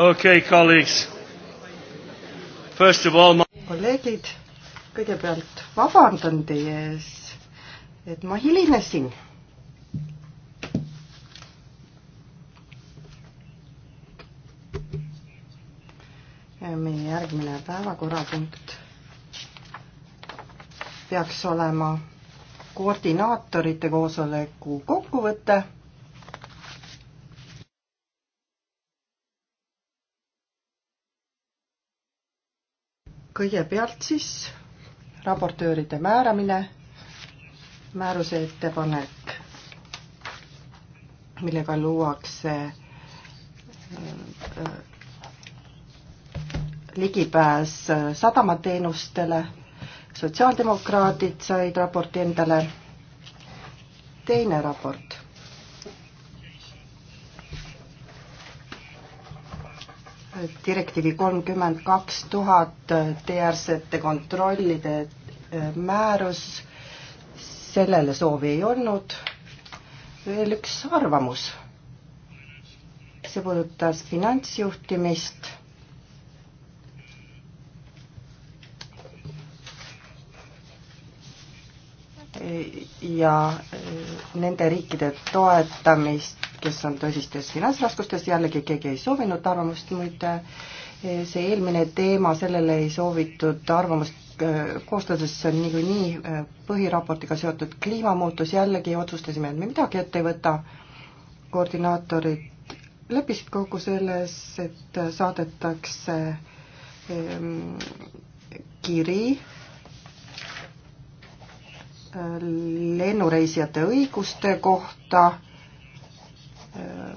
okay, colleagues. First of all ma... kolleegid, kõigepealt vabandan teie ees, et ma hilinesin. meie järgmine päevakorrapunkt peaks olema koordinaatorite koosoleku kokkuvõte kõigepealt siis raportööride määramine, määruse ettepanek, millega luuakse äh, äh, ligipääs sadamateenustele, sotsiaaldemokraadid said raporti endale, teine raport direktiivi kolmkümmend kaks tuhat äh, teersete kontrollide äh, määrus, sellele soovi ei olnud. veel üks arvamus. see puudutas finantsjuhtimist. ja äh, nende riikide toetamist, kes on tõsistes finantsraskustes, jällegi keegi ei soovinud arvamust, muide eh, see eelmine teema, sellele ei soovitud arvamust eh, koostades niikuinii eh, põhiraportiga seotud kliimamuutus, jällegi otsustasime, et me midagi ette ei võta, koordinaatorid leppisid kokku selles, et saadetakse ehm, kiri lennureisijate õiguste kohta Äh,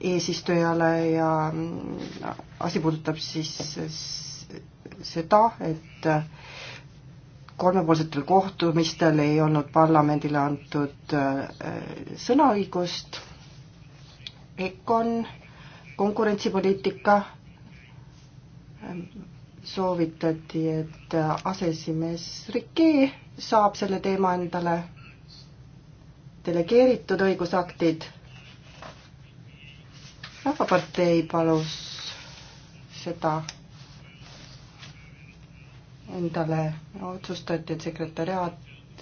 eesistujale ja mm, asi puudutab siis äh, seda, et äh, kolmepoolsetel kohtumistel ei olnud parlamendile antud sõnaõigust. EKON, konkurentsipoliitika, soovitati, et aseesimees Rikki saab selle teema endale delegeeritud õigusaktid rahvapartei palus seda endale, otsustati, et sekretäriaat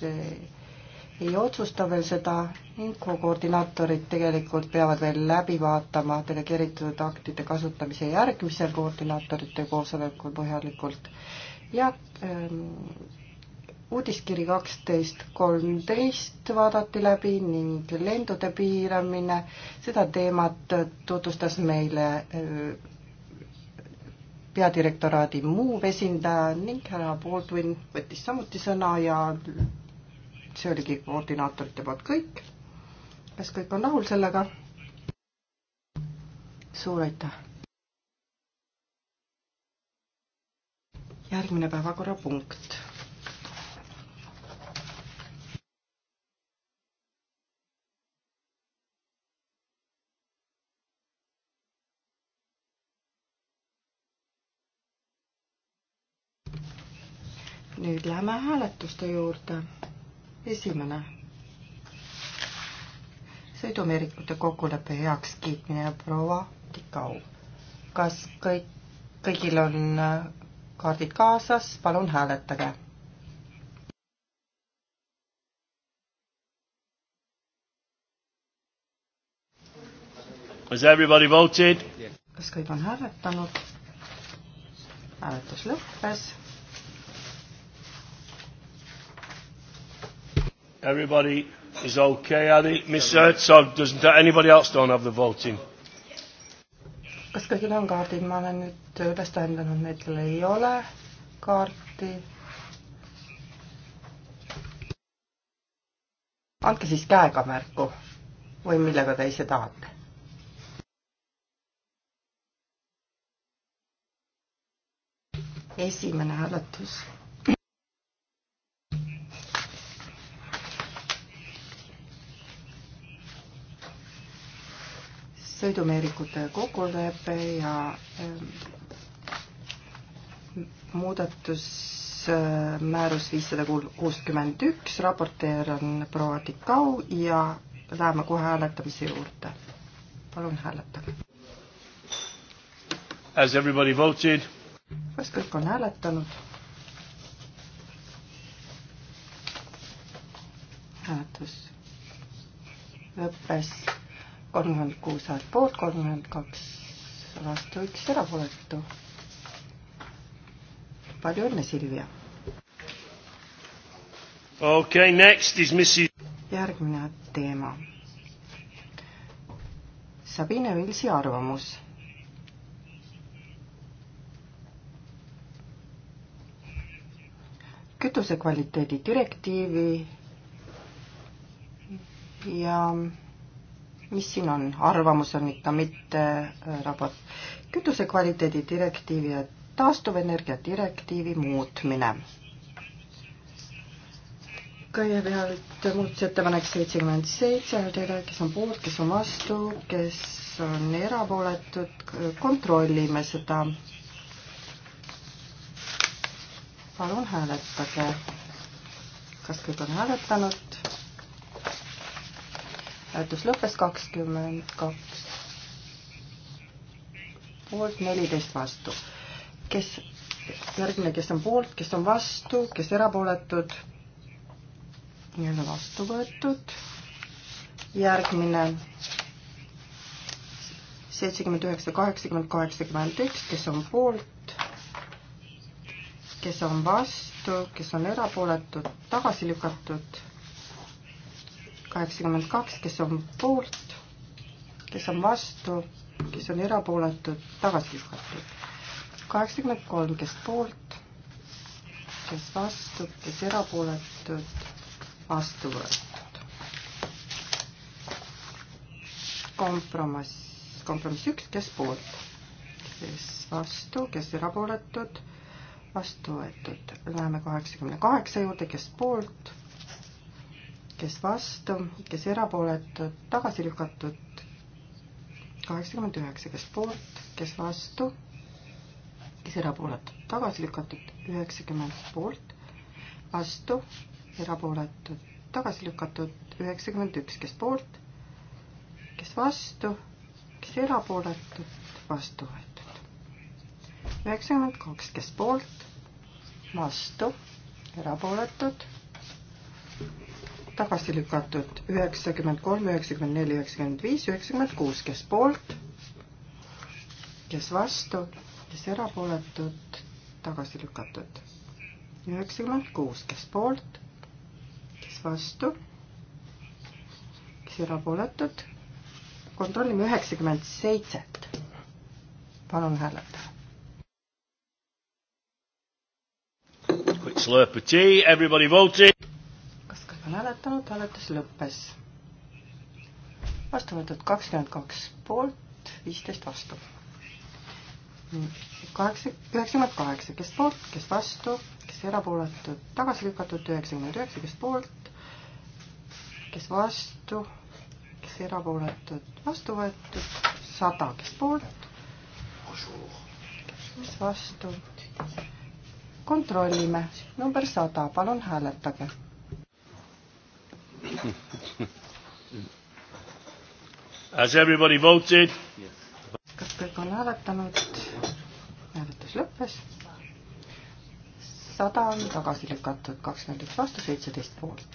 ei otsusta veel seda, infokoordinaatorid tegelikult peavad veel läbi vaatama delegeeritud aktide kasutamise järgmisel koordinaatorite koosolekul põhjalikult ja ähm, uudiskiri kaksteist kolmteist vaadati läbi ning lendude piiramine, seda teemat tutvustas meile äh, peadirektoraadi muu esindaja ning härra Baldwin võttis samuti sõna ja see oligi koordinaatorite poolt kõik. kas kõik on rahul sellega? suur aitäh! järgmine päevakorrapunkt nüüd läheme hääletuste juurde. esimene. sõidumeerikute kokkuleppe heakskiitmine ja proua Tikau. kas kõik, kõigil on äh, kaardid kaasas, palun hääletage Has everybody voted? kas kõik on hääletanud? hääletus lõppes Everybody is okay, Adi? Miss Herzog doesn't, anybody else don't have the voting? kas kõigil on kaardid, ma olen nüüd üles tähendanud, need, kellel ei ole kaarti. andke siis käega märku või millega te ise tahate. esimene hääletus sõidumeerikute kokkulepe ja ähm, muudatus määrus viissada kuuskümmend üks, raporteer on proua Tikau ja läheme kohe hääletamise juurde. palun hääletage. As everybody voted. kas kõik on hääletanud? hääletus lõppes kolmkümmend kuus häält poolt, kolmkümmend kaks vastu, üks erapooletu. palju õnne, Silvia. okei okay,, next is Missy. järgmine teema. Sabine Vilsi arvamus. kütusekvaliteedi direktiivi ja mis siin on, arvamus on ikka mitte äh, raport. kütuse kvaliteedi direktiivi ja taastuvenergia direktiivi muutmine. kõigepealt muudatusettepanek seitsekümmend seitse, hääletage, kes on poolt, kes on vastu, kes on erapooletud, kontrollime seda. palun hääletage. kas kõik on hääletanud? hääletus lõppes kakskümmend kaks poolt, neliteist vastu. kes, järgmine, kes on poolt, kes on vastu, kes erapooletud? nii-öelda vastu võetud. järgmine seitsekümmend üheksa, kaheksakümmend, kaheksakümmend üks, kes on poolt, kes on vastu, kes on erapooletud, tagasi lükatud kaheksakümmend kaks, kes on poolt, kes on vastu, kes on erapooletud, tagasi lükatud. kaheksakümmend kolm, kes poolt, kes vastu, kes erapooletud, vastu võetud. kompromiss, kompromiss üks, kes poolt, kes vastu, kes erapooletud, vastu võetud. Läheme kaheksakümne kaheksa juurde, kes poolt kes vastu, kes erapooletud, tagasi lükatud. kaheksakümmend üheksa, kes poolt, kes vastu, kes erapooletud, tagasi lükatud, üheksakümmend poolt, vastu, erapooletud, tagasi lükatud, üheksakümmend üks, kes poolt, kes vastu, kes erapooletud, vastu võetud. üheksakümmend kaks, kes poolt, vastu, erapooletud tagasi lükatud üheksakümmend kolm, üheksakümmend neli, üheksakümmend viis, üheksakümmend kuus, kes poolt, kes vastu, kes erapooletud, tagasi lükatud. üheksakümmend kuus, kes poolt, kes vastu, kes erapooletud, kontrollime üheksakümmend seitset. palun hääletage. Quick slurp of tea, everybody voted on hääletanud, hääletus lõppes. vastu võetud kakskümmend kaks poolt, viisteist vastu. kaheksa, üheksakümmend kaheksa, kes poolt, kes vastu, kes erapooletud, tagasi lükatud üheksakümmend üheksa, kes poolt, kes vastu, kes erapooletud, vastu võetud, sada, kes poolt, kes vastu. kontrollime, number sada, palun hääletage Has everybody voted? kas kõik on hääletanud? hääletus lõppes. sada on tagasi lükatud, kakskümmend üks vastu, seitseteist poolt.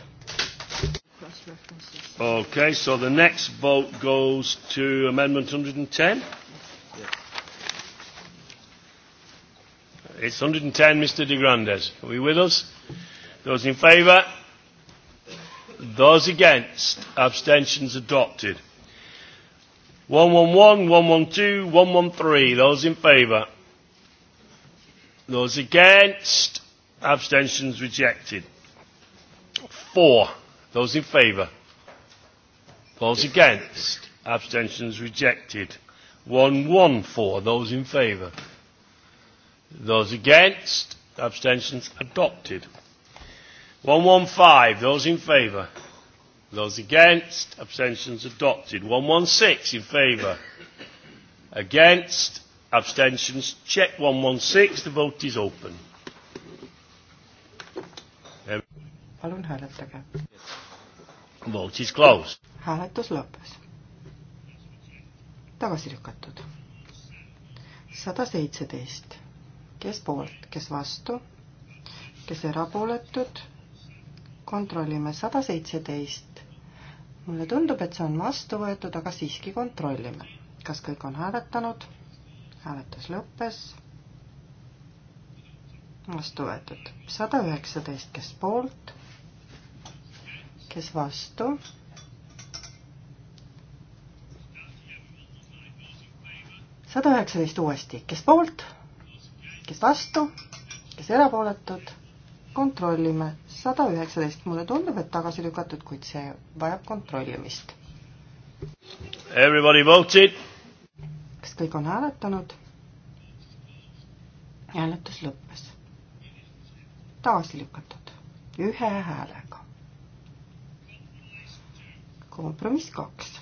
Okay, so the next vote goes to amendment 110. It's 110, Mr. De Grandes. Are we with us? Those in favour? Those against, abstentions adopted. 111, 112, 113, those in favour. Those against, abstentions rejected. 4, those in favour. Those against, abstentions rejected. 114, those in favour. Those against, abstentions adopted. 115, those in favour. Those against, abstentions adopted. 116 in favour. Against, abstentions. Check 116, the vote is open. palun hääletage. Vote is closed. hääletus lõppes. tagasi lükatud. sada seitseteist, kes poolt, kes vastu, kes erapooletud kontrollime, sada seitseteist. mulle tundub, et see on vastu võetud, aga siiski kontrollime. kas kõik on hääletanud? hääletus lõppes. vastu võetud sada üheksateist, kes poolt, kes vastu. sada üheksateist uuesti, kes poolt, kes vastu, kes erapooletud kontrollime, sada üheksateist, mulle tundub, et tagasi lükatud, kuid see vajab kontrollimist. Everybody voted. kas kõik on hääletanud? hääletus lõppes. tagasi lükatud, ühe häälega. kompromiss kaks.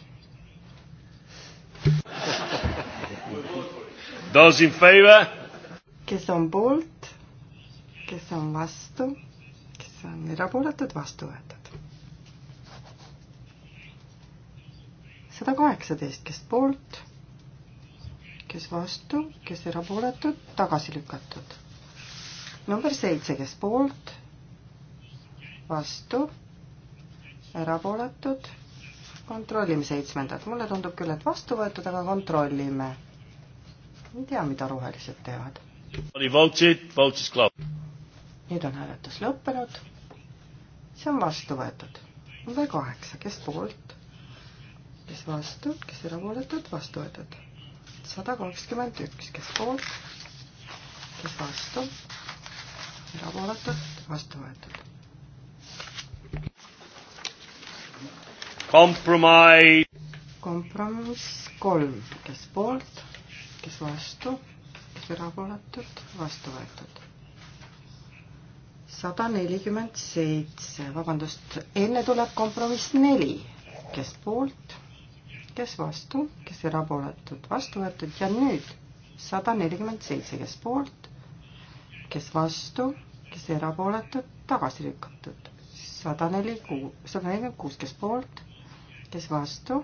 Those in favor? kes on poolt? kes on vastu, kes on erapooletud, vastu võetud. sada kaheksateist, kes poolt, kes vastu, kes erapooletud, tagasi lükatud. number seitse, kes poolt, vastu, erapooletud, kontrollime seitsmendat, mulle tundub küll, et vastu võetud, aga kontrollime. ei tea, mida rohelised teevad. Votes it, votes is closed nüüd on hääletus lõppenud. see on vastu võetud. number kaheksa, kes poolt, kes vastu, kes erapooletud, vastu võetud. sada kakskümmend üks, kes poolt, kes vastu, erapooletud, vastu võetud. kompromiss. kompromiss kolm, kes poolt, kes vastu, kes erapooletud, vastu võetud sada nelikümmend seitse, vabandust, enne tuleb kompromiss neli, kes poolt, kes vastu, kes erapooletud, vastu võetud ja nüüd sada nelikümmend seitse, kes poolt, kes vastu, kes erapooletud, tagasi lükatud, sada neli kuu, sada nelikümmend kuus, kes poolt, kes vastu,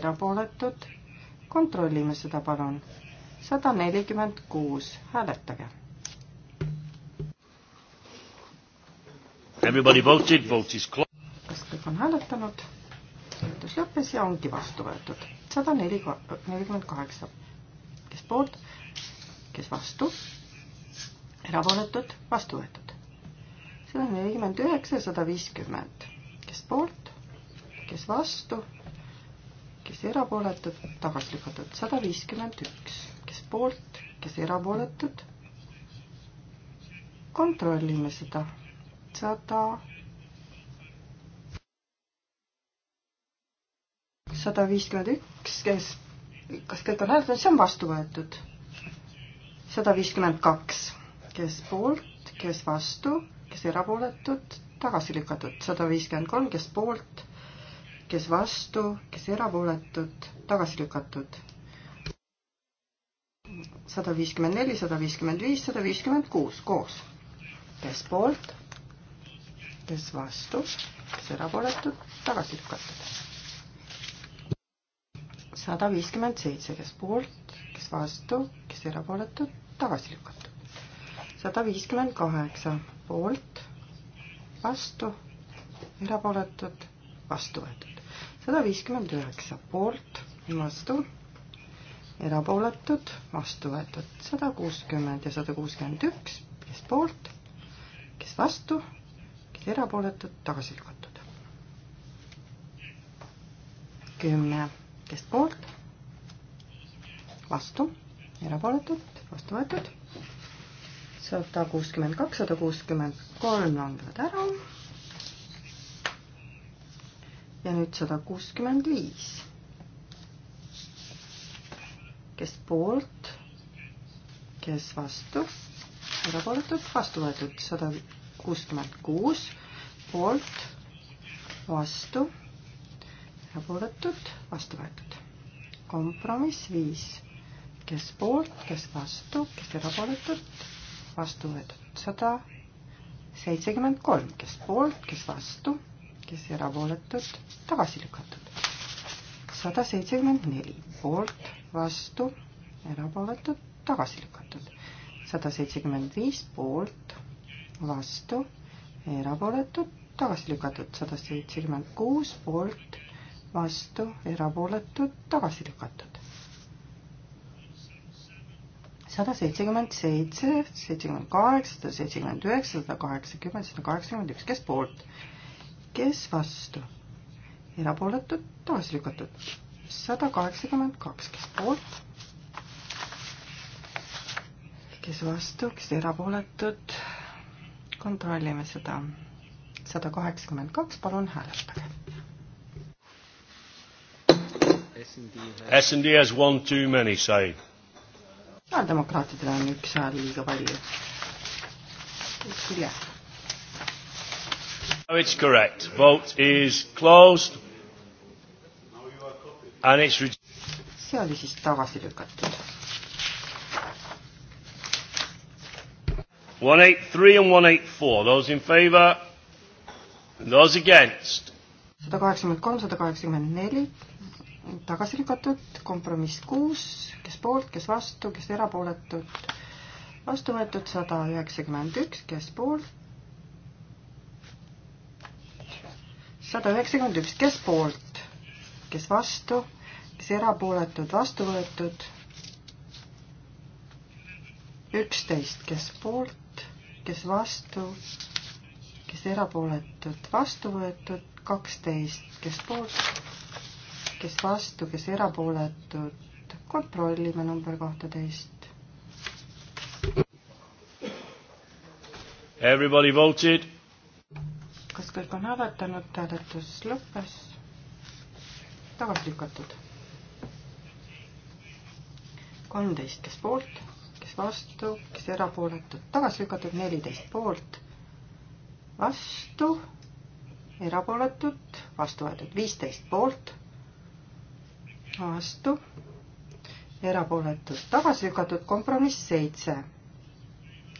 erapooletud, kontrollime seda palun, sada nelikümmend kuus, hääletage Everybody voted, vote is closed. kas kõik on hääletanud? hääletus lõppes ja ongi vastu võetud. sada neli, nelikümmend kaheksa. kes poolt, kes vastu, erapooletud, vastu võetud. sada nelikümmend üheksa ja sada viiskümmend. kes poolt, kes vastu, kes erapooletud, tagasi lükatud. sada viiskümmend üks. kes poolt, kes erapooletud. kontrollime seda sada, sada viiskümmend üks, kes, kas kõik on hääletanud, see on vastu võetud. sada viiskümmend kaks, kes poolt, kes vastu, kes erapooletud, tagasi lükatud. sada viiskümmend kolm, kes poolt, kes vastu, kes erapooletud, tagasi lükatud sada viiskümmend neli, sada viiskümmend viis, sada viiskümmend kuus koos. kes poolt, kes vastu, kes erapooletud, tagasi lükatud. sada viiskümmend seitse, kes poolt, kes vastu, kes erapooletud, tagasi lükatud. sada viiskümmend kaheksa, poolt, vastu, erapooletud, vastu võetud. sada viiskümmend üheksa, poolt, vastu, erapooletud, vastu võetud. sada kuuskümmend ja sada kuuskümmend üks, kes poolt, kes vastu erapooletud, tagasi lükatud. kümme, kes poolt, vastu, erapooletud, vastu võetud. sada kuuskümmend kaks, sada kuuskümmend kolm langevad ära. ja nüüd sada kuuskümmend viis. kes poolt, kes vastu, erapooletud, vastu võetud, sada 100 kuuskümmend kuus poolt, vastu, erapooletud, vastu võetud. kompromiss viis, kes poolt, kes vastu, kes erapooletud, vastu võetud sada seitsekümmend kolm, kes poolt, kes vastu, kes erapooletud, tagasi lükatud. sada seitsekümmend neli poolt, vastu, erapooletud, tagasi lükatud. sada seitsekümmend viis poolt vastu, erapooletud, tagasi lükatud, sada seitsekümmend kuus poolt, vastu, erapooletud, tagasi lükatud. sada seitsekümmend seitse, seitsekümmend kaheksa, sada seitsekümmend üheksa, sada kaheksakümmend, sada kaheksakümmend üks, kes poolt, kes vastu, erapooletud, tagasi lükatud, sada kaheksakümmend kaks, kes poolt, kes vastu, kes erapooletud kontrollime seda. sada kaheksakümmend kaks, palun hääletage. SND has one too many, say. sotsiaaldemokraatidel on üks hääl liiga palju. hiljem. It's correct. Vote is closed. And it's see oli siis tagasi lükatud 183 and 184, those in favour, those against. sada kaheksakümmend kolm, sada kaheksakümmend neli, tagasi lükatud, kompromiss kuus, kes poolt, kes vastu, kes erapooletud, vastu võetud sada üheksakümmend üks, kes poolt, sada üheksakümmend üks, kes poolt, kes vastu, kes erapooletud, vastu võetud üksteist, kes poolt, kes vastu, kes erapooletud, vastu võetud, kaksteist, kes poolt, kes vastu, kes erapooletud, kontrollime number kahteteist. Everybody voted. kas kõik on hääletanud, hääletus lõppes, tagasi lükatud. kolmteist, kes poolt kaks vastu, kes erapooletud, tagasi lükatud neliteist poolt, vastu, erapooletud, vastu võetud viisteist poolt, vastu, erapooletud, tagasi lükatud kompromiss seitse,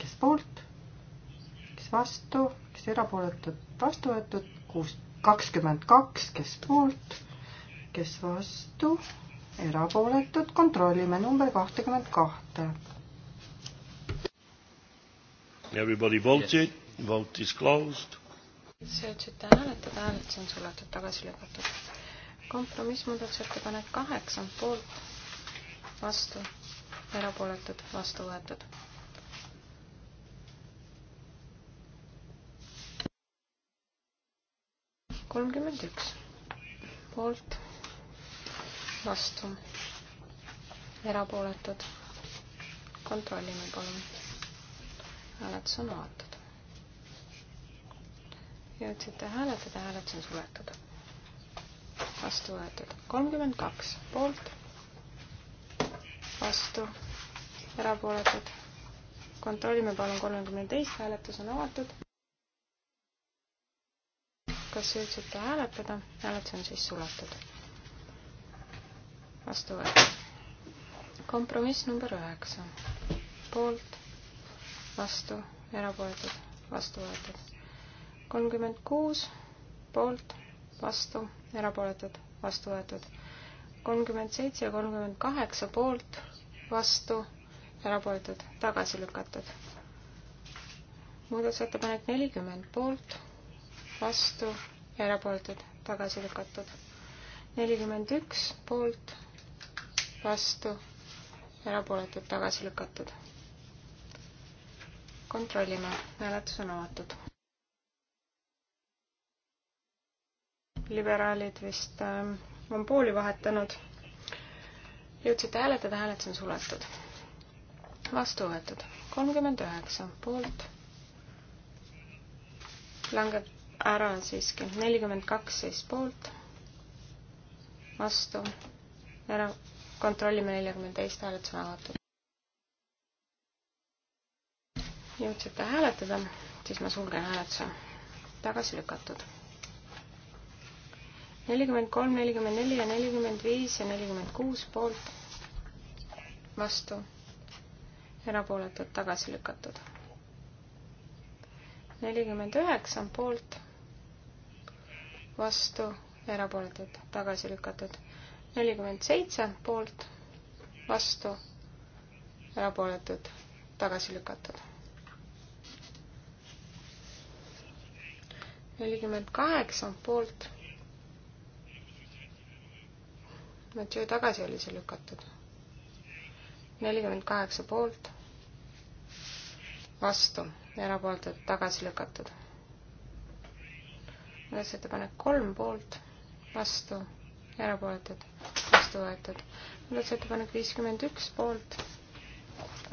kes poolt, kes vastu, kes erapooletud, vastu võetud kuus, kakskümmend kaks, kes poolt, kes vastu, erapooletud, kontrollime number kahtekümmend kahte. Everybody voted yes., vote is closed. jõudsite hääletada, hääletus on suletud, tagasi lükatud. kompromiss muudatusettepanek kaheksa, poolt, vastu, erapooletud, vastu võetud. kolmkümmend üks, poolt, vastu, erapooletud. kontrollime palun hääletus on avatud. jõudsite hääletada, hääletus on suletud. vastu võetud kolmkümmend kaks poolt, vastu, erapooletud. kontrollime palun kolmekümne teist, hääletus on avatud. kas jõudsite hääletada, hääletus on siis suletud. vastu võetud. kompromiss number üheksa poolt vastu, erapooletud, vastu võetud. kolmkümmend kuus poolt, vastu, erapooletud, vastu võetud. kolmkümmend seitse ja kolmkümmend kaheksa poolt, vastu, erapooletud, tagasi lükatud. muudatusettepanek nelikümmend poolt, vastu, erapooletud, tagasi lükatud. nelikümmend üks poolt, vastu, erapooletud, tagasi lükatud kontrollime, hääletus on avatud. liberaalid vist äh, on pooli vahetanud. jõudsite hääletada, hääletus on suletud. vastu võetud kolmkümmend üheksa poolt. langeb ära siiski nelikümmend kaks siis poolt. vastu. ära kontrollime neljakümne teist hääletus on avatud. jõudsite hääletada, siis ma sulgen hääletuse. tagasi lükatud. nelikümmend kolm, nelikümmend neli ja nelikümmend viis ja nelikümmend kuus poolt, vastu, erapooletud, tagasi lükatud. nelikümmend üheksa poolt, vastu, erapooletud, tagasi lükatud. nelikümmend seitse poolt, vastu, erapooletud, tagasi lükatud nelikümmend kaheksa poolt. Mathieu tagasi oli see lükatud. nelikümmend kaheksa poolt, vastu, erapooletud, tagasi lükatud. muudatusettepanek kolm poolt, vastu, erapooletud, vastu võetud. muudatusettepanek viiskümmend üks poolt,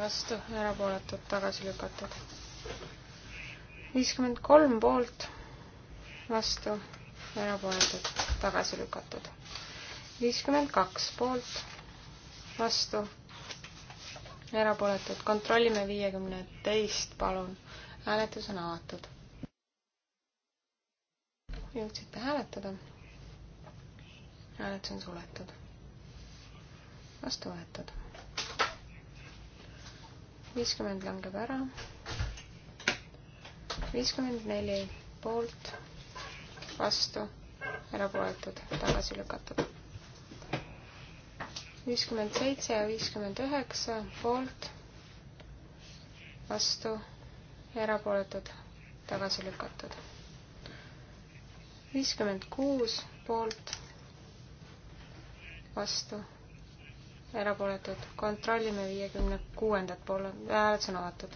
vastu, erapooletud, tagasi lükatud. viiskümmend kolm poolt vastu, erapooletud, tagasi lükatud. viiskümmend kaks poolt, vastu, erapooletud, kontrollime viiekümne teist, palun. hääletus on avatud. jõudsite hääletada? hääletus on suletud. vastu võetud. viiskümmend langeb ära. viiskümmend neli poolt vastu, erapooletud, tagasi lükatud. viiskümmend seitse ja viiskümmend üheksa poolt, vastu, erapooletud, tagasi lükatud. viiskümmend kuus poolt, vastu, erapooletud, kontrollime viiekümne kuuendat poole, hääletus on avatud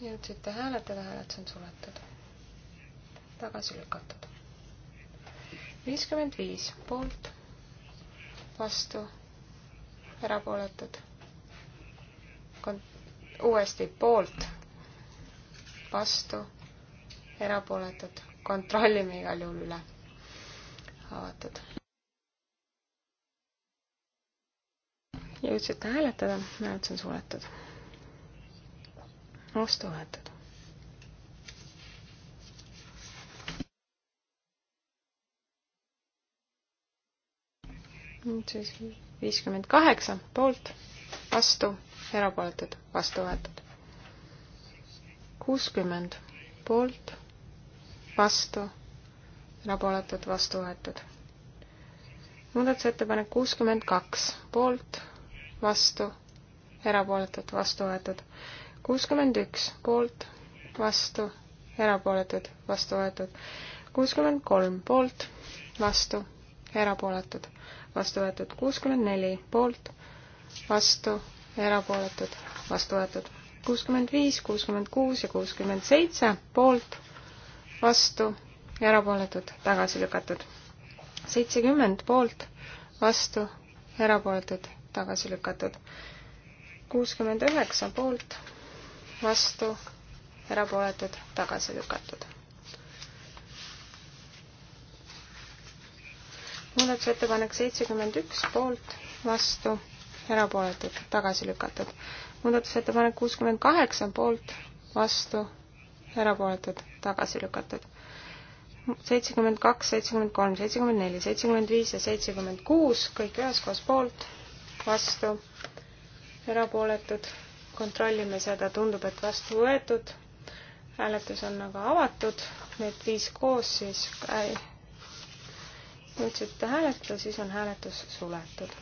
jõudsite hääletada, hääletus on suletud. tagasi lükatud. viiskümmend viis poolt, vastu, erapooletud. uuesti poolt, vastu, erapooletud. kontrollime igal juhul üle. avatud. jõudsite hääletada, hääletus on suletud vastu võetud. nüüd siis viiskümmend kaheksa poolt, vastu, erapooletud, vastu võetud. kuuskümmend poolt, vastu, erapooletud, vastu võetud. muudatusettepanek kuuskümmend kaks poolt, vastu, erapooletud, vastu võetud kuuskümmend üks poolt, vastu, erapooletud, vastu võetud. kuuskümmend kolm poolt, vastu, erapooletud, vastu võetud. kuuskümmend neli poolt, vastu, erapooletud, vastu võetud. kuuskümmend viis, kuuskümmend kuus ja kuuskümmend seitse poolt, vastu, erapooletud, tagasi lükatud. seitsekümmend poolt, vastu, erapooletud, tagasi lükatud. kuuskümmend üheksa poolt vastu, erapooletud, tagasi lükatud. muudatusettepanek seitsekümmend üks, poolt, vastu, erapooletud, tagasi lükatud. muudatusettepanek kuuskümmend kaheksa, poolt, vastu, erapooletud, tagasi lükatud. seitsekümmend kaks, seitsekümmend kolm, seitsekümmend neli, seitsekümmend viis ja seitsekümmend kuus, kõik üheskoos poolt, vastu, erapooletud kontrollime seda, tundub, et vastu võetud. hääletus on aga avatud, need viis koos siis äh, jõudsite hääletada, siis on hääletus suletud.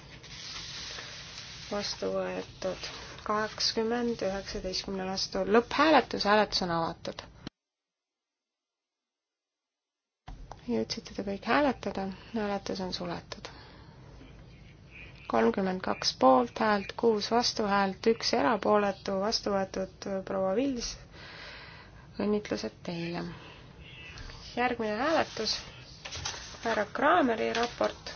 vastu võetud kaheksakümmend üheksateistkümne vastu, lõpphääletus, hääletus on avatud. jõudsite te kõik hääletada, hääletus on suletud kolmkümmend kaks poolthäält, kuus vastuhäält, üks erapooletu, vastu võetud äh, proua Vils. õnnitlused teile. järgmine hääletus, härra Kraameri raport.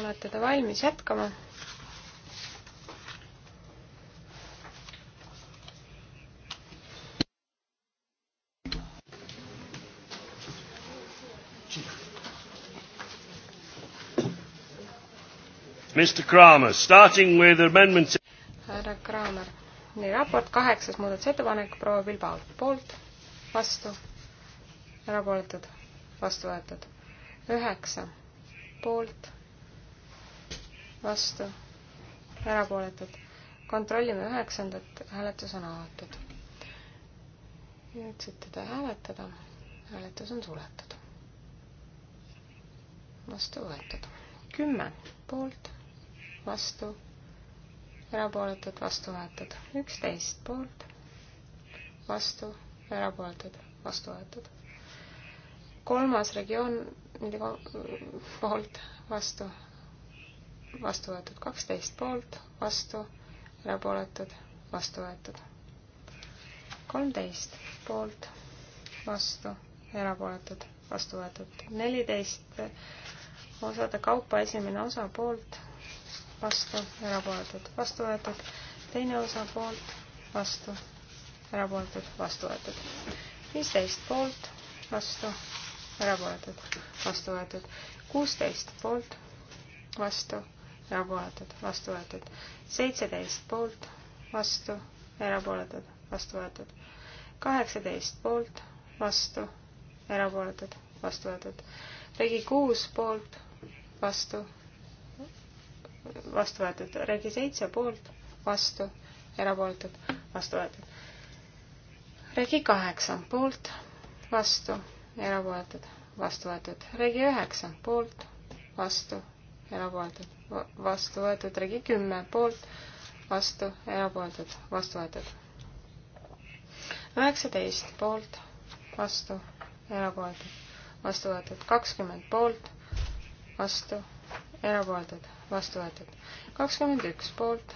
olete te valmis jätkama? Mr Kramer, starting with amendment. härra Kramer, nii raport kaheksas muudatusettepanek, proua Bilbao poolt, vastu, erapooletud, vastu võetud, üheksa poolt, vastu, erapooletud. kontrollime üheksandat, hääletus on avatud. nüüd saate te hääletada, hääletus on suletud. vastu võetud, kümme poolt vastu, erapooletud, vastu võetud. üksteist poolt, vastu, erapooletud, vastu võetud. kolmas regioon, nende poolt, vastu, vastu võetud. kaksteist poolt, vastu, erapooletud, vastu võetud. kolmteist poolt, vastu, erapooletud, vastu võetud. neliteist osade kaupa esimene osa poolt, vastu, erapooletud, vastu võetud. teine osa poolt, vastu, erapooletud, vastu võetud. viisteist poolt, vastu, erapooletud, vastu võetud. kuusteist poolt, vastu, erapooletud, vastu võetud. seitseteist poolt, vastu, erapooletud, vastu võetud. kaheksateist poolt, vastu, erapooletud, vastu võetud. ligi kuus poolt, vastu, vastu võetud, regi seitse poolt, vastu, erapooletud, vastu võetud. regi kaheksa poolt, vastu, erapooletud, vastu võetud, regi üheksa poolt, vastu, erapooletud, vastu võetud, regi kümme poolt, vastu, erapooletud, vastu võetud. üheksateist poolt, vastu, erapooletud, vastu võetud, kakskümmend poolt, vastu, erapooletud vastu võetud. kakskümmend üks poolt,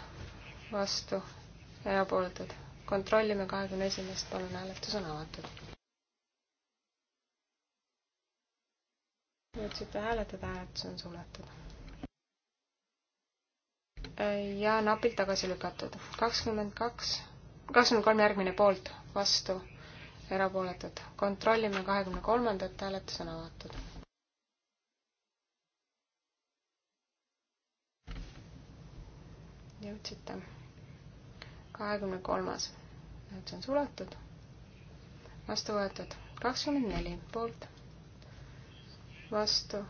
vastu, erapooletud. kontrollime kahekümne esimest, palun, hääletus on avatud. jõudsite hääletada, hääletus on suletud. ja napilt tagasi lükatud. kakskümmend kaks, kakskümmend kolm järgmine poolt, vastu, erapooletud. kontrollime kahekümne kolmandat, hääletus on avatud jõudsite. kahekümne kolmas, nüüd see on suletud, vastu võetud kakskümmend neli poolt, vastu,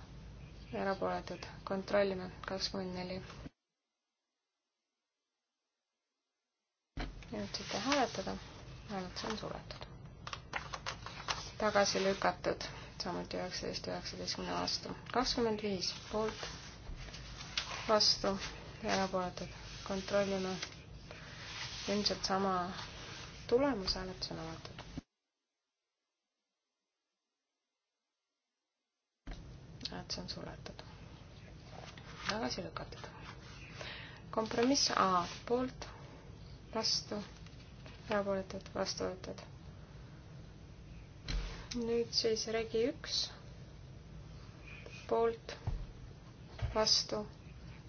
erapooletud, kontrollime kakskümmend neli. jõudsite hääletada, hääletus on suletud. tagasi lükatud, samuti üheksateist üheksateistkümne vastu, kakskümmend viis poolt, vastu, erapooletud kontrollime ilmselt sama tulemus, hääletus on avatud. hääletus on suletud. tagasi lükatud. kompromiss A poolt, vastu, erapooletud, vastu võetud. nüüd siis regi üks, poolt, vastu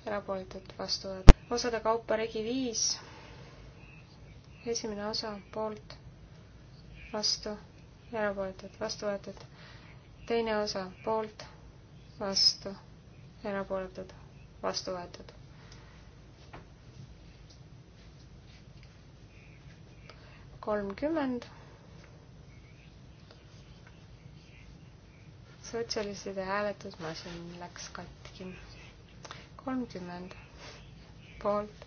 erapooletud vastu võetud. osade kaupa regi viis, esimene osa poolt, vastu, erapooletud, vastu võetud. teine osa poolt, vastu, erapooletud, vastu võetud kolmkümmend. sotsialistide hääletusmasin läks katki kolmkümmend poolt,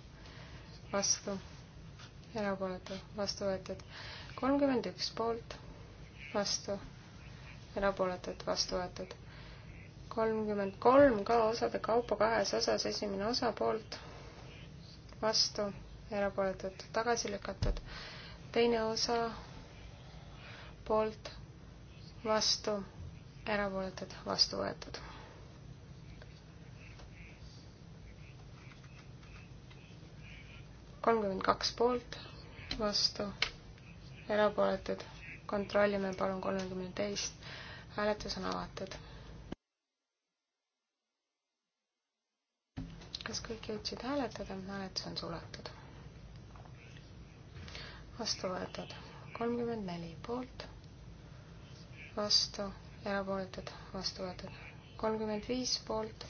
vastu, erapooletu, vastu võetud. kolmkümmend üks poolt, vastu, erapooletud, vastu võetud. kolmkümmend kolm ka osade kaupa kahes osas, esimene osa poolt, vastu, erapooletud, tagasi lükatud. teine osa poolt, vastu, erapooletud, vastu võetud kolmkümmend kaks poolt, vastu, erapooletud. kontrollime palun kolmekümne teist. hääletus on avatud. kas kõik jõudsid hääletada? hääletus on suletud. vastu võetud kolmkümmend neli poolt, vastu, erapooletud, vastu võetud. kolmkümmend viis poolt,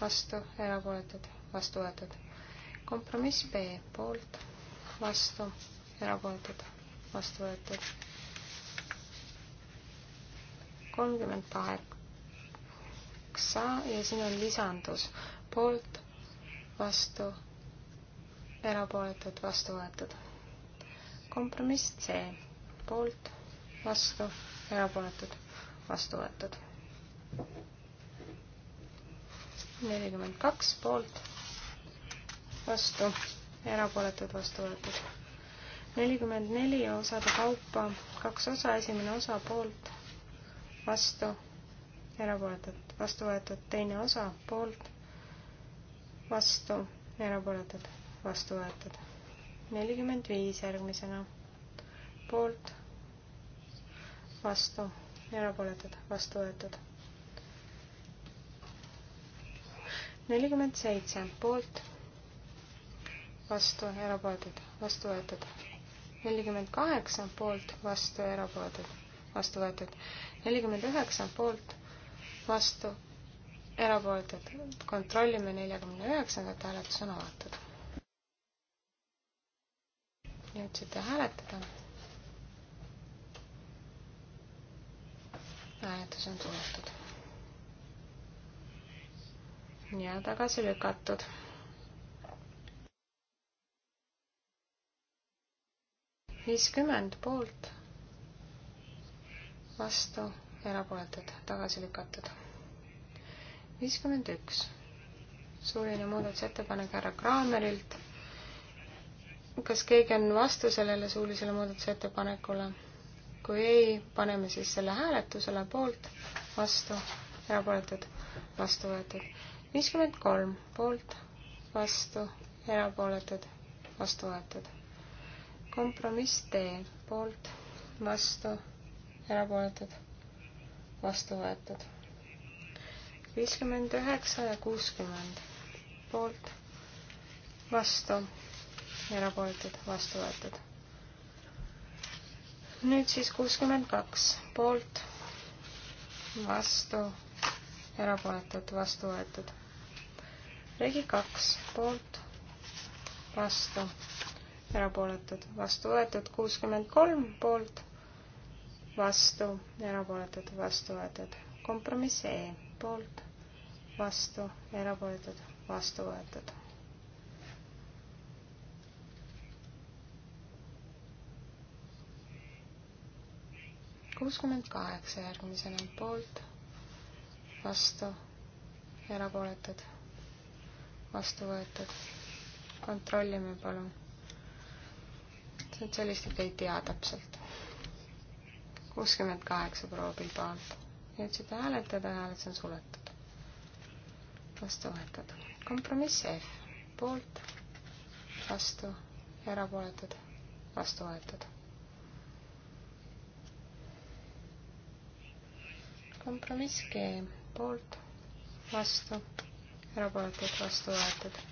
vastu, erapooletud, vastu võetud kompromiss B poolt, vastu, erapooletud, vastu võetud. kolmkümmend kaheksa ja siin on lisandus poolt, vastu, erapooletud, vastu võetud. kompromiss C poolt, vastu, erapooletud, vastu võetud. nelikümmend kaks poolt vastu, erapooletud, vastu võetud. nelikümmend neli osade kaupa, kaks osa, esimene osa poolt, vastu, erapooletud, vastu võetud, teine osa poolt, vastu, erapooletud, vastu võetud. nelikümmend viis järgmisena, poolt, vastu, erapooletud, vastu võetud nelikümmend seitse poolt, vastu, erapooletud, vastu võetud. nelikümmend kaheksa poolt, vastu, erapooletud, vastu võetud. nelikümmend üheksa poolt, vastu, erapooletud. kontrollime neljakümne üheksandat hääletus on avatud. jõudsite hääletada? hääletus on suletud ja tagasi lükatud viiskümmend poolt, vastu, erapooletud, tagasi lükatud. viiskümmend üks, suuline muudatusettepanek härra Kraamerilt. kas keegi on vastu sellele suulisele muudatusettepanekule? kui ei, paneme siis selle hääletusele poolt, vastu, erapooletud, vastu võetud. viiskümmend kolm poolt, vastu, erapooletud, vastu võetud kompromiss D poolt, vastu, erapooletud, vastu võetud. viiskümmend üheksa ja kuuskümmend poolt, vastu, erapooletud, vastu võetud. nüüd siis kuuskümmend kaks poolt, vastu, erapooletud, vastu võetud. ligi kaks poolt, vastu, erapooletud, vastu võetud kuuskümmend kolm poolt, vastu, erapooletud, vastu võetud. kompromiss E poolt, vastu, erapooletud, vastu võetud. kuuskümmend kaheksa järgmisena poolt, vastu, erapooletud, vastu võetud. kontrollime palun sotsialistid ei tea täpselt. kuuskümmend kaheksa proovil poolt. jõudsite hääletada, hääletus on suletud. vastu võetud. kompromiss F, poolt, vastu, erapooletud, vastu võetud. kompromiss G, poolt, vastu, erapooletud, vastu võetud.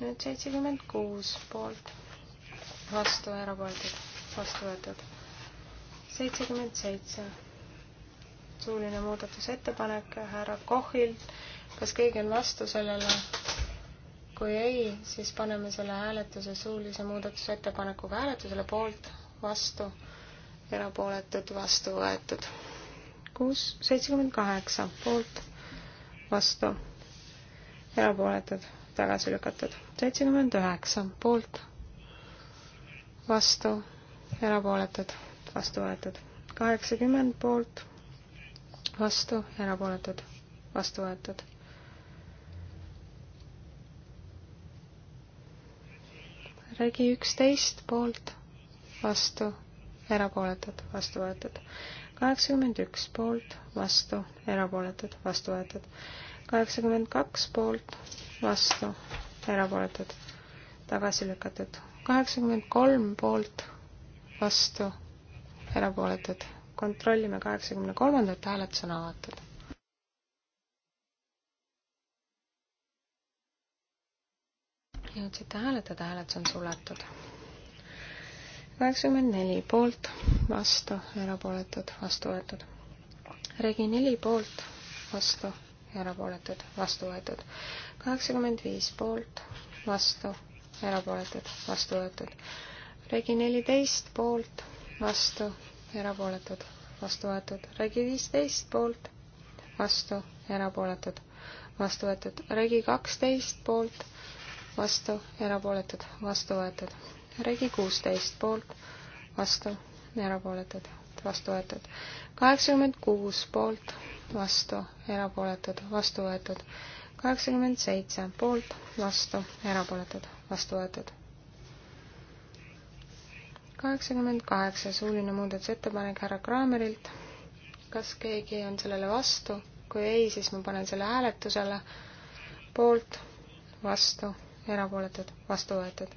nüüd seitsekümmend kuus poolt vastu, erapooletud, vastu võetud. seitsekümmend seitse. suuline muudatusettepanek härra Kohil. kas keegi on vastu sellele? kui ei, siis paneme selle hääletuse suulise muudatusettepanekuga hääletusele poolt, vastu, erapooletud, vastu võetud. kuus, seitsekümmend kaheksa poolt, vastu, erapooletud, tagasi lükatud. seitsekümmend üheksa poolt vastu, erapooletud, vastu võetud. kaheksakümmend poolt, vastu, erapooletud, vastu võetud. regi üksteist poolt, vastu, erapooletud, vastu võetud kaheksakümmend üks poolt, vastu, erapooletud, vastu võetud. kaheksakümmend kaks poolt, vastu, erapooletud, tagasi lükatud kaheksakümmend kolm poolt, vastu, erapooletud. kontrollime kaheksakümne kolmandat, hääletus on avatud. jõudsite hääletada, hääletus on suletud. kaheksakümmend neli poolt, vastu, erapooletud, vastu võetud. regi neli poolt, vastu, erapooletud, vastu võetud. kaheksakümmend viis poolt, vastu erapooletud, vastu võetud. Regi neliteist poolt, vastu, erapooletud, vastu võetud. Regi viisteist poolt, vastu, erapooletud, vastu võetud. Regi kaksteist poolt, vastu, erapooletud, vastu võetud. Regi kuusteist poolt, vastu, erapooletud, vastu võetud. kaheksakümmend kuus poolt, vastu, erapooletud, vastu võetud kaheksakümmend seitse poolt, vastu, erapooletud, vastu võetud. kaheksakümmend kaheksa, suuline muudatusettepanek härra Kraamerilt. kas keegi on sellele vastu? kui ei, siis ma panen selle hääletusele. poolt, vastu, erapooletud, vastu võetud.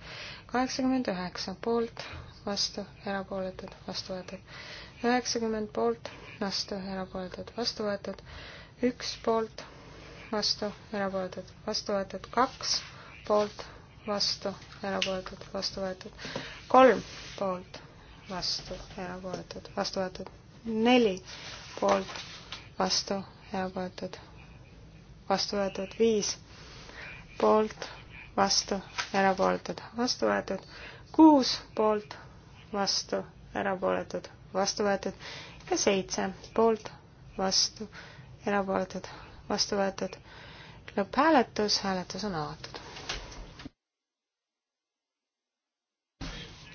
kaheksakümmend üheksa poolt, vastu, erapooletud, vastu võetud. üheksakümmend poolt, vastu, erapooletud, vastu võetud. üks poolt vastu, erapooletud, vastu võetud kaks, poolt, vastu, erapooletud, vastu võetud kolm, poolt, vastu, erapooletud, vastu võetud neli, poolt, vastu, erapooletud, vastu võetud viis, poolt, vastu, erapooletud, vastu võetud kuus, poolt, vastu, erapooletud, vastu võetud ja seitse, poolt, vastu, erapooletud vastu võetud. lõpphääletus, hääletus on avatud.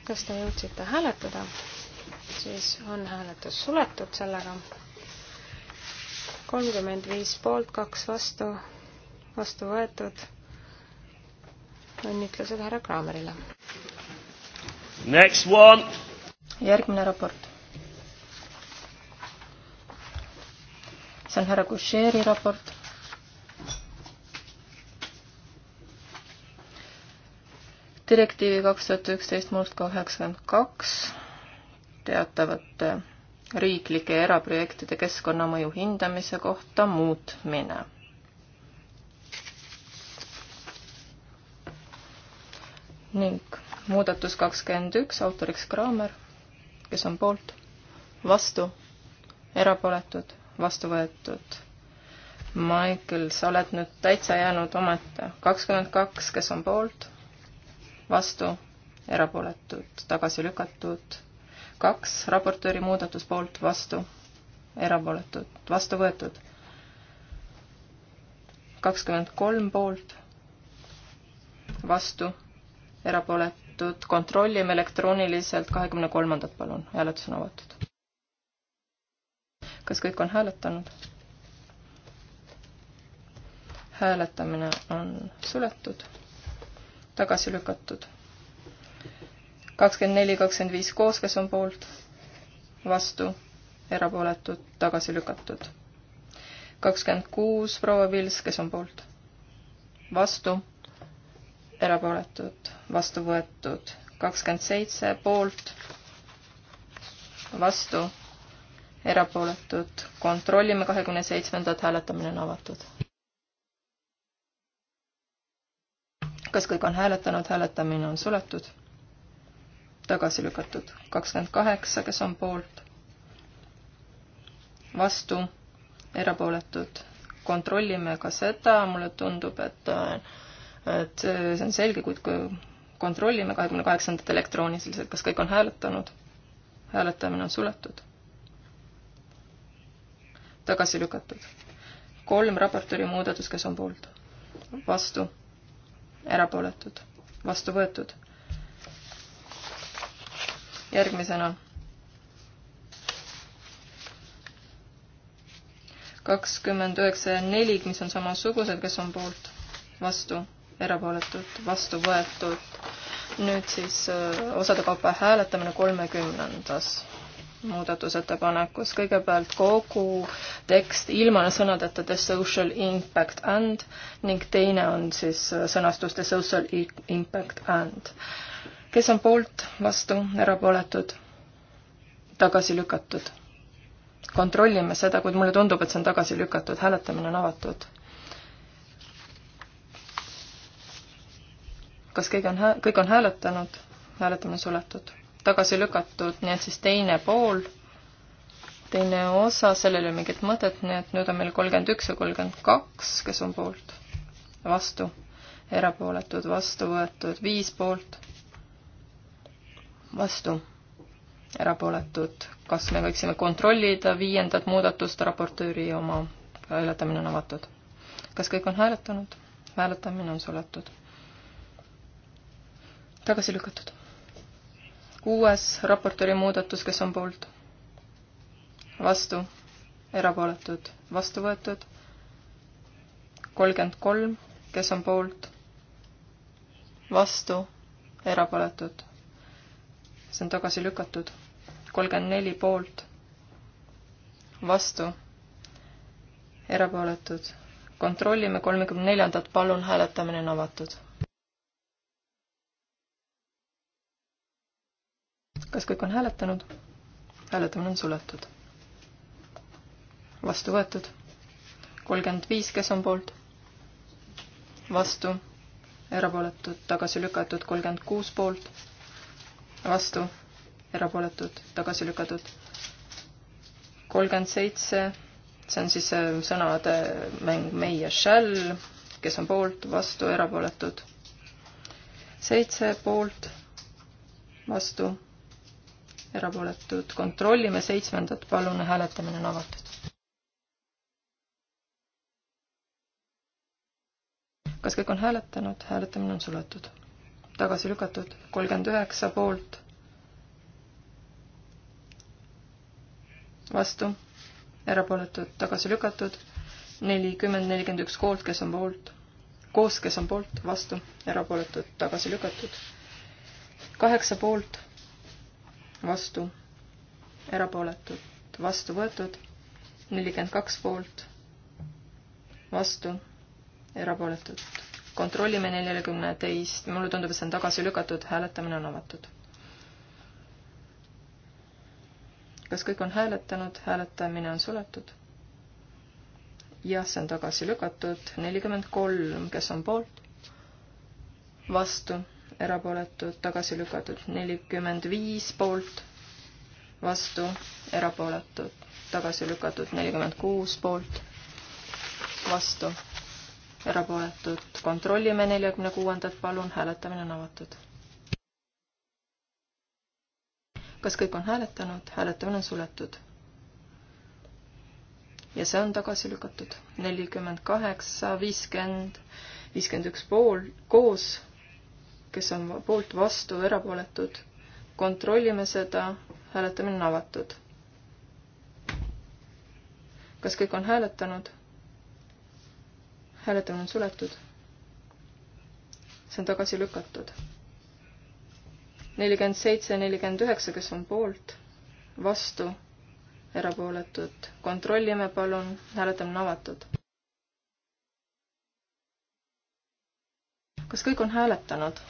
kas te jõudsite hääletada, siis on hääletus suletud sellega. kolmkümmend viis poolt, kaks vastu, vastu võetud. õnnitlused härra Kraamerile. Next one. järgmine raport see on härra Kusheri raport. direktiivi kaks tuhat üksteist murd kaheksakümmend kaks teatavate riiklike eraprojektide keskkonnamõju hindamise kohta muutmine ning muudatus kakskümmend üks, autoriks Kraamer, kes on poolt, vastu, erapooletud, vastu võetud. Michael, sa oled nüüd täitsa jäänud omaette. kakskümmend kaks, kes on poolt, vastu, erapooletud, tagasi lükatud. kaks, raportööri muudatus poolt, vastu, erapooletud, vastu võetud. kakskümmend kolm poolt, vastu, erapooletud, kontrollime elektrooniliselt kahekümne kolmandat, palun, hääletus on avatud kas kõik on hääletanud? hääletamine on suletud, tagasi lükatud. kakskümmend neli, kakskümmend viis koos, kes on poolt, vastu, erapooletud, tagasi lükatud. kakskümmend kuus, proua Vils, kes on poolt, vastu, erapooletud, vastu võetud. kakskümmend seitse, poolt, vastu erapooletud, kontrollime kahekümne seitsmendat, hääletamine on avatud. kas kõik on hääletanud, hääletamine on suletud, tagasi lükatud, kakskümmend kaheksa, kes on poolt, vastu, erapooletud, kontrollime ka seda, mulle tundub, et et see on selge, kuid kui kontrollime kahekümne kaheksandat elektrooniliselt, kas kõik on hääletanud, hääletamine on suletud tagasi lükatud. kolm raportööri muudatus, kes on poolt? vastu. erapooletud. vastu võetud. järgmisena. kakskümmend üheksa ja neli, mis on samasugused, kes on poolt? vastu. erapooletud. vastu võetud. nüüd siis äh, osade kaupa hääletamine kolmekümnendas muudatusettepanekus, kõigepealt kogu tekst ilma sõnadeta the social impact and ning teine on siis sõnastus the social impact and. kes on poolt, vastu, erapooletud, tagasi lükatud? kontrollime seda, kuid mulle tundub, et see on tagasi lükatud, hääletamine on avatud. kas keegi on hää-, kõik on hääletanud? hääletamine suletud tagasi lükatud, nii et siis teine pool, teine osa, sellel ei ole mingit mõtet, nii et nüüd on meil kolmkümmend üks ja kolmkümmend kaks, kes on poolt, vastu, erapooletud, vastu võetud, viis poolt, vastu, erapooletud. kas me võiksime kontrollida viiendat muudatust, raportööri oma hääletamine on avatud. kas kõik on hääletanud? hääletamine on suletud. tagasi lükatud kuues raportööri muudatus, kes on poolt? vastu, erapooletud, vastu võetud. kolmkümmend kolm, kes on poolt? vastu, erapooletud. see on tagasi lükatud. kolmkümmend neli poolt, vastu, erapooletud. kontrollime kolmekümne neljandat, palun, hääletamine on avatud kas kõik on hääletanud? hääletamine on suletud. vastu võetud. kolmkümmend viis, kes on poolt? vastu. erapooletud, tagasi lükatud, kolmkümmend kuus poolt. vastu. erapooletud, tagasi lükatud. kolmkümmend seitse, see on siis äh, sõnade mäng meie shall, kes on poolt, vastu, erapooletud. seitse poolt, vastu erapooletud, kontrollime seitsmendat, palun, hääletamine on avatud. kas kõik on hääletanud, hääletamine on suletud. tagasi lükatud, kolmkümmend üheksa poolt. vastu, erapooletud, tagasi lükatud, nelikümmend, nelikümmend üks poolt, kes on poolt, koos, kes on poolt, vastu, erapooletud, tagasi lükatud, kaheksa poolt vastu, erapooletud, vastu võetud, nelikümmend kaks poolt, vastu, erapooletud. kontrollime neljakümne teist, mulle tundub, et see on tagasi lükatud, hääletamine on avatud. kas kõik on hääletanud, hääletamine on suletud? jah, see on tagasi lükatud, nelikümmend kolm, kes on poolt, vastu erapooletud, tagasi lükatud nelikümmend viis poolt, vastu, erapooletud, tagasi lükatud nelikümmend kuus poolt, vastu, erapooletud. kontrollime neljakümne kuuendat, palun, hääletamine on avatud. kas kõik on hääletanud? hääletamine on suletud. ja see on tagasi lükatud. nelikümmend kaheksa, viiskümmend, viiskümmend üks pool koos kes on poolt, vastu, erapooletud. kontrollime seda, hääletamine on avatud. kas kõik on hääletanud? hääletamine on suletud. see on tagasi lükatud. nelikümmend seitse, nelikümmend üheksa, kes on poolt, vastu, erapooletud. kontrollime palun, hääletamine on avatud. kas kõik on hääletanud?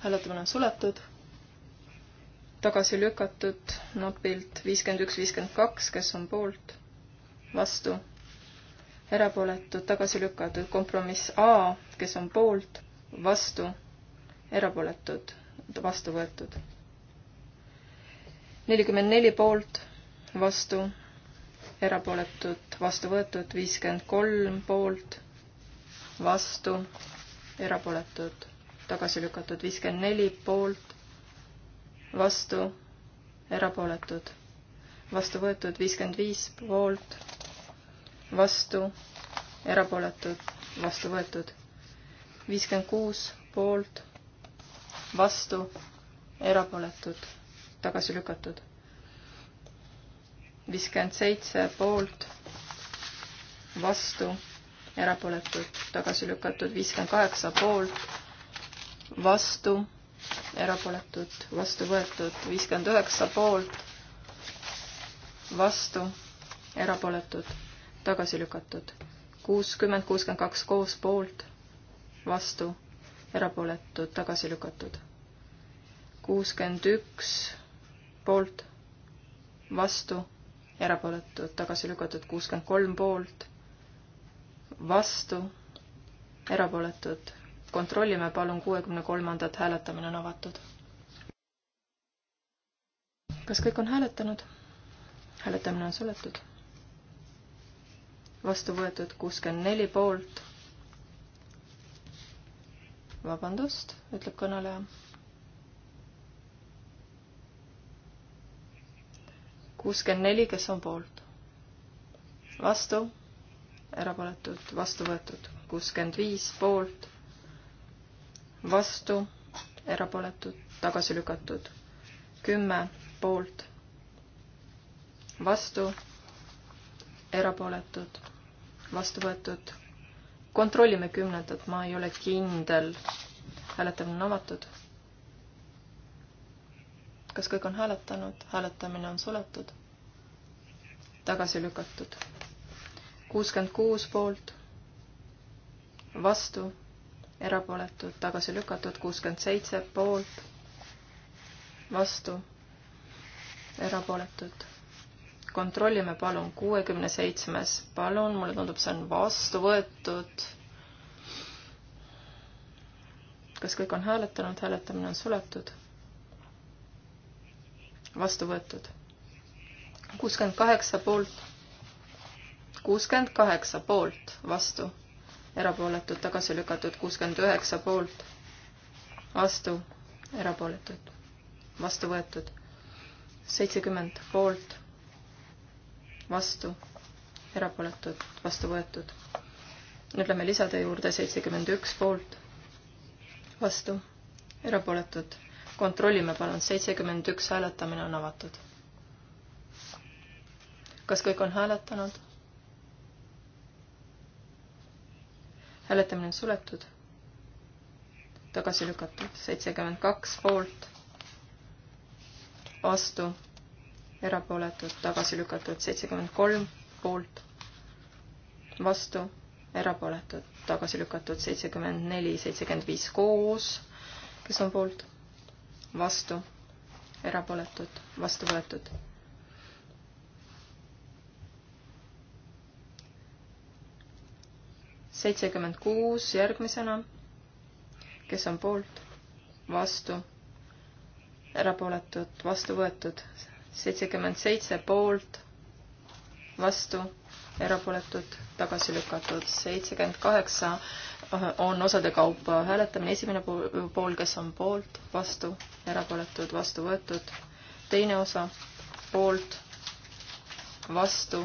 hääletamine on suletud. tagasi lükatud notpilt viiskümmend üks, viiskümmend kaks, kes on poolt, vastu, erapooletud, tagasi lükatud, kompromiss A, kes on poolt, vastu, erapooletud, vastu võetud. nelikümmend neli poolt, vastu, erapooletud, vastu võetud, viiskümmend kolm poolt, vastu, erapooletud tagasi lükatud, viiskümmend neli poolt, vastu, erapooletud, vastu võetud, viiskümmend viis poolt, vastu, erapooletud, vastu võetud, viiskümmend kuus poolt, vastu, erapooletud, tagasi lükatud, viiskümmend seitse poolt, vastu, erapooletud, tagasi lükatud, viiskümmend kaheksa poolt vastu, erapooletud, vastu võetud, viiskümmend üheksa poolt, vastu, erapooletud, tagasi lükatud, kuuskümmend, kuuskümmend kaks koos poolt, vastu, erapooletud, tagasi lükatud, kuuskümmend üks poolt, vastu, erapooletud, tagasi lükatud, kuuskümmend kolm poolt, vastu, erapooletud kontrollime palun, kuuekümne kolmandat hääletamine on avatud. kas kõik on hääletanud? hääletamine on suletud. vastu võetud kuuskümmend neli poolt. vabandust, ütleb kõneleja. kuuskümmend neli, kes on poolt? vastu, erapooletud, vastu võetud, kuuskümmend viis poolt vastu, erapooletud, tagasi lükatud. kümme poolt, vastu, erapooletud, vastu võetud. kontrollime kümnendat, ma ei ole kindel. hääletamine on avatud. kas kõik on hääletanud? hääletamine on suletud. tagasi lükatud. kuuskümmend kuus poolt, vastu erapooletud, tagasi lükatud, kuuskümmend seitse poolt, vastu, erapooletud. kontrollime palun, kuuekümne seitsmes, palun, mulle tundub, see on vastu võetud. kas kõik on hääletanud, hääletamine on suletud? vastu võetud. kuuskümmend kaheksa poolt, kuuskümmend kaheksa poolt, vastu erapooletud, tagasi lükatud kuuskümmend üheksa poolt, vastu, erapooletud, vastu võetud, seitsekümmend poolt, vastu, erapooletud, vastu võetud. nüüd lähme lisade juurde, seitsekümmend üks poolt, vastu, erapooletud, kontrollime palun, seitsekümmend üks hääletamine on avatud. kas kõik on hääletanud? hääletamine on suletud. tagasi lükatud, seitsekümmend kaks poolt, vastu, erapooletud, tagasi lükatud, seitsekümmend kolm poolt, vastu, erapooletud, tagasi lükatud, seitsekümmend neli, seitsekümmend viis koos, kes on poolt, vastu, erapooletud, vastu võetud seitsekümmend kuus järgmisena, kes on poolt, vastu, erapooletud, vastu võetud, seitsekümmend seitse poolt, vastu, erapooletud, tagasi lükatud, seitsekümmend kaheksa on osade kaupa hääletamine, esimene pool, kes on poolt, vastu, erapooletud, vastu võetud, teine osa poolt, vastu,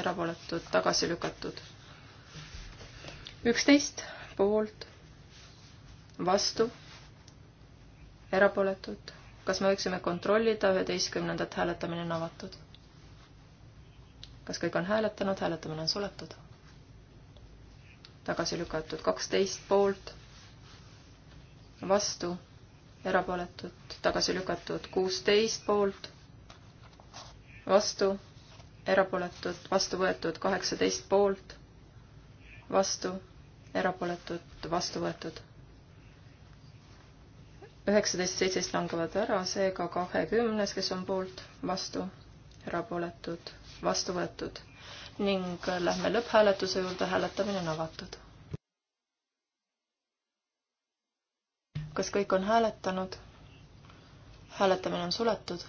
erapooletud, tagasi lükatud üksteist poolt, vastu, erapooletud. kas me võiksime kontrollida, üheteistkümnendat hääletamine on avatud? kas kõik on hääletanud, hääletamine on suletud? tagasi lükatud kaksteist poolt, vastu, erapooletud, tagasi lükatud kuusteist poolt, vastu, erapooletud, vastu võetud kaheksateist poolt, vastu erapooletud, vastu võetud. üheksateist, seitseteist langevad ära, seega kahekümnes, kes on poolt, vastu, erapooletud, vastu võetud ning lähme lõpphääletuse juurde, hääletamine on avatud. kas kõik on hääletanud? hääletamine on suletud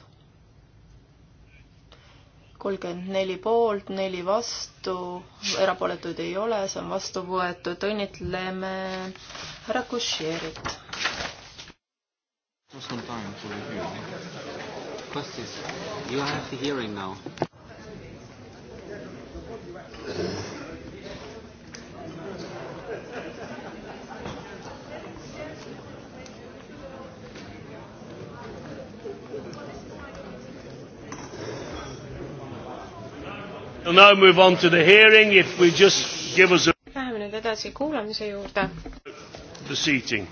kolmkümmend neli poolt, neli vastu, erapooletuid ei ole, see on vastu võetud, õnnitleme härra Kušerit. Eh? You have the hearing now. Eh, Läheme nüüd edasi kuulamise juurde. The seating.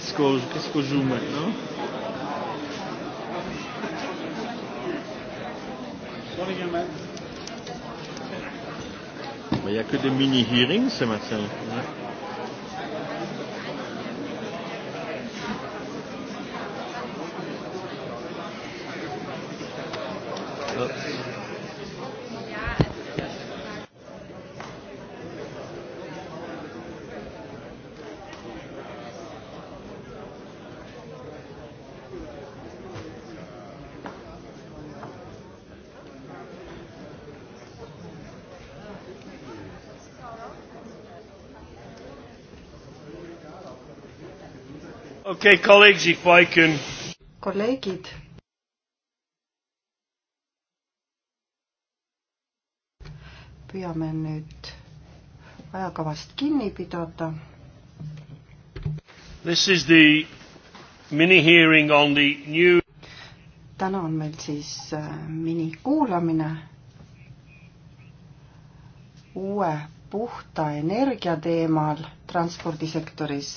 Qu'est-ce qu'au qu qu Zoom maintenant Il n'y a que des mini-hearings ce matin. okay, colleagues, if I can... kolleegid. püüame nüüd ajakavast kinni pidada. This is the mini hearing on the new täna on meil siis äh, minikuulamine uue puhta energia teemal transpordisektoris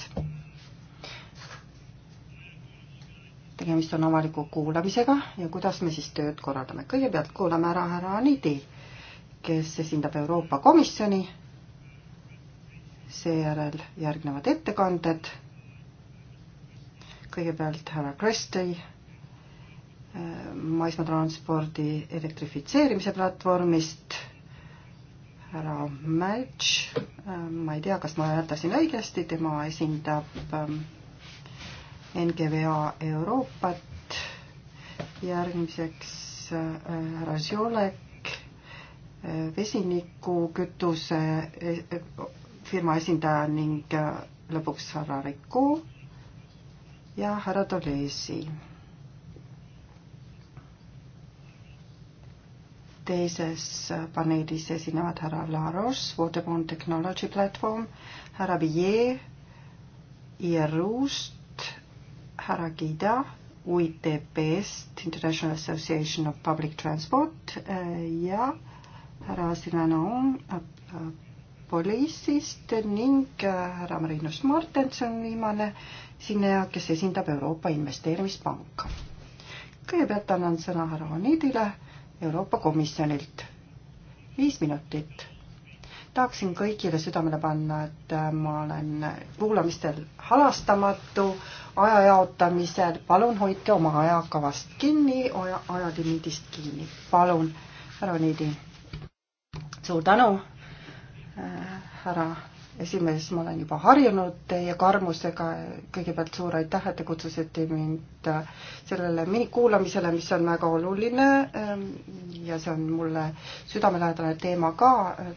tegemist on avaliku kuulamisega ja kuidas me siis tööd korraldame. kõigepealt kuulame ära härra Anidi, kes esindab Euroopa Komisjoni. seejärel järgnevad ettekanded. kõigepealt härra Krestei äh, maismaatranspordi elektrifitseerimise platvormist härra Mälts, äh, ma ei tea, kas ma hääldasin õigesti, tema esindab ähm, NGVA Euroopat, järgmiseks äh, härra Žolek, äh, vesinikukütuse äh, firma esindaja ning lõpuks härra Riku ja härra Dolesi. teises paneelis esinevad härra Laros, Waterborne Technology Platform, härra Villier IRU-st, härra Gida UITP-st, International Association of Public Transport eh, ja härra Sinano eh, Police'ist ning eh, härra Marinus Martenson viimane esineja, kes esindab Euroopa Investeerimispanka. kõigepealt annan sõna härra Onidile Euroopa Komisjonilt. viis minutit tahaksin kõigile südamele panna, et äh, ma olen kuulamistel halastamatu, aja jaotamisel, palun hoidke oma ajakavast kinni, aja, ajalimiidist kinni, palun, härra Niidi. suur tänu äh,, härra esimees, ma olen juba harjunud teie karmusega, kõigepealt suur aitäh, et te kutsusite mind äh, sellele minikuulamisele, mis on väga oluline ähm, ja see on mulle südamelähedane teema ka,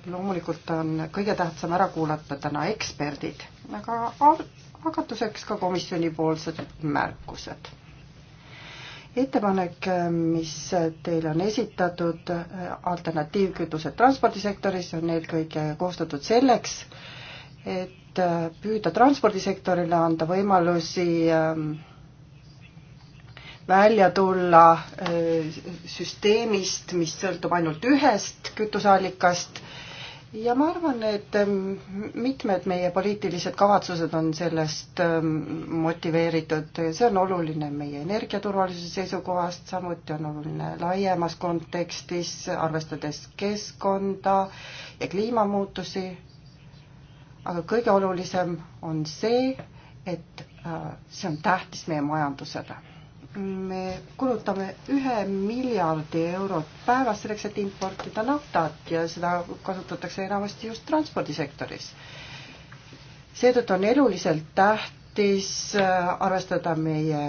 loomulikult on kõige tähtsam ära kuulata täna eksperdid, aga hakatuseks ka komisjonipoolsed märkused ettepanek, äh, mis teile on esitatud äh, alternatiivkütused transpordisektoris, on eelkõige koostatud selleks, et äh, püüda transpordisektorile anda võimalusi ähm, välja tulla äh, süsteemist, mis sõltub ainult ühest kütuseallikast ja ma arvan, et ähm, mitmed meie poliitilised kavatsused on sellest ähm, motiveeritud, see on oluline meie energiaturvalisuse seisukohast, samuti on oluline laiemas kontekstis, arvestades keskkonda ja kliimamuutusi aga kõige olulisem on see, et äh, see on tähtis meie majandusele. me kulutame ühe miljardi eurot päevas selleks, et importida naftat ja seda kasutatakse enamasti just transpordisektoris. seetõttu on eluliselt tähtis äh, arvestada meie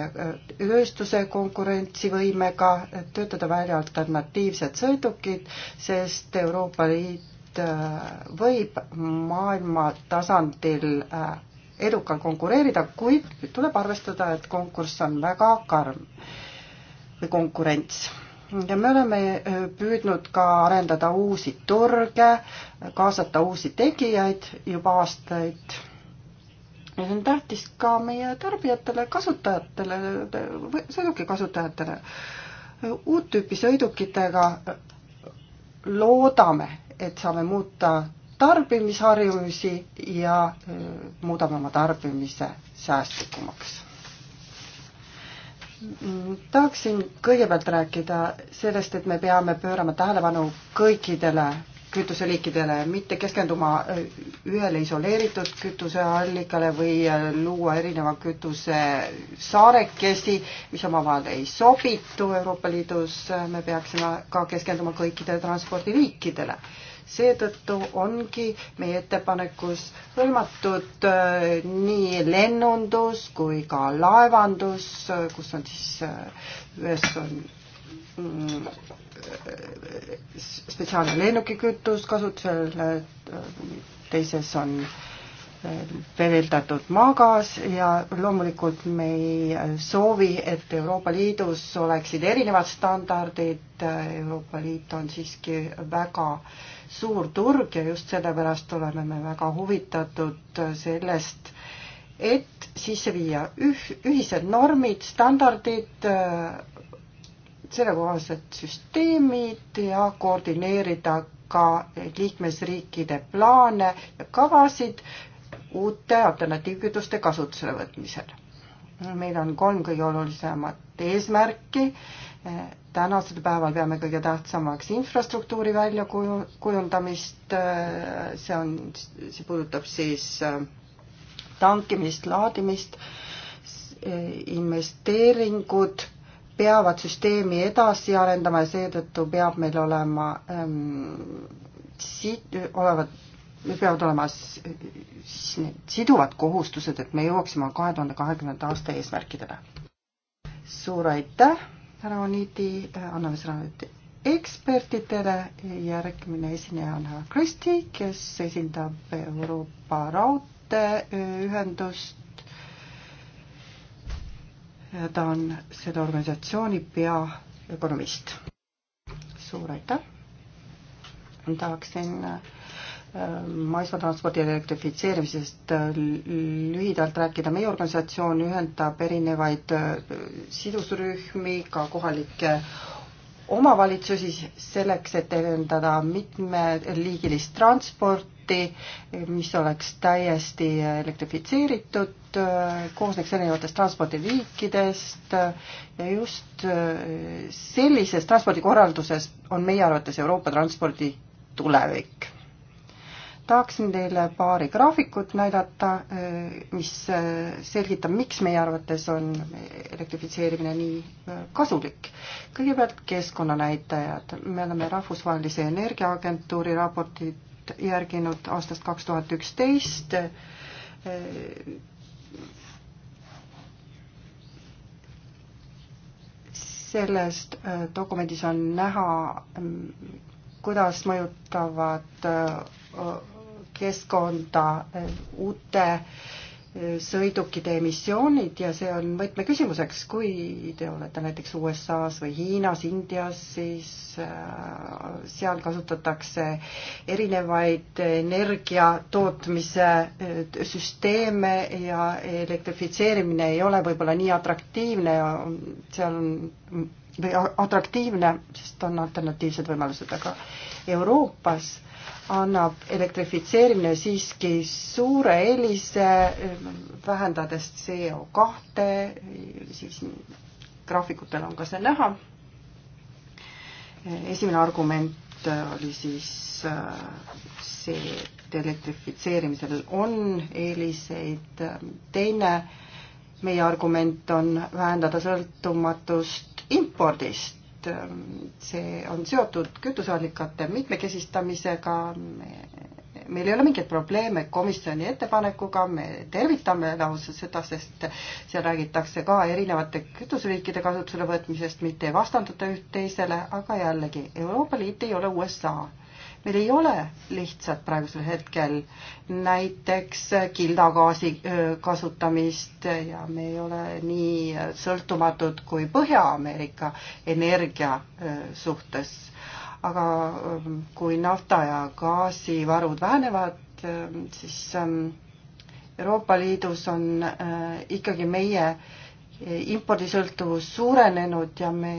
tööstuse äh, konkurentsivõimega, töötada välja alternatiivsed sõidukid, sest Euroopa Liit Äh, võib maailma tasandil äh, edukalt konkureerida, kuid tuleb arvestada, et konkurss on väga karm või konkurents. ja me oleme äh, püüdnud ka arendada uusi turge, kaasata uusi tegijaid juba aastaid. ja see on tähtis ka meie tarbijatele, kasutajatele, sõiduki kasutajatele. uut tüüpi sõidukitega loodame et saame muuta tarbimisharjumusi ja äh, muudame oma tarbimise säästlikumaks. tahaksin kõigepealt rääkida sellest, et me peame pöörama tähelepanu kõikidele kütuseliikidele, mitte keskenduma äh, ühele isoleeritud kütuseallikale või äh, luua erineva kütuse saarekesi, mis omavahel ei sobitu Euroopa Liidus, me peaksime ka keskenduma kõikidele transpordiliikidele seetõttu ongi meie ettepanekus hõlmatud äh, nii lennundus kui ka laevandus, äh, kus on siis, äh, ühes on mm, spetsiaalne lennukikütus kasutusel, teises on veeldatud maagaas ja loomulikult me ei soovi, et Euroopa Liidus oleksid erinevad standardid, Euroopa Liit on siiski väga äh, suur turg ja just sellepärast oleme me väga huvitatud sellest, et sisse viia üh-, ühised normid, standardid, sellekohased süsteemid ja koordineerida ka liikmesriikide plaane ja kavasid uute alternatiivkütuste kasutusele võtmisel. meil on kolm kõige olulisemat eesmärki, tänasel päeval peame kõige tähtsamaks infrastruktuuri väljakujundamist, see on, see puudutab siis äh, tankimist, laadimist, investeeringud peavad süsteemi edasi arendama ja seetõttu peab meil olema ähm, siit, olevat, meil peavad olema siduvad kohustused, et me jõuaksime kahe tuhande kahekümnenda aasta eesmärkidele. suur aitäh! härra Onidi, äh, anname sõna nüüd ekspertidele, järgmine esineja on härra Kristi, kes esindab Euroopa Raudteeühendust. ta on selle organisatsiooni peaökonomist. suur aitäh! tahaksin äh, maismaatranspordi elektrifitseerimisest äh, lühidalt rääkida. meie organisatsioon ühendab erinevaid äh, sidusrühmi, ka kohalikke omavalitsusi selleks, et edendada mitmeliigilist transporti, mis oleks täiesti elektrifitseeritud, äh, koosneks erinevatest transpordiliikidest ja just sellises transpordikorralduses on meie arvates Euroopa transpordi tulevik tahaksin teile paari graafikut näidata, mis äh, selgitab, miks meie arvates on elektrifitseerimine nii äh, kasulik. kõigepealt keskkonnanäitajad. me oleme Rahvusvahelise Energiaagentuuri raportit järginud aastast kaks tuhat üksteist. Äh, sellest dokumendis on näha, mm, kuidas mõjutavad keskkonda uute eh, sõidukite emissioonid ja see on võtmeküsimuseks, kui te olete näiteks USA-s või Hiinas, Indias, siis eh, seal kasutatakse erinevaid energia tootmise eh, süsteeme ja elektrifitseerimine ei ole võib-olla nii atraktiivne, seal on või atraktiivne, sest on alternatiivsed võimalused, aga Euroopas annab elektrifitseerimine siiski suure eelise, vähendades CO kahte, siis graafikutel on ka see näha. esimene argument oli siis see, et elektrifitseerimisel on eeliseid, teine meie argument on vähendada sõltumatust impordist et ähm, see on seotud kütuseallikate mitmekesistamisega. meil ei ole mingeid probleeme komisjoni ettepanekuga, me tervitame lausa seda, sest seal räägitakse ka erinevate kütuseliikide kasutusele võtmisest, mitte ei vastandata üht teisele, aga jällegi Euroopa Liit ei ole USA meil ei ole lihtsalt praegusel hetkel näiteks kildagaasi kasutamist ja me ei ole nii sõltumatud kui Põhja-Ameerika energia suhtes. aga kui nafta ja gaasivarud vähenevad, siis Euroopa Liidus on ikkagi meie äh, impordisõltuvus suurenenud ja me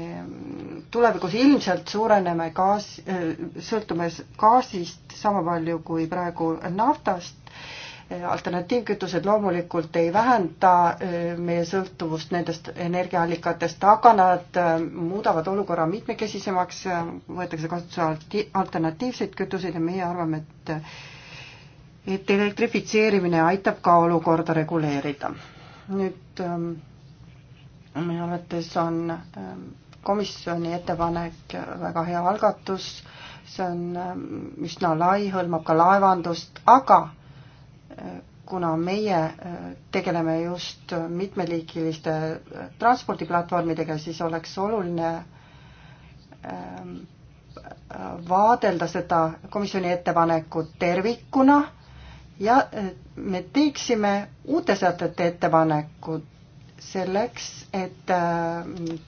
tulevikus ilmselt suureneme gaas, äh, sõltume gaasist sama palju kui praegu naftast. Äh, alternatiivkütused loomulikult ei vähenda äh, meie sõltuvust nendest energiaallikatest, aga nad muudavad olukorra mitmekesisemaks, võetakse kasutusele alternatiivseid kütuseid ja meie arvame, et et elektrifitseerimine aitab ka olukorda reguleerida. nüüd ähm, minu arvates on ähm, komisjoni ettepanek väga hea algatus, see on ähm, üsna lai, hõlmab ka laevandust, aga äh, kuna meie äh, tegeleme just mitmeliigiliste äh, transpordiplatvormidega, siis oleks oluline ähm, vaadelda seda komisjoni ettepanekut tervikuna ja me teeksime uute sätete ettepanekud selleks, et äh,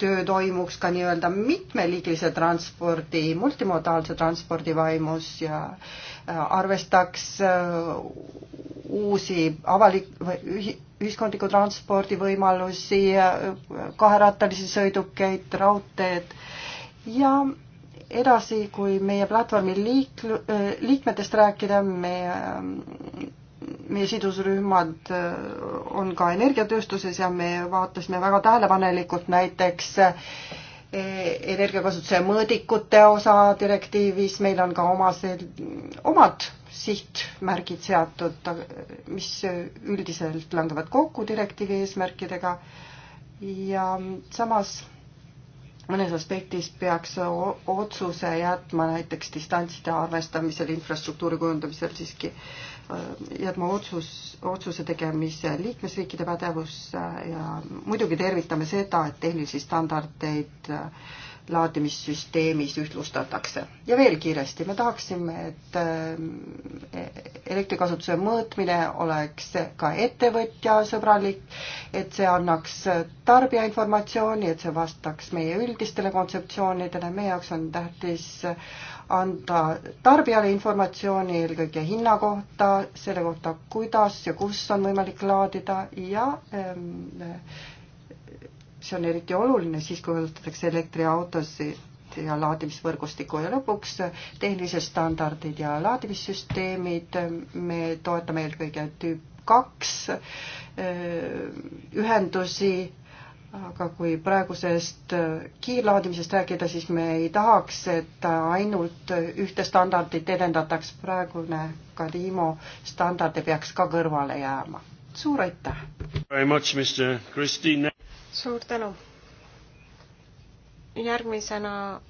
töö toimuks ka nii-öelda mitmeliigilise transpordi, multimodaalse transpordi vaimus ja äh, arvestaks äh, uusi avalik-, ühiskondliku transpordi võimalusi, kaherattalisi sõidukeid, raudteed ja edasi, kui meie platvormi liik-, liikmetest rääkida, me meie sidusrühmad äh, on ka energiatööstuses ja me vaatasime väga tähelepanelikult näiteks äh, energiakasutuse mõõdikute osa direktiivis, meil on ka oma see, omad sihtmärgid seatud, mis üldiselt langevad kokku direktiivi eesmärkidega ja samas mõnes aspektis peaks otsuse jätma näiteks distantside arvestamisel, infrastruktuuri kujundamisel siiski äh, Äh, jätma otsus, otsuse tegemise liikmesriikide pädevusse ja muidugi tervitame seda, et tehnilisi standardeid äh, laadimissüsteemis ühtlustatakse. ja veel kiiresti, me tahaksime, et äh, elektrikasutuse mõõtmine oleks ka ettevõtjasõbralik, et see annaks tarbija informatsiooni, et see vastaks meie üldistele kontseptsioonidele, meie jaoks on tähtis anda tarbijale informatsiooni eelkõige hinna kohta, selle kohta, kuidas ja kus on võimalik laadida ja ähm, see on eriti oluline siis, kui kasutatakse elektriautosid ja laadimisvõrgustikku ja lõpuks tehnilised standardid ja laadimissüsteemid. me toetame eelkõige tüüp kaks äh, ühendusi aga kui praegusest äh, kiirlaadimisest rääkida, siis me ei tahaks, et ainult ühte standardit edendataks, praegune Kadimo standard ei peaks ka kõrvale jääma. suur aitäh! suur tänu! järgmisena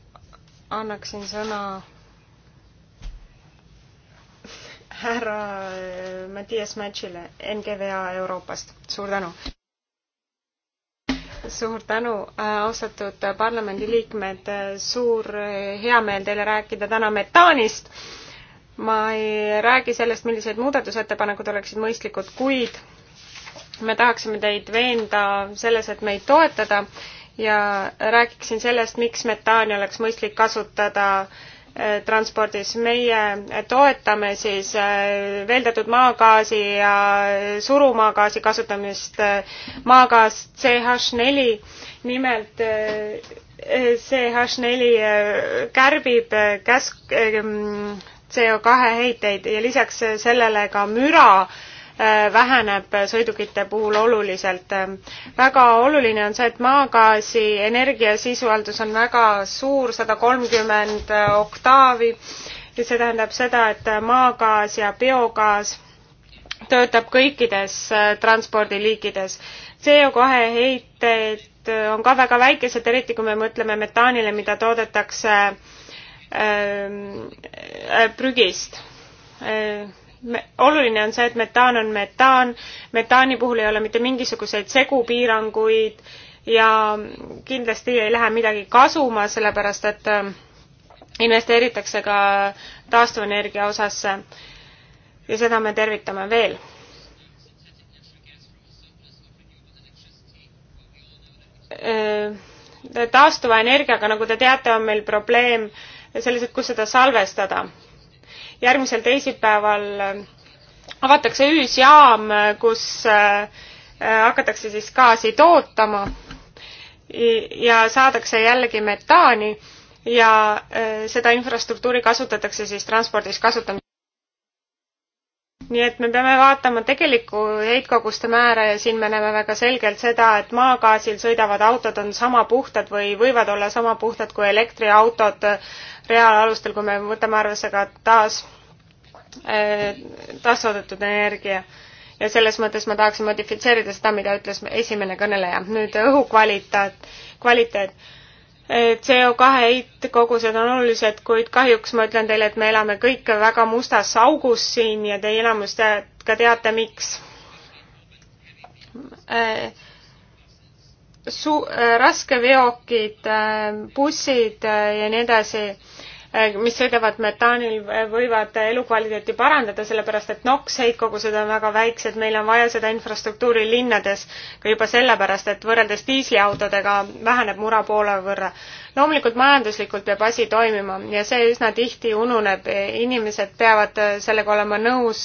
annaksin sõna härra Mattias Mätsile NGVA Euroopast, suur tänu! suur tänu, äh, austatud parlamendiliikmed, äh, suur äh, heameel teile rääkida täna metaanist. ma ei räägi sellest, millised muudatusettepanekud oleksid mõistlikud, kuid me tahaksime teid veenda selles, et meid toetada ja räägiksin sellest, miks metaani oleks mõistlik kasutada äh, transpordis. meie toetame siis äh, veeldatud maagaasi ja surumaagaasi kasutamist, äh, maagaas CH4, nimelt äh, CH4 kärbib käsk-, mm, CO2 heiteid ja lisaks sellele ka müra Äh, väheneb sõidukite puhul oluliselt. väga oluline on see, et maagaasi energiasisaldus on väga suur, sada kolmkümmend oktaavi ja see tähendab seda, et maagaas ja biogaas töötab kõikides äh, transpordiliikides. CO kahe heited on ka väga väikesed, eriti kui me mõtleme metaanile, mida toodetakse ähm, äh, prügist äh, oluline on see, et metaan on metaan, metaani puhul ei ole mitte mingisuguseid segupiiranguid ja kindlasti ei lähe midagi kasuma, sellepärast et äh, investeeritakse ka taastuvenergia osasse. ja seda me tervitame veel äh, taastuva energiaga, nagu te teate, on meil probleem selles, et kus seda salvestada järgmisel teisipäeval äh, avatakse ühisjaam, kus äh, äh, hakatakse siis gaasi tootma ja saadakse jällegi metaani ja seda infrastruktuuri kasutatakse siis transpordis kasutamisel nii et me peame vaatama tegelikku heitkoguste määra ja siin me näeme väga selgelt seda, et maagaasil sõidavad autod on sama puhtad või võivad olla sama puhtad kui elektriautod reaalalustel, kui me võtame arvesse ka taas, taastoodetud energia. ja selles mõttes ma tahaksin modifitseerida seda, mida ütles esimene kõneleja. nüüd õhu kvaliteet, kvaliteet CO2 heitkogused on olulised, kuid kahjuks ma ütlen teile, et me elame kõik väga mustas augus siin ja te enamus te ka teate, miks. Äh, su-, äh, raskeveokid, äh, bussid ja nii edasi Äh, mis sõidavad metaanil, äh, võivad elukvaliteeti parandada, sellepärast et NOx heitkogused on väga väiksed, meil on vaja seda infrastruktuuri linnades ka juba sellepärast, et võrreldes diisliautodega väheneb mura poole võrra. loomulikult majanduslikult peab asi toimima ja see üsna tihti ununeb, inimesed peavad äh, sellega olema nõus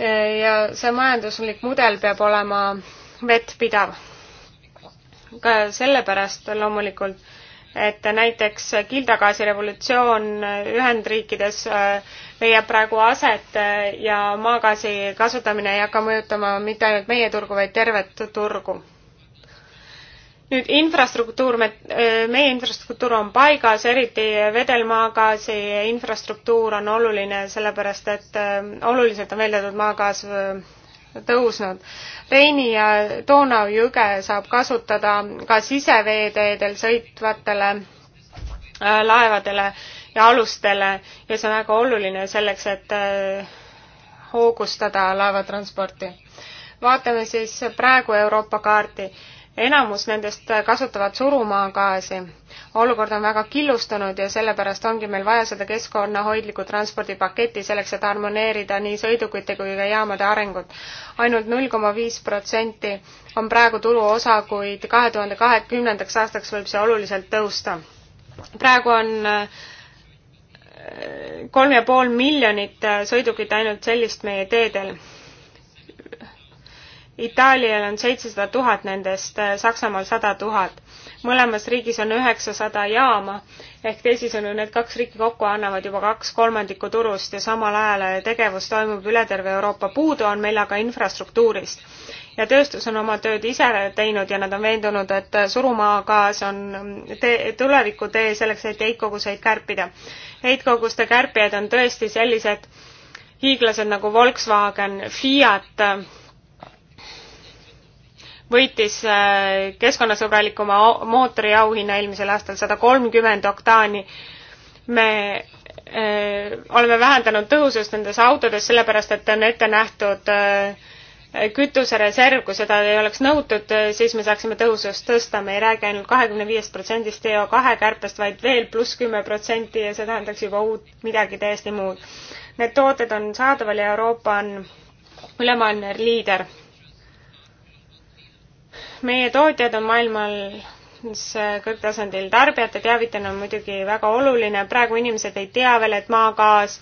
ja see majanduslik mudel peab olema vettpidav. ka sellepärast loomulikult et näiteks kildagaasi revolutsioon Ühendriikides äh, leiab praegu aset äh, ja maagaasi kasutamine ei hakka mõjutama mitte ainult meie turgu, vaid tervet turgu. nüüd infrastruktuur, me, äh, meie infrastruktuur on paigas, eriti vedelmaagaasi infrastruktuur on oluline, sellepärast et oluliselt on veeldatud maagaas tõusnud. Reini ja Donau jõge saab kasutada ka siseveeteedel sõitvatele äh, laevadele ja alustele ja see on väga oluline selleks, et äh, hoogustada laevatransporti. vaatame siis praegu Euroopa kaarti enamus nendest kasutavad surumaagaasi. olukord on väga killustunud ja sellepärast ongi meil vaja seda keskkonnahoidliku transpordipaketti selleks, et harmoneerida nii sõidukite kui ka jaamade arengut. ainult null koma viis protsenti on praegu turuosa, kuid kahe tuhande kahekümnendaks aastaks võib see oluliselt tõusta. praegu on äh, kolm ja pool miljonit sõidukit ainult sellist meie teedel Itaalial on seitsesada tuhat nendest, äh, Saksamaal sada tuhat. mõlemas riigis on üheksasada jaama, ehk teisisõnu, need kaks riiki kokku annavad juba kaks kolmandikku turust ja samal ajal äh, tegevus toimub üle terve Euroopa. puudu on meil aga infrastruktuurist. ja tööstus on oma tööd ise teinud ja nad on veendunud, et äh, surumaagaas on mm, tee, tulevikutee selleks, et heitkoguseid kärpida. heitkoguste kärpijad on tõesti sellised hiiglased nagu Volkswagen, Fiat, võitis äh, keskkonnasõbralikuma mootori auhinna eelmisel aastal sada kolmkümmend oktaani. me öö, äh, oleme vähendanud tõhusust nendes autodes, sellepärast et on ette nähtud öö, äh, kütusereserv, kui seda ei oleks nõutud, siis me saaksime tõhusust tõsta, me ei räägi ainult kahekümne viiest protsendist CO2 kärpest, vaid veel pluss kümme protsenti ja see tähendaks juba uut, midagi täiesti muud. Need tooted on saadaval ja Euroopa on ülemaailmne liider meie tootjad on maailmas kõrgtasandil tarbijate teavitamine on muidugi väga oluline, praegu inimesed ei tea veel, et maagaas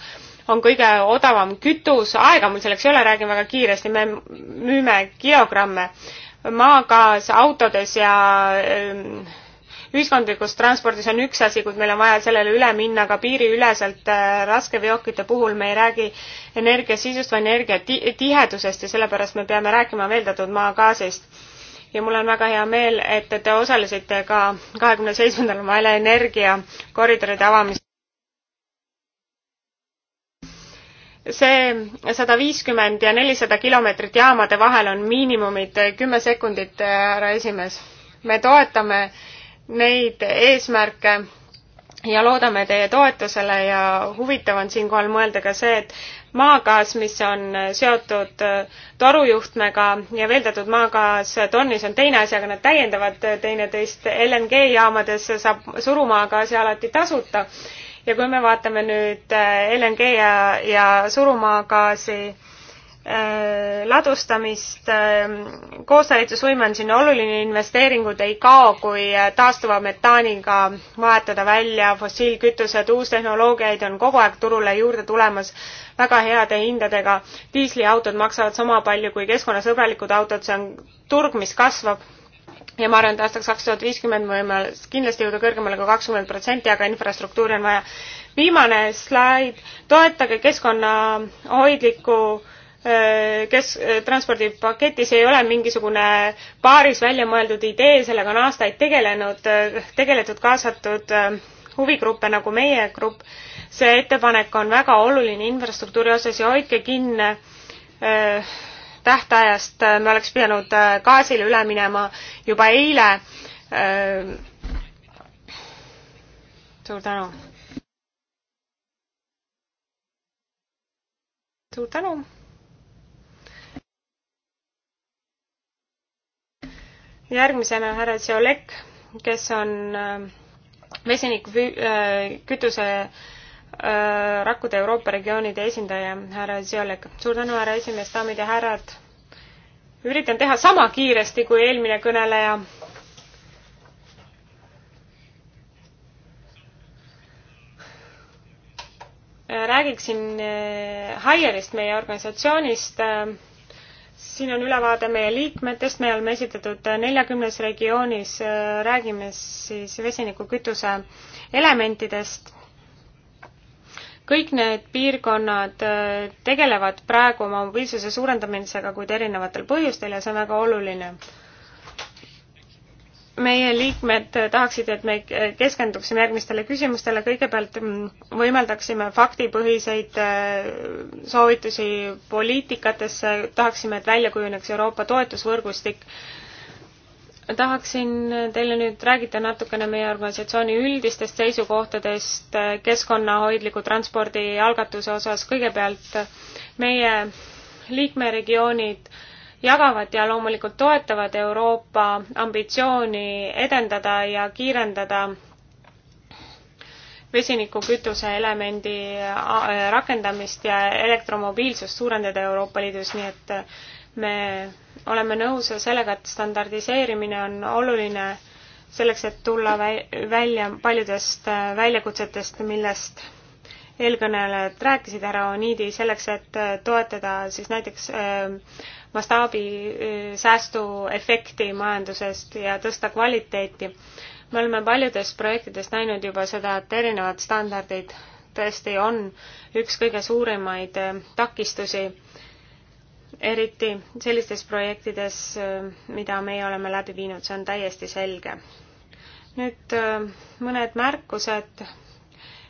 on kõige odavam kütus, aega mul selleks ei ole, räägin väga kiiresti, me müüme kilogramme maagaas autodes ja ähm, ühiskondlikus transpordis on üks asi, kuid meil on vaja sellele üle minna ka piiriüleselt äh, raskeveokite puhul me ei räägi energia sisust, vaid energia tihedusest ja sellepärast me peame rääkima veeldatud maagaasist ja mul on väga hea meel, et te osalesite ka kahekümne seitsmendal mail energiakoridoride avamisel. see sada viiskümmend ja nelisada kilomeetrit jaamade vahel on miinimumid kümme sekundit, härra esimees. me toetame neid eesmärke ja loodame teie toetusele ja huvitav on siinkohal mõelda ka see, et maagaas, mis on äh, seotud äh, torujuhtmega ja veeldatud maagaas äh, tonnis on teine asi, aga nad täiendavad teineteist. LNG jaamadesse saab surumaagaasi alati tasuta. ja kui me vaatame nüüd LNG ja, ja surumaagaasi Äh, ladustamist, äh, koostalitusvõime on siin oluline, investeeringud ei kao, kui äh, taastuva metaaniga vahetada välja fossiilkütused, uustehnoloogiaid on kogu aeg turule juurde tulemas väga heade hindadega. diisliautod maksavad sama palju kui keskkonnasõbralikud autod, see on turg, mis kasvab ja ma arvan, et aastaks kaks tuhat viiskümmend võime kindlasti jõuda kõrgemale kui kakskümmend protsenti, aga infrastruktuuri on vaja. viimane slaid, toetage keskkonnahoidlikku Äh, kes äh, transpordipaketis ei ole mingisugune paaris välja mõeldud idee, sellega on aastaid tegelenud, äh, tegeletud, kaasatud huvigruppe nagu meie grupp. see ettepanek on väga oluline infrastruktuuri osas ja hoidke kinni äh, tähtajast, me oleks pidanud gaasile üle minema juba eile äh,. suur tänu. suur tänu. järgmisena härra Tšiolek, kes on äh, vesinikkütuse äh, äh, rakkude Euroopa regioonide esindaja, härra Tšiolek. suur tänu, härra esimees, daamid ja härrad. üritan teha sama kiiresti kui eelmine kõneleja. räägiksin Hire'ist, meie organisatsioonist siin on ülevaade meie liikmetest, me oleme esitatud neljakümnes regioonis, räägime siis vesinikukütuse elementidest. kõik need piirkonnad tegelevad praegu oma mobiilsuse suurendamisega, kuid erinevatel põhjustel ja see on väga oluline meie liikmed tahaksid, et me keskenduksime järgmistele küsimustele, kõigepealt mm, võimaldaksime faktipõhiseid äh, soovitusi poliitikatesse, tahaksime, et välja kujuneks Euroopa toetusvõrgustik. tahaksin teile nüüd räägida natukene meie organisatsiooni üldistest seisukohtadest äh, keskkonnahoidliku transpordi algatuse osas, kõigepealt meie liikmeregioonid äh, jagavad ja loomulikult toetavad Euroopa ambitsiooni edendada ja kiirendada vesinikukütuse elemendi rakendamist ja elektromobiilsust suurendada Euroopa Liidus, nii et me oleme nõus sellega, et standardiseerimine on oluline selleks, et tulla välja paljudest äh, väljakutsetest, millest eelkõnelejad rääkisid, härra Oniidi, selleks, et äh, toetada siis näiteks äh, mastaabisäästuefekti eh, majandusest ja tõsta kvaliteeti. me oleme paljudes projektides näinud juba seda, et erinevad standardid tõesti on üks kõige suurimaid eh, takistusi, eriti sellistes projektides, eh, mida meie oleme läbi viinud, see on täiesti selge. nüüd mõned märkused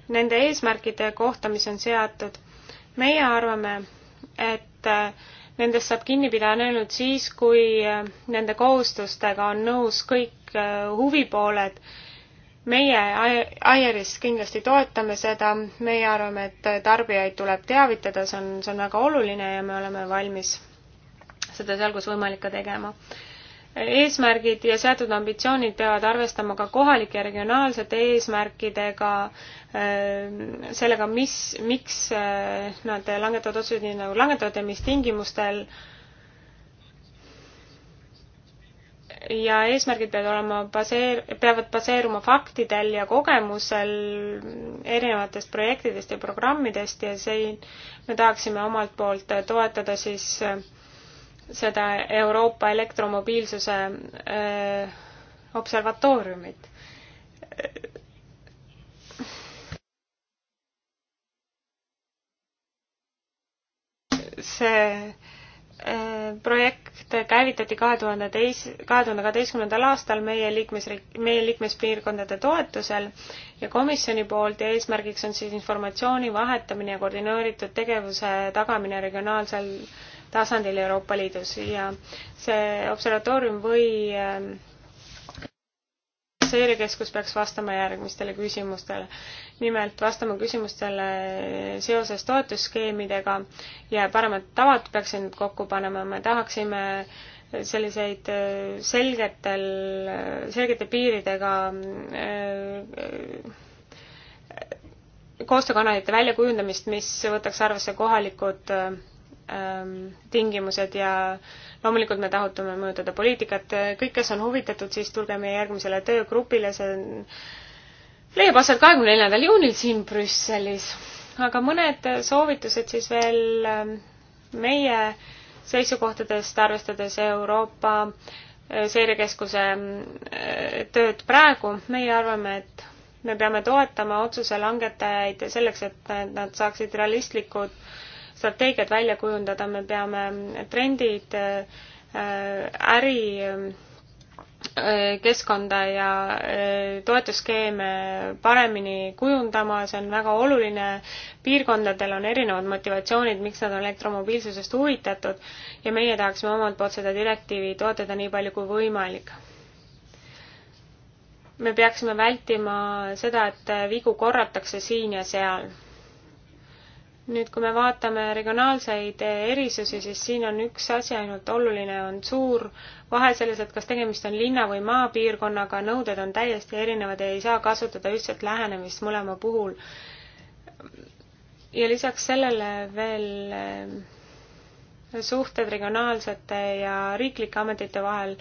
nende eesmärkide kohta, mis on seatud. meie arvame, et Nendest saab kinni pidada ainult siis, kui äh, nende kohustustega on nõus kõik äh, huvipooled. meie IRL-is kindlasti toetame seda, meie arvame, et tarbijaid tuleb teavitada, see on, see on väga oluline ja me oleme valmis seda seal, kus võimalik, ka tegema eesmärgid ja seatud ambitsioonid peavad arvestama ka kohalike ja regionaalsete eesmärkidega, äh, sellega, mis, miks äh, nad langetavad otsuseid nii nagu langetavad ja mis tingimustel. ja eesmärgid peavad olema baseer-, peavad baseeruma faktidel ja kogemusel erinevatest projektidest ja programmidest ja siin me tahaksime omalt poolt toetada siis äh, seda Euroopa elektromobiilsuse öö, äh, observatooriumit. see äh, projekt käivitati kahe tuhande teis-, kahe tuhande kaheteistkümnendal aastal meie liikmesriik, meie liikmespiirkondade toetusel ja komisjoni poolt ja eesmärgiks on siis informatsiooni vahetamine ja koordineeritud tegevuse tagamine regionaalsel äh, tasandil Euroopa Liidus ja see observatoorium või ähm, seirekeskus peaks vastama järgmistele küsimustele. nimelt vastama küsimustele seoses toetusskeemidega ja paremad tavad peaksid nüüd kokku panema, me tahaksime selliseid äh, selgetel, äh, selgete piiridega äh, koostöökanalite väljakujundamist, mis võtaks arvesse kohalikud öö, ähm, tingimused ja loomulikult me tahutame mõjutada poliitikat. kõik, kes on huvitatud, siis tulge meie järgmisele töögrupile, see on, leiab aset kahekümne neljandal juunil siin Brüsselis. aga mõned soovitused siis veel ähm, meie seisukohtadest, arvestades Euroopa äh, seirekeskuse ähm, äh, tööd praegu, meie arvame, et me peame toetama otsuse langetajaid selleks, et nad saaksid realistlikud äh, strateegiad välja kujundada, me peame trendid, äh, äri äh, keskkonda ja äh, toetusskeeme paremini kujundama, see on väga oluline. piirkondadel on erinevad motivatsioonid, miks nad on elektromobiilsusest huvitatud ja meie tahaksime omalt poolt seda direktiivi toetada nii palju kui võimalik. me peaksime vältima seda, et vigu korratakse siin ja seal nüüd, kui me vaatame regionaalseid erisusi, siis siin on üks asi ainult oluline, on suur vahe selles, et kas tegemist on linna või maapiirkonnaga, nõuded on täiesti erinevad ja ei saa kasutada ühtset lähenemist mõlema puhul. ja lisaks sellele veel eh, suhted regionaalsete ja riiklike ametite vahel,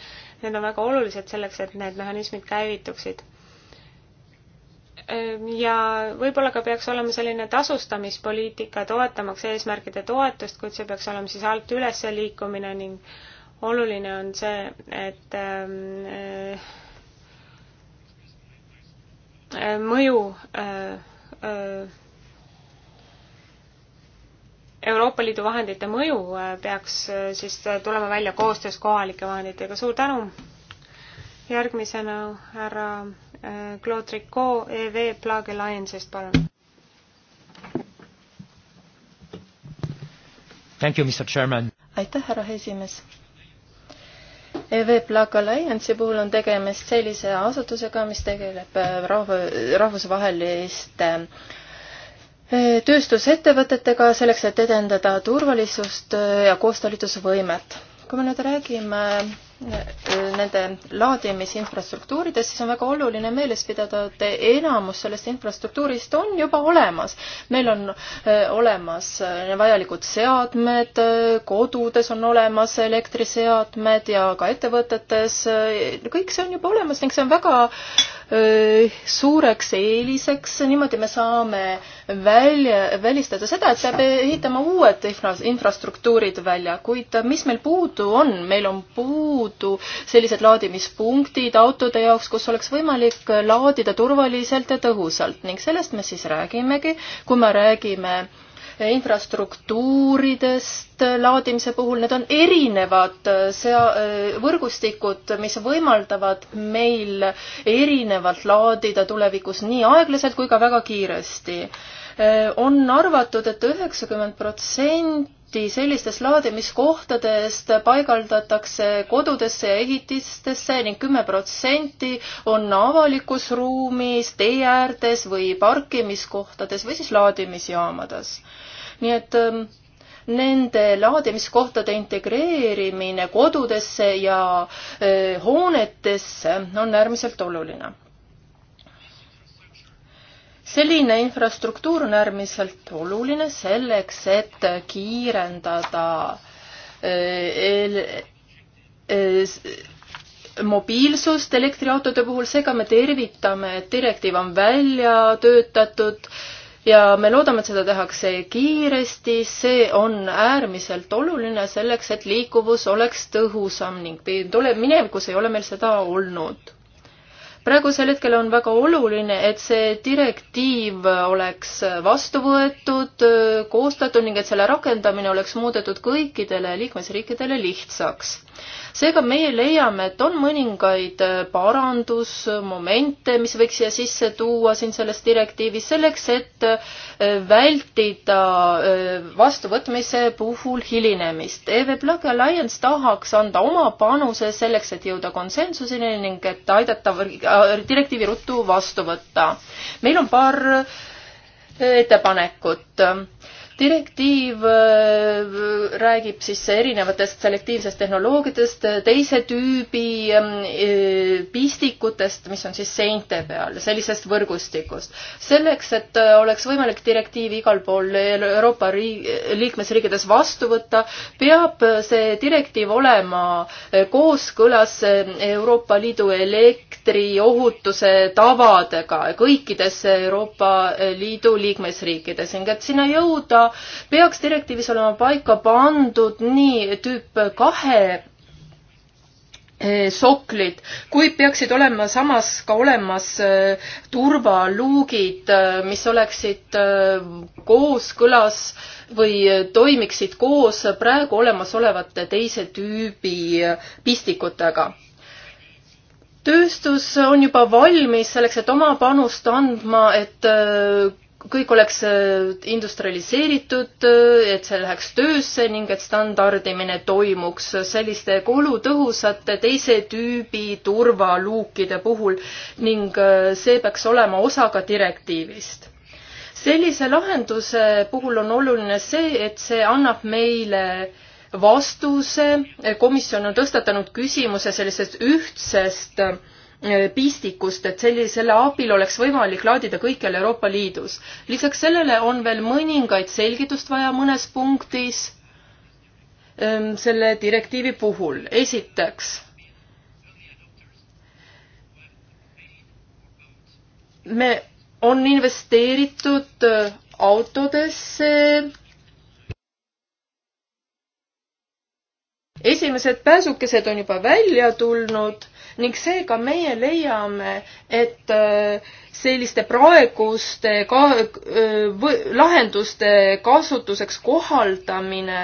need on väga olulised selleks, et need mehhanismid käivituksid Ehm, ja võib-olla ka peaks olema selline tasustamispoliitika, toetamaks eesmärkide toetust, kuid see peaks olema siis alt üles liikumine ning oluline on see, et äh, äh, mõju äh, Euroopa Liidu vahendite mõju peaks siis tulema välja koostöös kohalike vahenditega. suur tänu! järgmisena härra Claude Tricot EV Plug Alliance'ist, palun. Thank you, Mr Chairman. aitäh, härra esimees. EV Plug Alliance'i puhul on tegemist sellise asutusega, mis tegeleb rahva, rahvusvaheliste e, tööstusettevõtetega selleks, et edendada turvalisust ja koostalitusvõimet kui me nüüd räägime äh, nende laadimisinfrastruktuuridest, siis on väga oluline meeles pidada, et enamus sellest infrastruktuurist on juba olemas. meil on äh, olemas äh, vajalikud seadmed, kodudes on olemas elektriseadmed ja ka ettevõtetes, kõik see on juba olemas ning see on väga suureks eeliseks, niimoodi me saame välja, välistada seda, et peab ehitama uued infrastruktuurid välja, kuid mis meil puudu on, meil on puudu sellised laadimispunktid autode jaoks, kus oleks võimalik laadida turvaliselt ja tõhusalt ning sellest me siis räägimegi, kui me räägime infrastruktuuridest laadimise puhul, need on erinevad äh, sea-, äh, võrgustikud, mis võimaldavad meil erinevalt laadida tulevikus nii aeglaselt kui ka väga kiiresti. Äh, on arvatud et, et üheksakümmend protsenti tihti sellistes laadimiskohtadest paigaldatakse kodudesse ja ehitistesse ning kümme protsenti on avalikus ruumis, tee äärdes või parkimiskohtades või siis laadimisjaamades nii et ähm, nende laadimiskohtade integreerimine kodudesse ja äh, hoonetesse on äärmiselt oluline. selline infrastruktuur on äärmiselt oluline selleks, et kiirendada äh, äh, mobiilsust elektriautode puhul, seega me tervitame, et direktiiv on välja töötatud ja me loodame, et seda tehakse kiiresti, see on äärmiselt oluline selleks, et liikuvus oleks tõhusam ning tule-, minevikus ei ole meil seda olnud. praegusel hetkel on väga oluline, et see direktiiv oleks vastu võetud, koostatud ning et selle rakendamine oleks muudetud kõikidele liikmesriikidele lihtsaks seega meie leiame, et on mõningaid äh, parandusmomente, mis võiks siia sisse tuua siin selles direktiivis selleks, et äh, vältida äh, vastuvõtmise puhul hilinemist. EV Plug Alliance tahaks anda oma panuse selleks, et jõuda konsensuseni ning et aidata direktiivi ruttu vastu võtta. meil on paar ettepanekut direktiiv äh, räägib siis erinevatest selektiivsest tehnoloogiatest, teise tüübi ähm, äh, pistikutest, mis on siis seinte peal, sellisest võrgustikust. selleks, et äh, oleks võimalik direktiivi igal pool Euroopa liikmesriikides vastu võtta, peab see direktiiv olema kooskõlas Euroopa Liidu elektriohutuse tavadega kõikides Euroopa Liidu liikmesriikides ning et sinna jõuda peaks direktiivis olema paika pandud nii tüüp kahe eh, soklid, kuid peaksid olema samas ka olemas eh, turvaluugid, eh, mis oleksid kooskõlas või toimiksid koos praegu olemasolevate teise tüübi pistikutega tööstus on juba valmis selleks, et oma panust andma, et kõik oleks äh, industrialiseeritud, äh, et see läheks töösse ning et standardimine toimuks selliste kulutõhusate teise tüübi turvaluukide puhul ning äh, see peaks olema osa ka direktiivist. sellise lahenduse puhul on oluline see, et see annab meile vastuse, komisjon on tõstatanud küsimuse sellisest ühtsest äh, Äh, pistikust, et selli-, selle abil oleks võimalik laadida kõikjal Euroopa Liidus. lisaks sellele on veel mõningaid selgitust vaja mõnes punktis ähm, selle direktiivi puhul. esiteks, me, on investeeritud äh, autodesse esimesed pääsukesed on juba välja tulnud ning seega meie leiame, et äh, selliste praeguste ka, äh, lahenduste kasutuseks kohaldamine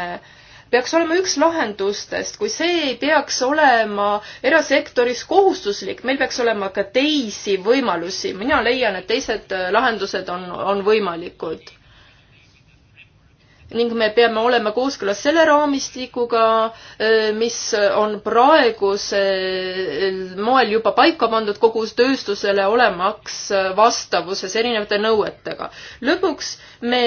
peaks olema üks lahendustest, kui see ei peaks olema erasektoris kohustuslik, meil peaks olema ka teisi võimalusi. mina leian, et teised äh, lahendused on, on võimalikud ning me peame olema kooskõlas selle raamistikuga, e, mis on praegusel moel juba paika pandud kogu tööstusele, olemaks vastavuses erinevate nõuetega. lõpuks me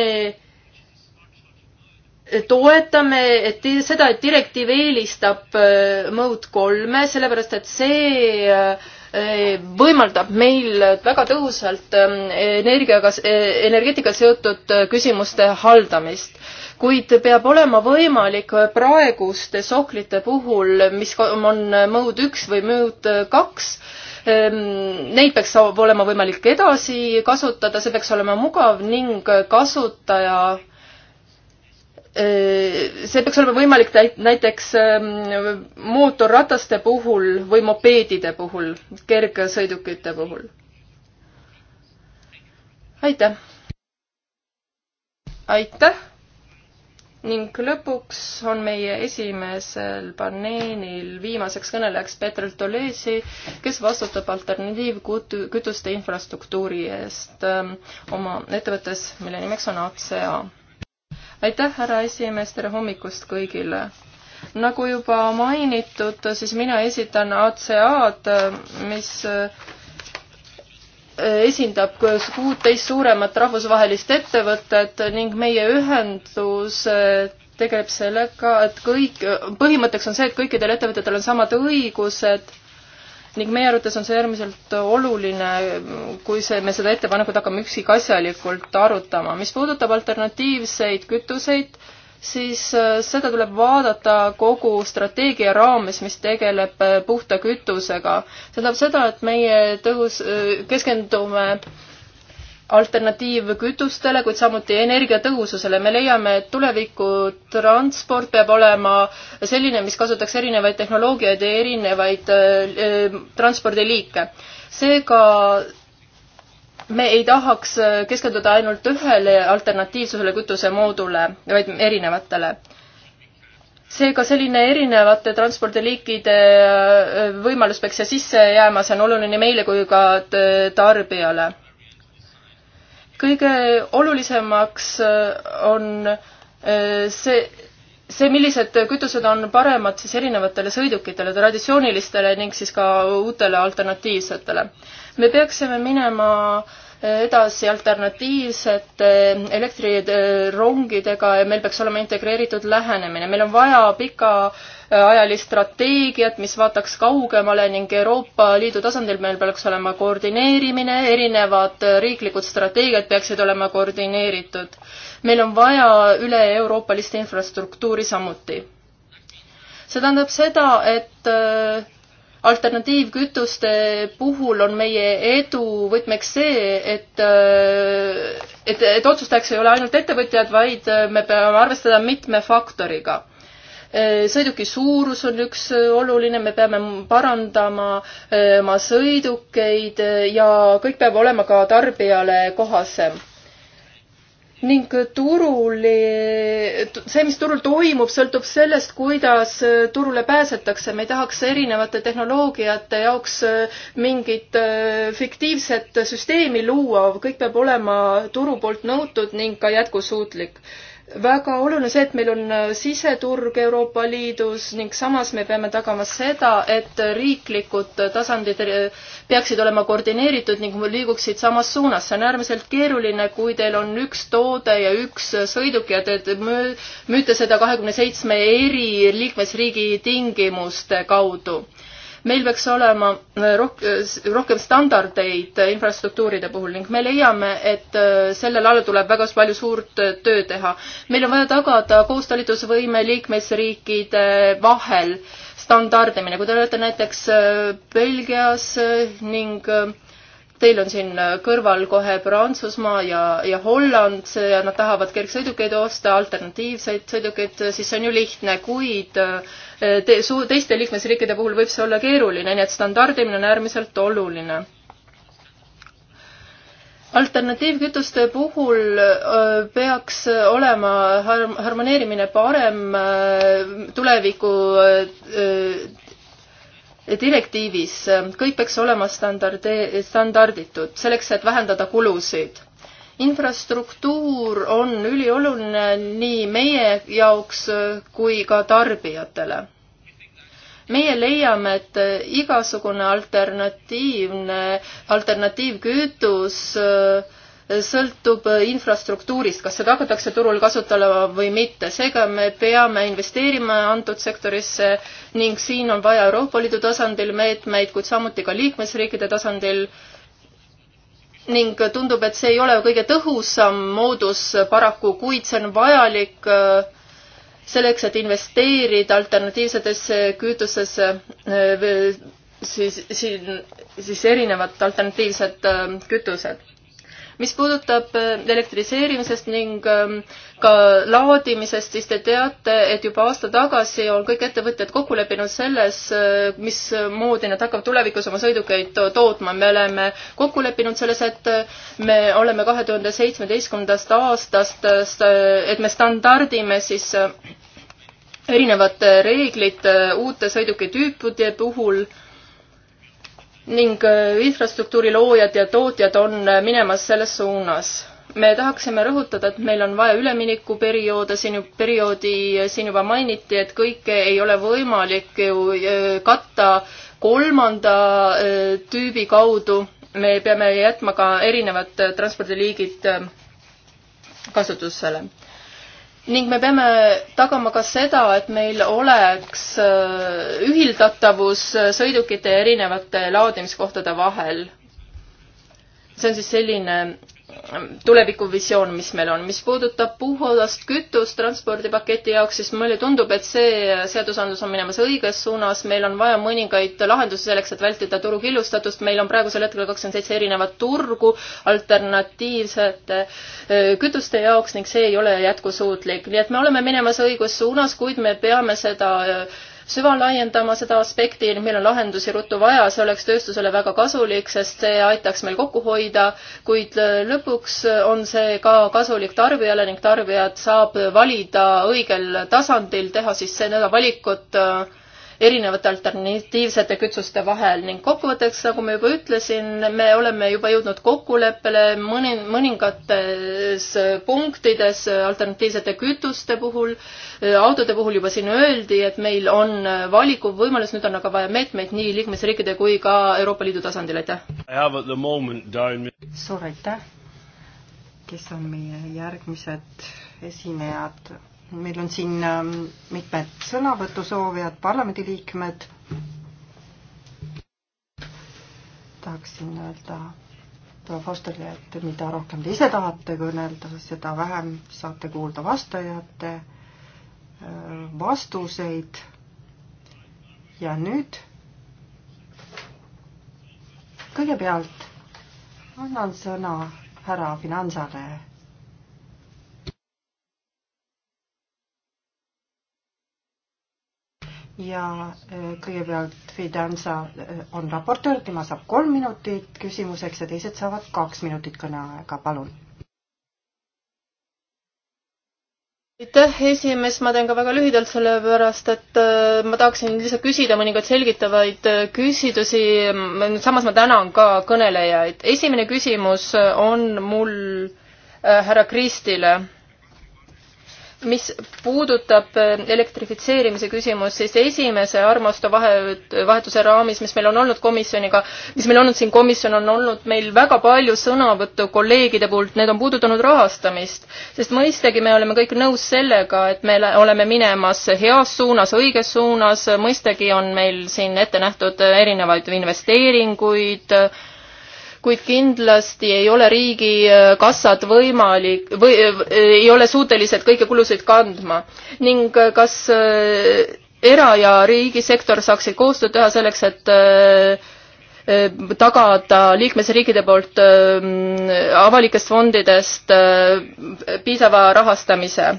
toetame et seda, et direktiiv eelistab e, mõõt kolme, sellepärast et see e, võimaldab meil väga tõhusalt ähm, energiaga, äh, energeetikaga seotud äh, küsimuste haldamist. kuid peab olema võimalik praeguste sohklite puhul, mis on äh, mõõd üks või mõõd kaks, ähm, neid peaks olema võimalik edasi kasutada, see peaks olema mugav ning kasutaja see peaks olema võimalik näiteks ähm, mootorrataste puhul või mopeedide puhul, kergsõidukite puhul. aitäh. aitäh. ning lõpuks on meie esimesel paneelil viimaseks kõnelejaks Peeter Tolesi, kes vastutab alternatiivkütuste infrastruktuuri eest ähm, oma ettevõttes, mille nimeks on ACA aitäh, härra esimees, tere hommikust kõigile! nagu juba mainitud, siis mina esitan ACA-d, mis äh, esindab kuuteist suuremat rahvusvahelist ettevõtet ning meie ühendus äh, tegeleb sellega, et kõik, põhimõtteks on see, et kõikidel ettevõtetel on samad õigused ning meie arvates on see äärmiselt oluline, kui see, me seda ettepanekut hakkame üksikasjalikult arutama. mis puudutab alternatiivseid kütuseid, siis äh, seda tuleb vaadata kogu strateegia raames, mis tegeleb äh, puhta kütusega. see tähendab seda, et meie tõhus, äh, keskendume alternatiivkütustele, kuid samuti energiatõhususele. me leiame, et tuleviku transport peab olema selline, mis kasutaks erinevaid tehnoloogiaid ja erinevaid äh, transpordiliike. seega me ei tahaks keskenduda ainult ühele alternatiivsusele kütusemoodule, vaid erinevatele. seega selline erinevate transpordiliikide äh, võimalus peaks siia sisse jääma, see on oluline meile kui ka tarbijale kõige olulisemaks äh, on äh, see, see, millised kütused on paremad siis erinevatele sõidukitele, traditsioonilistele ning siis ka uutele alternatiivsetele. me peaksime minema äh, edasi alternatiivsete elektrirongidega ja meil peaks olema integreeritud lähenemine. meil on vaja pikaajalist strateegiat, mis vaataks kaugemale ning Euroopa Liidu tasandil meil peaks olema koordineerimine, erinevad riiklikud strateegiad peaksid olema koordineeritud. meil on vaja üle-euroopalist infrastruktuuri samuti. see tähendab seda, et äh, alternatiivkütuste puhul on meie edu võtmeks see, et, äh, et, et otsustajaks ei ole ainult ettevõtjad, vaid äh, me peame arvestama mitme faktoriga. Äh, sõiduki suurus on üks oluline, me peame parandama oma sõidukeid ja kõik peab olema ka tarbijale kohasem ning turul, see, mis turul toimub, sõltub sellest, kuidas turule pääsetakse. me ei tahaks erinevate tehnoloogiate jaoks äh, mingit äh, fiktiivset süsteemi luua, kõik peab olema turu poolt nõutud ning ka jätkusuutlik väga oluline see, et meil on äh, siseturg Euroopa Liidus ning samas me peame tagama seda, et riiklikud äh, tasandid äh, peaksid olema koordineeritud ning liiguksid samas suunas. see on äärmiselt keeruline, kui teil on üks toode ja üks sõiduk ja te müüte seda kahekümne seitsme eri liikmesriigi tingimuste kaudu meil peaks olema äh, rohk-, äh, rohkem standardeid äh, infrastruktuuride puhul ning me leiame, et sellel alal tuleb väga palju suurt tööd teha. meil on vaja tagada koostalitusvõime liikmesriikide vahel standardimine, kui te olete näiteks Belgias ning Teil on siin kõrval kohe Prantsusmaa ja, ja Holland ja nad tahavad kergsõidukeid osta, alternatiivseid sõidukeid, siis see on ju lihtne, kuid eh, te, su, teiste liikmesriikide puhul võib see olla keeruline, nii et standardimine on äärmiselt oluline alternatiivkütuste puhul eh, peaks olema harmoneerimine parem eh, tuleviku direktiivis, äh, kõik peaks olema standardi, standarditud, selleks et vähendada kulusid infrastruktuur on ülioluline nii meie jaoks äh, kui ka tarbijatele. meie leiame, et äh, igasugune alternatiivne, alternatiivkütus äh, sõltub infrastruktuurist, kas seda hakatakse turul kasutama või mitte. seega me peame investeerima antud sektorisse ning siin on vaja Euroopa Liidu tasandil meetmeid, kuid samuti ka liikmesriikide tasandil ning tundub, et see ei ole kõige tõhusam moodus paraku, kuid see on vajalik äh, selleks, et investeerida alternatiivsetesse kütusesse äh, siis, siis, siis erinevad alternatiivsed äh, kütused mis puudutab äh, elektriseerimisest ning ähm, ka laadimisest, siis te teate, et juba aasta tagasi on kõik ettevõtjad kokku leppinud selles, äh, mismoodi nad hakkavad tulevikus oma sõidukeid tootma. me oleme kokku leppinud selles, et äh, me oleme kahe tuhande seitsmeteistkümnendast aastast, et me standardime siis erinevad reeglid uute sõidukitüüpide puhul ning äh, infrastruktuuri loojad ja tootjad on äh, minemas selles suunas. me tahaksime rõhutada, et meil on vaja üleminekuperioode, siin ju perioodi äh, siin juba mainiti, et kõike ei ole võimalik ju katta kolmanda tüübi kaudu. me peame jätma ka erinevad transpordiliigid kasutusele ning me peame tagama ka seda, et meil oleks äh, ühildatavus äh, sõidukite erinevate laadimiskohtade vahel. see on siis selline tulevikuvisioon, mis meil on. mis puudutab puhast kütust transpordipaketi jaoks, siis mulle tundub, et see seadusandlus on minemas õiges suunas, meil on vaja mõningaid lahendusi selleks, et vältida turu killustatust, meil on praegusel hetkel kakskümmend seitse erinevat turgu alternatiivsete kütuste jaoks ning see ei ole jätkusuutlik. nii et me oleme minemas õiges suunas, kuid me peame seda süvalaiendama seda aspekti, meil on lahendusi ruttu vaja, see oleks tööstusele väga kasulik, sest see aitaks meil kokku hoida, kuid lõpuks on see ka kasulik tarbijale ning tarbijad saab valida õigel tasandil, teha siis seda valikut äh, erinevate alternatiivsete kütuste vahel ning kokkuvõtteks, nagu ma juba ütlesin, me oleme juba jõudnud kokkuleppele mõni, mõningates äh, punktides äh, alternatiivsete kütuste puhul Äh, autode puhul juba siin öeldi, et meil on äh, valikuvõimalus, nüüd on aga vaja meetmeid nii liikmesriikide kui ka Euroopa Liidu tasandil, aitäh! suur aitäh! kes on meie järgmised esinejad? meil on siin ähm, mitmed sõnavõtusoovijad, parlamendiliikmed. tahaksin öelda proua Fosterile, et mida rohkem te ise tahate kõnelda, seda vähem saate kuulda vastajate Äh, vastuseid. ja nüüd kõigepealt annan sõna härra Finansale. ja äh, kõigepealt Fidanza äh, on raportöör, tema saab kolm minutit küsimuseks ja teised saavad kaks minutit kõneaega, palun aitäh, esimees, ma teen ka väga lühidalt, sellepärast et äh, ma tahaksin lihtsalt küsida mõningaid selgitavaid äh, küsidusi. samas ma tänan ka kõnelejaid. esimene küsimus on mul äh, härra Kristile mis puudutab äh, elektrifitseerimise küsimust, siis esimese armastu vahe, vahetuse raamis, mis meil on olnud komisjoniga, mis meil olnud siin komisjon, on olnud meil väga palju sõnavõttu kolleegide poolt, need on puudutanud rahastamist. sest mõistagi me oleme kõik nõus sellega, et me oleme minemas heas suunas, õiges suunas, mõistagi on meil siin ette nähtud erinevaid investeeringuid, kuid kindlasti ei ole riigikassad võimalik või ei ole suutelised kõiki kulusid kandma ning kas äh, era- ja riigisektor saaksid koostööd teha selleks, et äh, tagada liikmesriikide poolt äh, avalikest fondidest piisava rahastamise.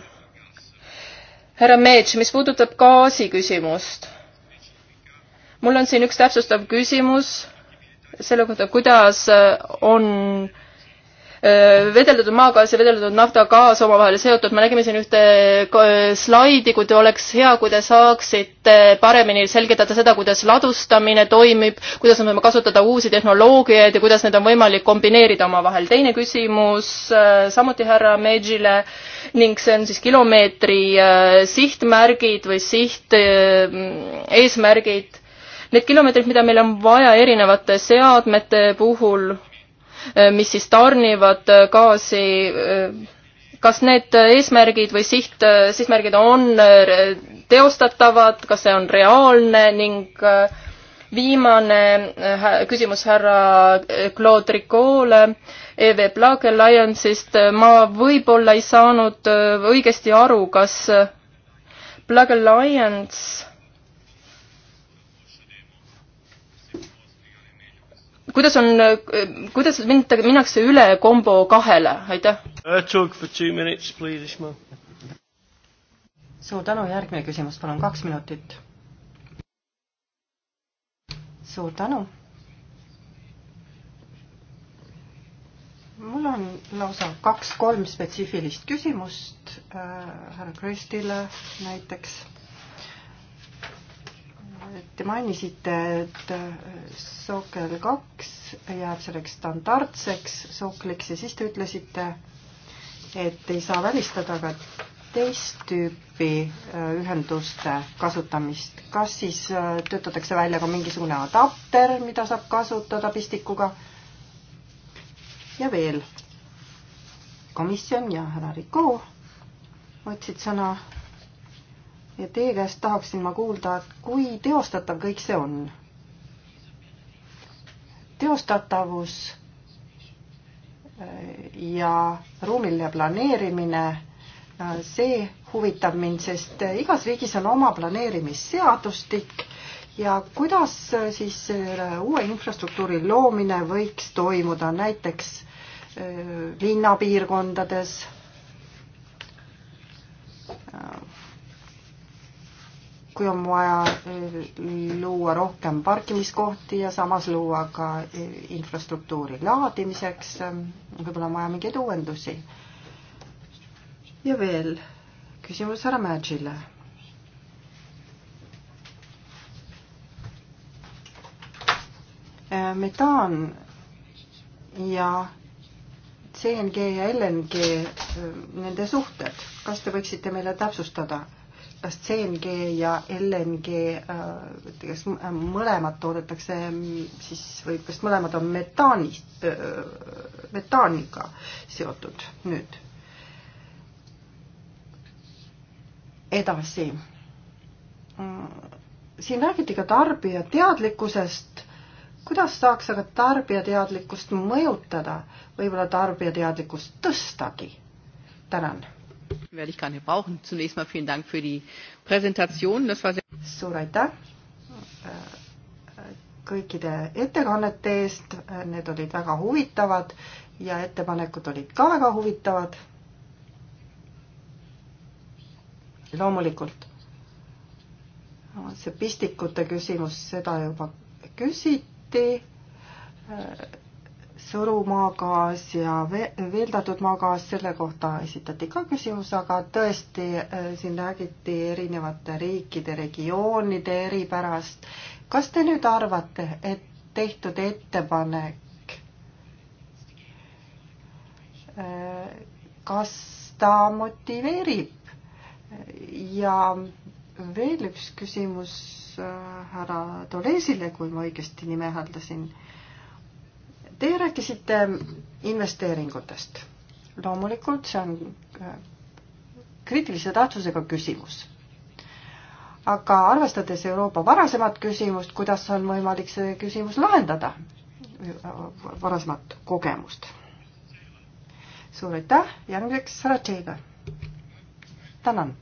härra Meets, mis puudutab gaasi küsimust, mul on siin üks täpsustav küsimus selle kohta, kuidas äh, on äh, vedeldatud maagaas ja vedeldatud nafta gaas omavahel seotud, me nägime siin ühte slaidi, kui te oleks hea, kui te saaksite paremini selgitada seda, kuidas ladustamine toimib, kuidas me saame kasutada uusi tehnoloogiaid ja kuidas need on võimalik kombineerida omavahel. teine küsimus äh, samuti härra Medžile ning see on siis kilomeetri sihtmärgid või siht, eesmärgid Need kilomeetrid, mida meil on vaja erinevate seadmete puhul, eh, mis siis tarnivad eh, gaasi, eh, kas need eesmärgid või siht, sihtmärgid on teostatavad, kas see on reaalne ning viimane küsimus härra Claude Ricoule EV Plug Alliance'ist. ma võib-olla ei saanud õigesti aru, kas Plug Alliance kuidas on, kuidas mind, minnakse üle kombo kahele, aitäh? Uh, suur tänu, järgmine küsimus, palun, kaks minutit. suur tänu. mul on lausa kaks-kolm spetsiifilist küsimust äh, härra Kristile näiteks Te mainisite, et äh, Sokkel kaks jääb selleks standardseks sokliks ja siis te ütlesite, et ei saa välistada ka teist tüüpi äh, ühenduste kasutamist. kas siis äh, töötatakse välja ka mingisugune adapter, mida saab kasutada pistikuga? ja veel, komisjon ja härra Riko võtsid sõna ja teie käest tahaksin ma kuulda, kui teostatav kõik see on? teostatavus äh, ja ruumiline planeerimine, äh, see huvitab mind, sest äh, igas riigis on oma planeerimisseadustik ja kuidas siis uue infrastruktuuri loomine võiks toimuda näiteks linnapiirkondades kui on vaja eh, luua rohkem parkimiskohti ja samas luua ka eh, infrastruktuuri laadimiseks, eh, võib-olla on vaja mingeid uuendusi. ja veel küsimus härra Mädžile. metaan ja CNG ja LNG, nende suhted, kas te võiksite meile täpsustada? CNG ja LNG, äh, kas äh, mõlemad toodetakse siis või kas mõlemad on metaanist, äh, metaaniga seotud nüüd? edasi. Mm, siin räägiti ka tarbija teadlikkusest kuidas saaks aga tarbija teadlikkust mõjutada, võib-olla tarbija teadlikkust tõstagi? tänan werde ich gar nicht brauchen. Zunächst mal vielen Dank für die Präsentation. Das war sehr suur aitäh äh, kõikide ettekannete eest, äh, need olid väga huvitavad ja ettepanekud olid ka väga huvitavad. loomulikult äh, see pistikute küsimus, seda juba küsiti surumaagaas ja veeldatud maagaas, selle kohta esitati ka küsimus, aga tõesti äh, siin räägiti erinevate riikide, regioonide eripärast. kas te nüüd arvate, et tehtud ettepanek, äh, kas ta motiveerib? ja veel üks küsimus äh, härra Dolesile, kui ma õigesti nime hääldasin Teie rääkisite investeeringutest. loomulikult see on äh, kriitilise tähtsusega küsimus. aga arvestades Euroopa varasemat küsimust, kuidas on võimalik see küsimus lahendada, äh, varasemat kogemust? suur aitäh, järgmiseks härra Tšeiga. tänan.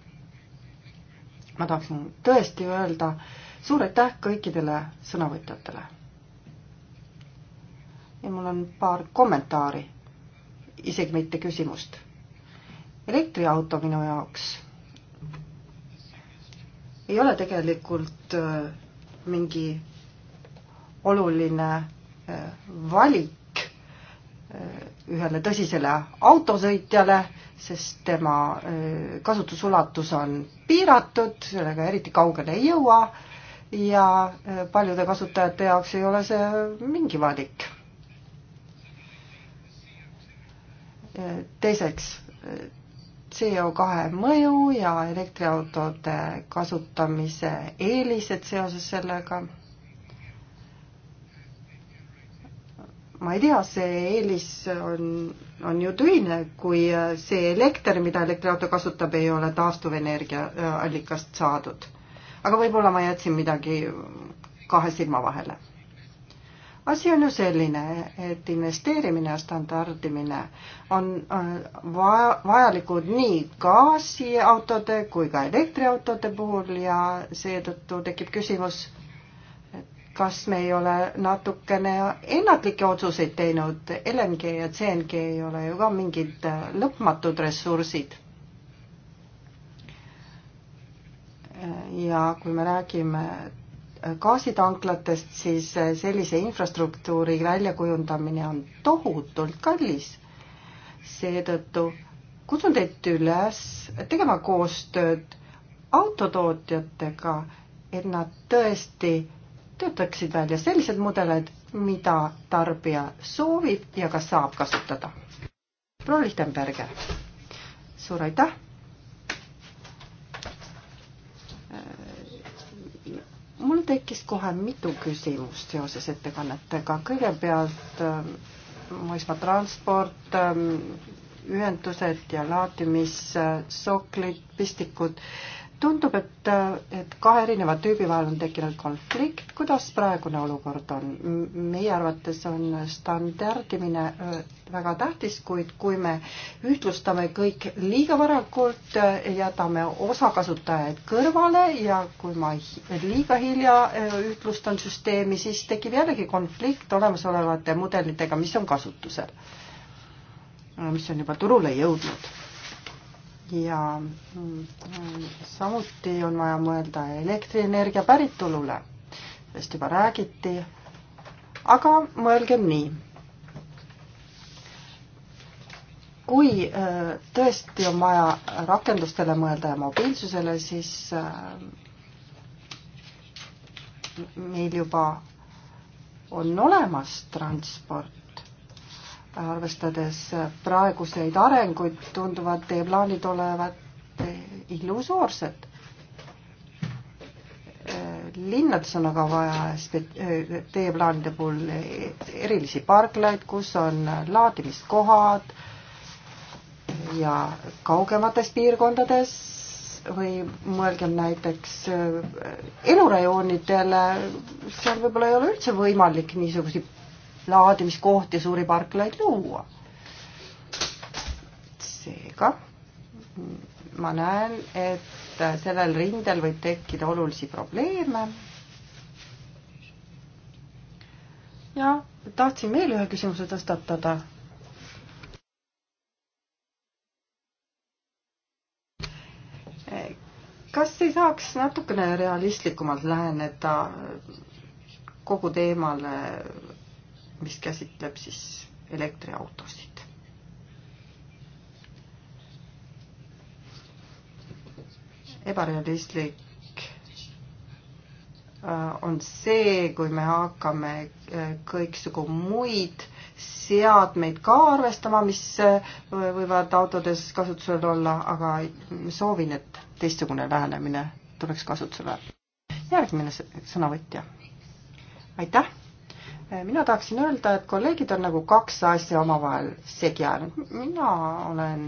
ma tahaksin tõesti öelda suur aitäh kõikidele sõnavõtjatele ja mul on paar kommentaari, isegi mitte küsimust. elektriauto minu jaoks ei ole tegelikult äh, mingi oluline äh, valik äh, ühele tõsisele autosõitjale, sest tema kasutusulatus on piiratud, sellega eriti kaugele ei jõua ja paljude kasutajate jaoks ei ole see mingi valik teiseks, CO2 mõju ja elektriautode kasutamise eelised seoses sellega. ma ei tea, see eelis on, on ju tühine, kui see elekter, mida elektriauto kasutab, ei ole taastuvenergia allikast saadud. aga võib-olla ma jätsin midagi kahe silma vahele asi on ju selline, et investeerimine ja standardimine on äh, vaja, vajalikud nii gaasiautode kui ka elektriautode puhul ja seetõttu tekib küsimus, kas me ei ole natukene ennatlikke otsuseid teinud, LNG ja CNG ei ole ju ka mingid äh, lõpmatud ressursid. Äh, ja kui me räägime Äh, gaasitanklatest, siis äh, sellise infrastruktuuri väljakujundamine on tohutult kallis. seetõttu kutsun teid üles tegema koostööd autotootjatega, et nad tõesti töötaksid välja sellised mudeleid, mida tarbija soovib ja ka saab kasutada. proua Lichtenberger, suur aitäh mul tekkis kohe mitu küsimust seoses ettekannetega. kõigepealt ähm, maismaatransport, ähm, ühendused ja laadimissoklid, äh, pistikud tundub, et, et kahe erineva tüübi vahel on tekkinud konflikt, kuidas praegune olukord on? meie arvates on standardimine väga tähtis, kuid kui me ühtlustame kõik liiga varakult, jätame osa kasutajaid kõrvale ja kui ma liiga hilja ühtlustan süsteemi, siis tekib jällegi konflikt olemasolevate mudelitega, mis on kasutusel, mis on juba turule jõudnud ja mm, samuti on vaja mõelda elektrienergia päritolule, sellest juba räägiti, aga mõelgem nii. kui äh, tõesti on vaja rakendustele mõelda ja mobiilsusele, siis äh, meil juba on olemas transport, arvestades praeguseid arenguid, tunduvad teie plaanid olevat illusoorsed. linnades on aga vaja teie plaanide puhul erilisi parklaid, kus on laadimiskohad ja kaugemates piirkondades või mõelgem näiteks elurajoonidele, seal võib-olla ei ole üldse võimalik niisuguseid laadimiskohti, suuri parklaid luua. seega ma näen, et sellel rindel võib tekkida olulisi probleeme. ja tahtsin veel ühe küsimuse tõstatada kas ei saaks natukene realistlikumalt läheneda kogu teemale mis käsitleb siis elektriautosid. ebarealistlik äh, on see, kui me hakkame äh, kõiksugu muid seadmeid ka arvestama, mis äh, võivad autodes kasutusel olla, aga soovin, et teistsugune lähenemine tuleks kasutusele. järgmine sõnavõtja. aitäh Eh, mina tahaksin öelda, et kolleegid on nagu kaks asja omavahel segi ajanud. mina olen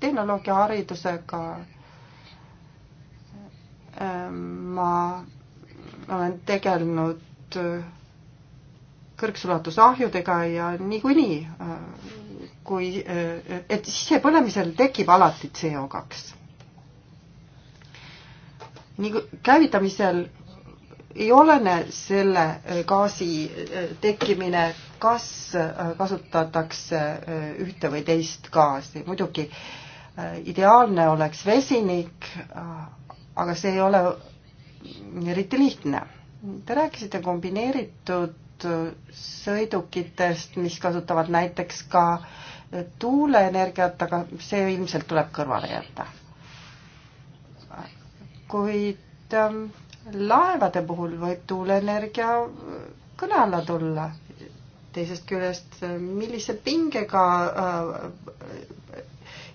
tehnoloogiaharidusega, ehm, ma olen tegelenud eh, kõrgsulatuseahjudega ja niikuinii, eh, kui, et sisepõlemisel tekib alati CO2 nii käivitamisel ei olene selle äh, gaasi äh, tekkimine, kas äh, kasutatakse ühte või teist gaasi. muidugi ideaalne oleks vesinik, aga see ei ole eriti lihtne. Te rääkisite kombineeritud sõidukitest, mis kasutavad näiteks ka tuuleenergiat, aga see ilmselt tuleb kõrvale jätta. kuid ähm, laevade puhul võib tuuleenergia kõne alla tulla. teisest küljest, millise pingega äh,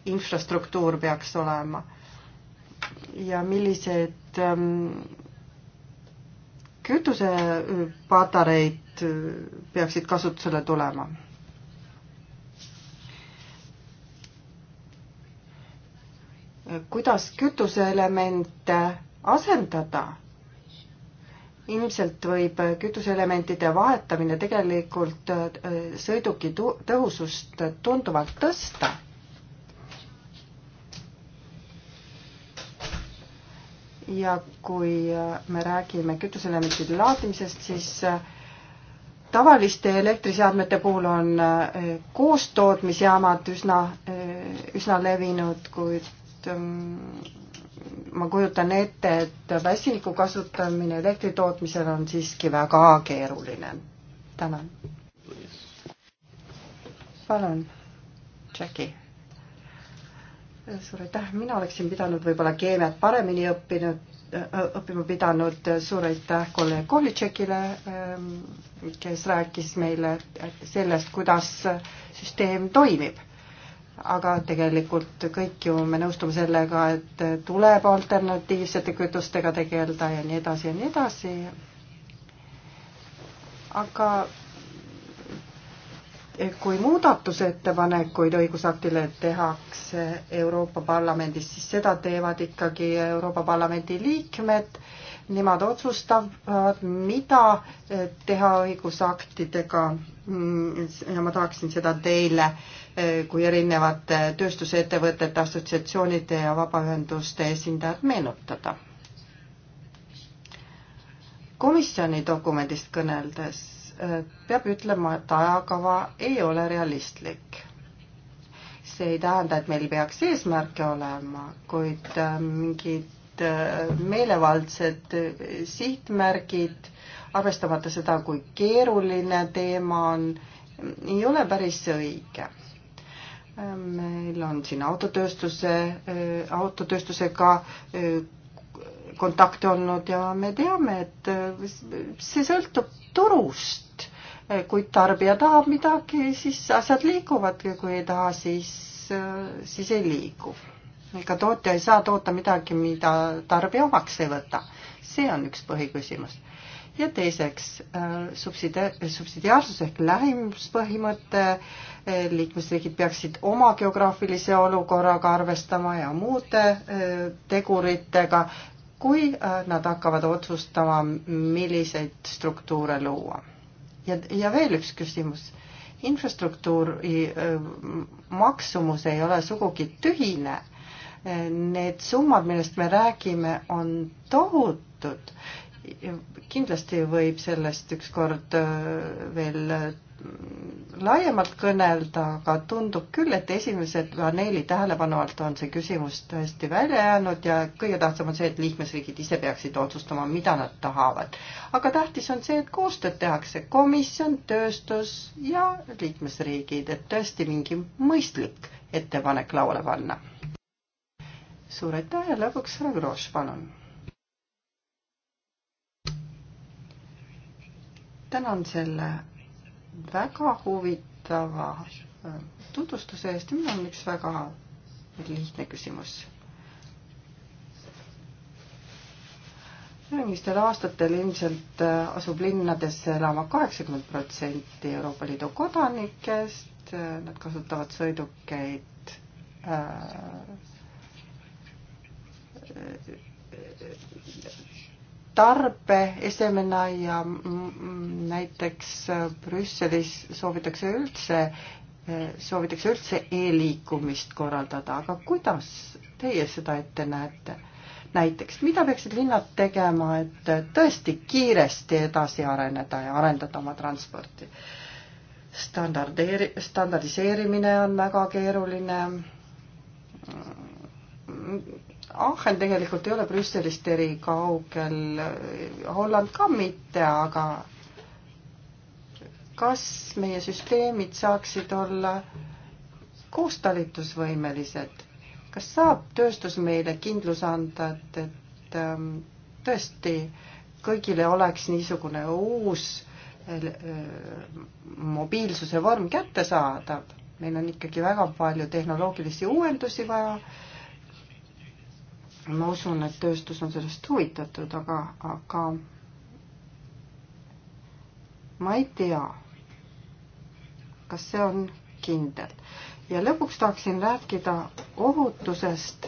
infrastruktuur peaks olema ja millised ähm, kütusepatareid äh, peaksid kasutusele tulema? kuidas kütuseelemente asendada ilmselt võib kütuseelementide vahetamine tegelikult äh, sõiduki tõhusust tunduvalt tõsta. ja kui äh, me räägime kütuseelementide laadimisest, siis äh, tavaliste elektriseadmete puhul on koostootmisjaamad üsna, üsna levinud, kuid mm, ma kujutan ette, et väsiniku kasutamine elektri tootmisel on siiski väga keeruline. tänan. palun, Jackie. suur aitäh, mina oleksin pidanud võib-olla keemiat paremini õppinud, õppima pidanud, suur aitäh kolleeg Kohlitšekile, ähm, kes rääkis meile sellest, kuidas süsteem toimib aga tegelikult kõik ju me nõustume sellega, et tuleb alternatiivsete kütustega tegeleda ja nii edasi ja nii edasi. aga kui muudatusettepanekuid õigusaktile tehakse Euroopa Parlamendis, siis seda teevad ikkagi Euroopa Parlamendi liikmed. Nemad otsustavad, mida teha õigusaktidega. ja ma tahaksin seda teile äh, Eh, kui erinevate tööstusettevõtete, assotsiatsioonide ja vabaühenduste esindajad meenutada. komisjoni dokumendist kõneldes eh, peab ütlema, et ajakava ei ole realistlik. see ei tähenda, et meil peaks eesmärke olema, kuid eh, mingid meelevaldsed sihtmärgid, arvestamata seda, kui keeruline teema on, ei ole päris õige meil on siin autotööstuse, äh, autotööstusega äh, kontakte olnud ja me teame, et äh, see sõltub turust. kui tarbija tahab midagi, siis asjad liiguvad, kui ei taha, siis, siis ei liigu. ega tootja ei saa toota midagi, mida tarbija omaks ei võta. see on üks põhiküsimus ja teiseks äh, subsidia-, subsidiaarsus ehk lähimuspõhimõte, äh, liikmesriigid peaksid oma geograafilise olukorraga arvestama ja muude äh, teguritega, kui nad hakkavad otsustama, milliseid struktuure luua. ja, ja veel üks küsimus. infrastruktuuri maksumus ei ole sugugi tühine. Need summad, millest me räägime, on tohutud kindlasti võib sellest ükskord äh, veel äh, laiemalt kõnelda, aga tundub küll, et esimese paneeli tähelepanu alt on see küsimus tõesti välja jäänud ja kõige tähtsam on see, et liikmesriigid ise peaksid otsustama, mida nad tahavad. aga tähtis on see, et koostööd tehakse, komisjon, tööstus ja liikmesriigid, et tõesti mingi mõistlik ettepanek lauale panna. suur aitäh ja lõpuks härra Grosch, palun tänan selle väga huvitava äh, tutvustuse eest. mul on üks väga lihtne küsimus. järgmistel aastatel ilmselt äh, asub linnadesse elama kaheksakümmend protsenti Euroopa Liidu kodanikest. Äh, nad kasutavad sõidukeid äh, tarbe esemena ja näiteks äh, Brüsselis soovitakse üldse, äh, soovitakse üldse e-liikumist korraldada, aga kuidas teie seda ette näete? näiteks, mida peaksid linnad tegema, et äh, tõesti kiiresti edasi areneda ja arendada oma transporti? standardeeri-, standardiseerimine on väga keeruline Aachen tegelikult ei ole Brüsselist eri kaugel, Holland ka mitte, aga kas meie süsteemid saaksid olla koostalitusvõimelised? kas saab tööstus meile kindluse anda, et, et ähm, tõesti kõigile oleks niisugune uus äh, mobiilsuse vorm kättesaadav? meil on ikkagi väga palju tehnoloogilisi uuendusi vaja ma usun, et tööstus on sellest huvitatud, aga, aga ma ei tea, kas see on kindel. ja lõpuks tahaksin rääkida ohutusest.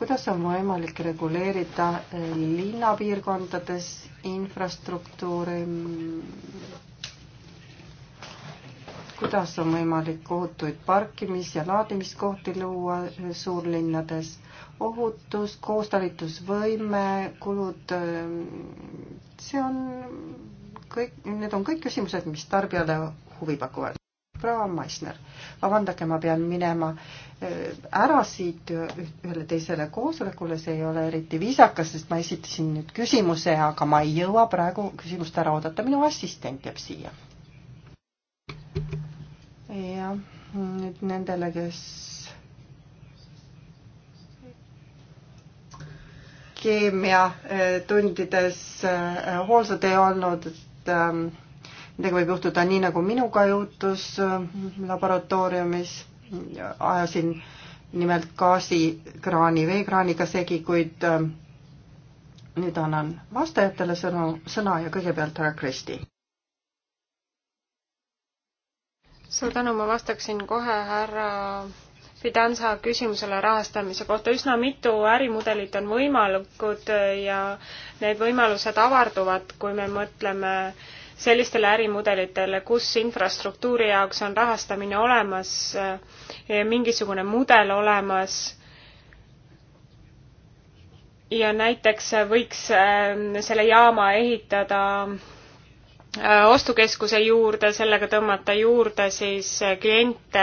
kuidas on võimalik reguleerida linnapiirkondades infrastruktuuri kuidas on võimalik ohutuid parkimis- ja laadimiskohti luua suurlinnades, ohutus, koostalitusvõime, kulud, see on kõik, need on kõik küsimused, mis tarbijale huvi pakuvad. proua Maisner, vabandage, ma pean minema ära siit ühele teisele koosolekule, see ei ole eriti viisakas, sest ma esitasin nüüd küsimuse, aga ma ei jõua praegu küsimust ära oodata, minu assistent jääb siia ja nüüd nendele, kes keemiatundides äh, hoolsad ei olnud, et ähm, midagi võib juhtuda nii, nagu minuga juhtus äh, laboratooriumis. ajasin nimelt gaasikraani veekraaniga segi, kuid ähm, nüüd annan vastajatele sõnu, sõna ja kõigepealt härra Kristi. suur tänu, ma vastaksin kohe härra Fidanza küsimusele rahastamise kohta. üsna mitu ärimudelit on võimalikud ja need võimalused avarduvad, kui me mõtleme sellistele ärimudelitele, kus infrastruktuuri jaoks on rahastamine olemas, mingisugune mudel olemas ja näiteks võiks äh, selle jaama ehitada Äh, ostukeskuse juurde, sellega tõmmata juurde siis äh, kliente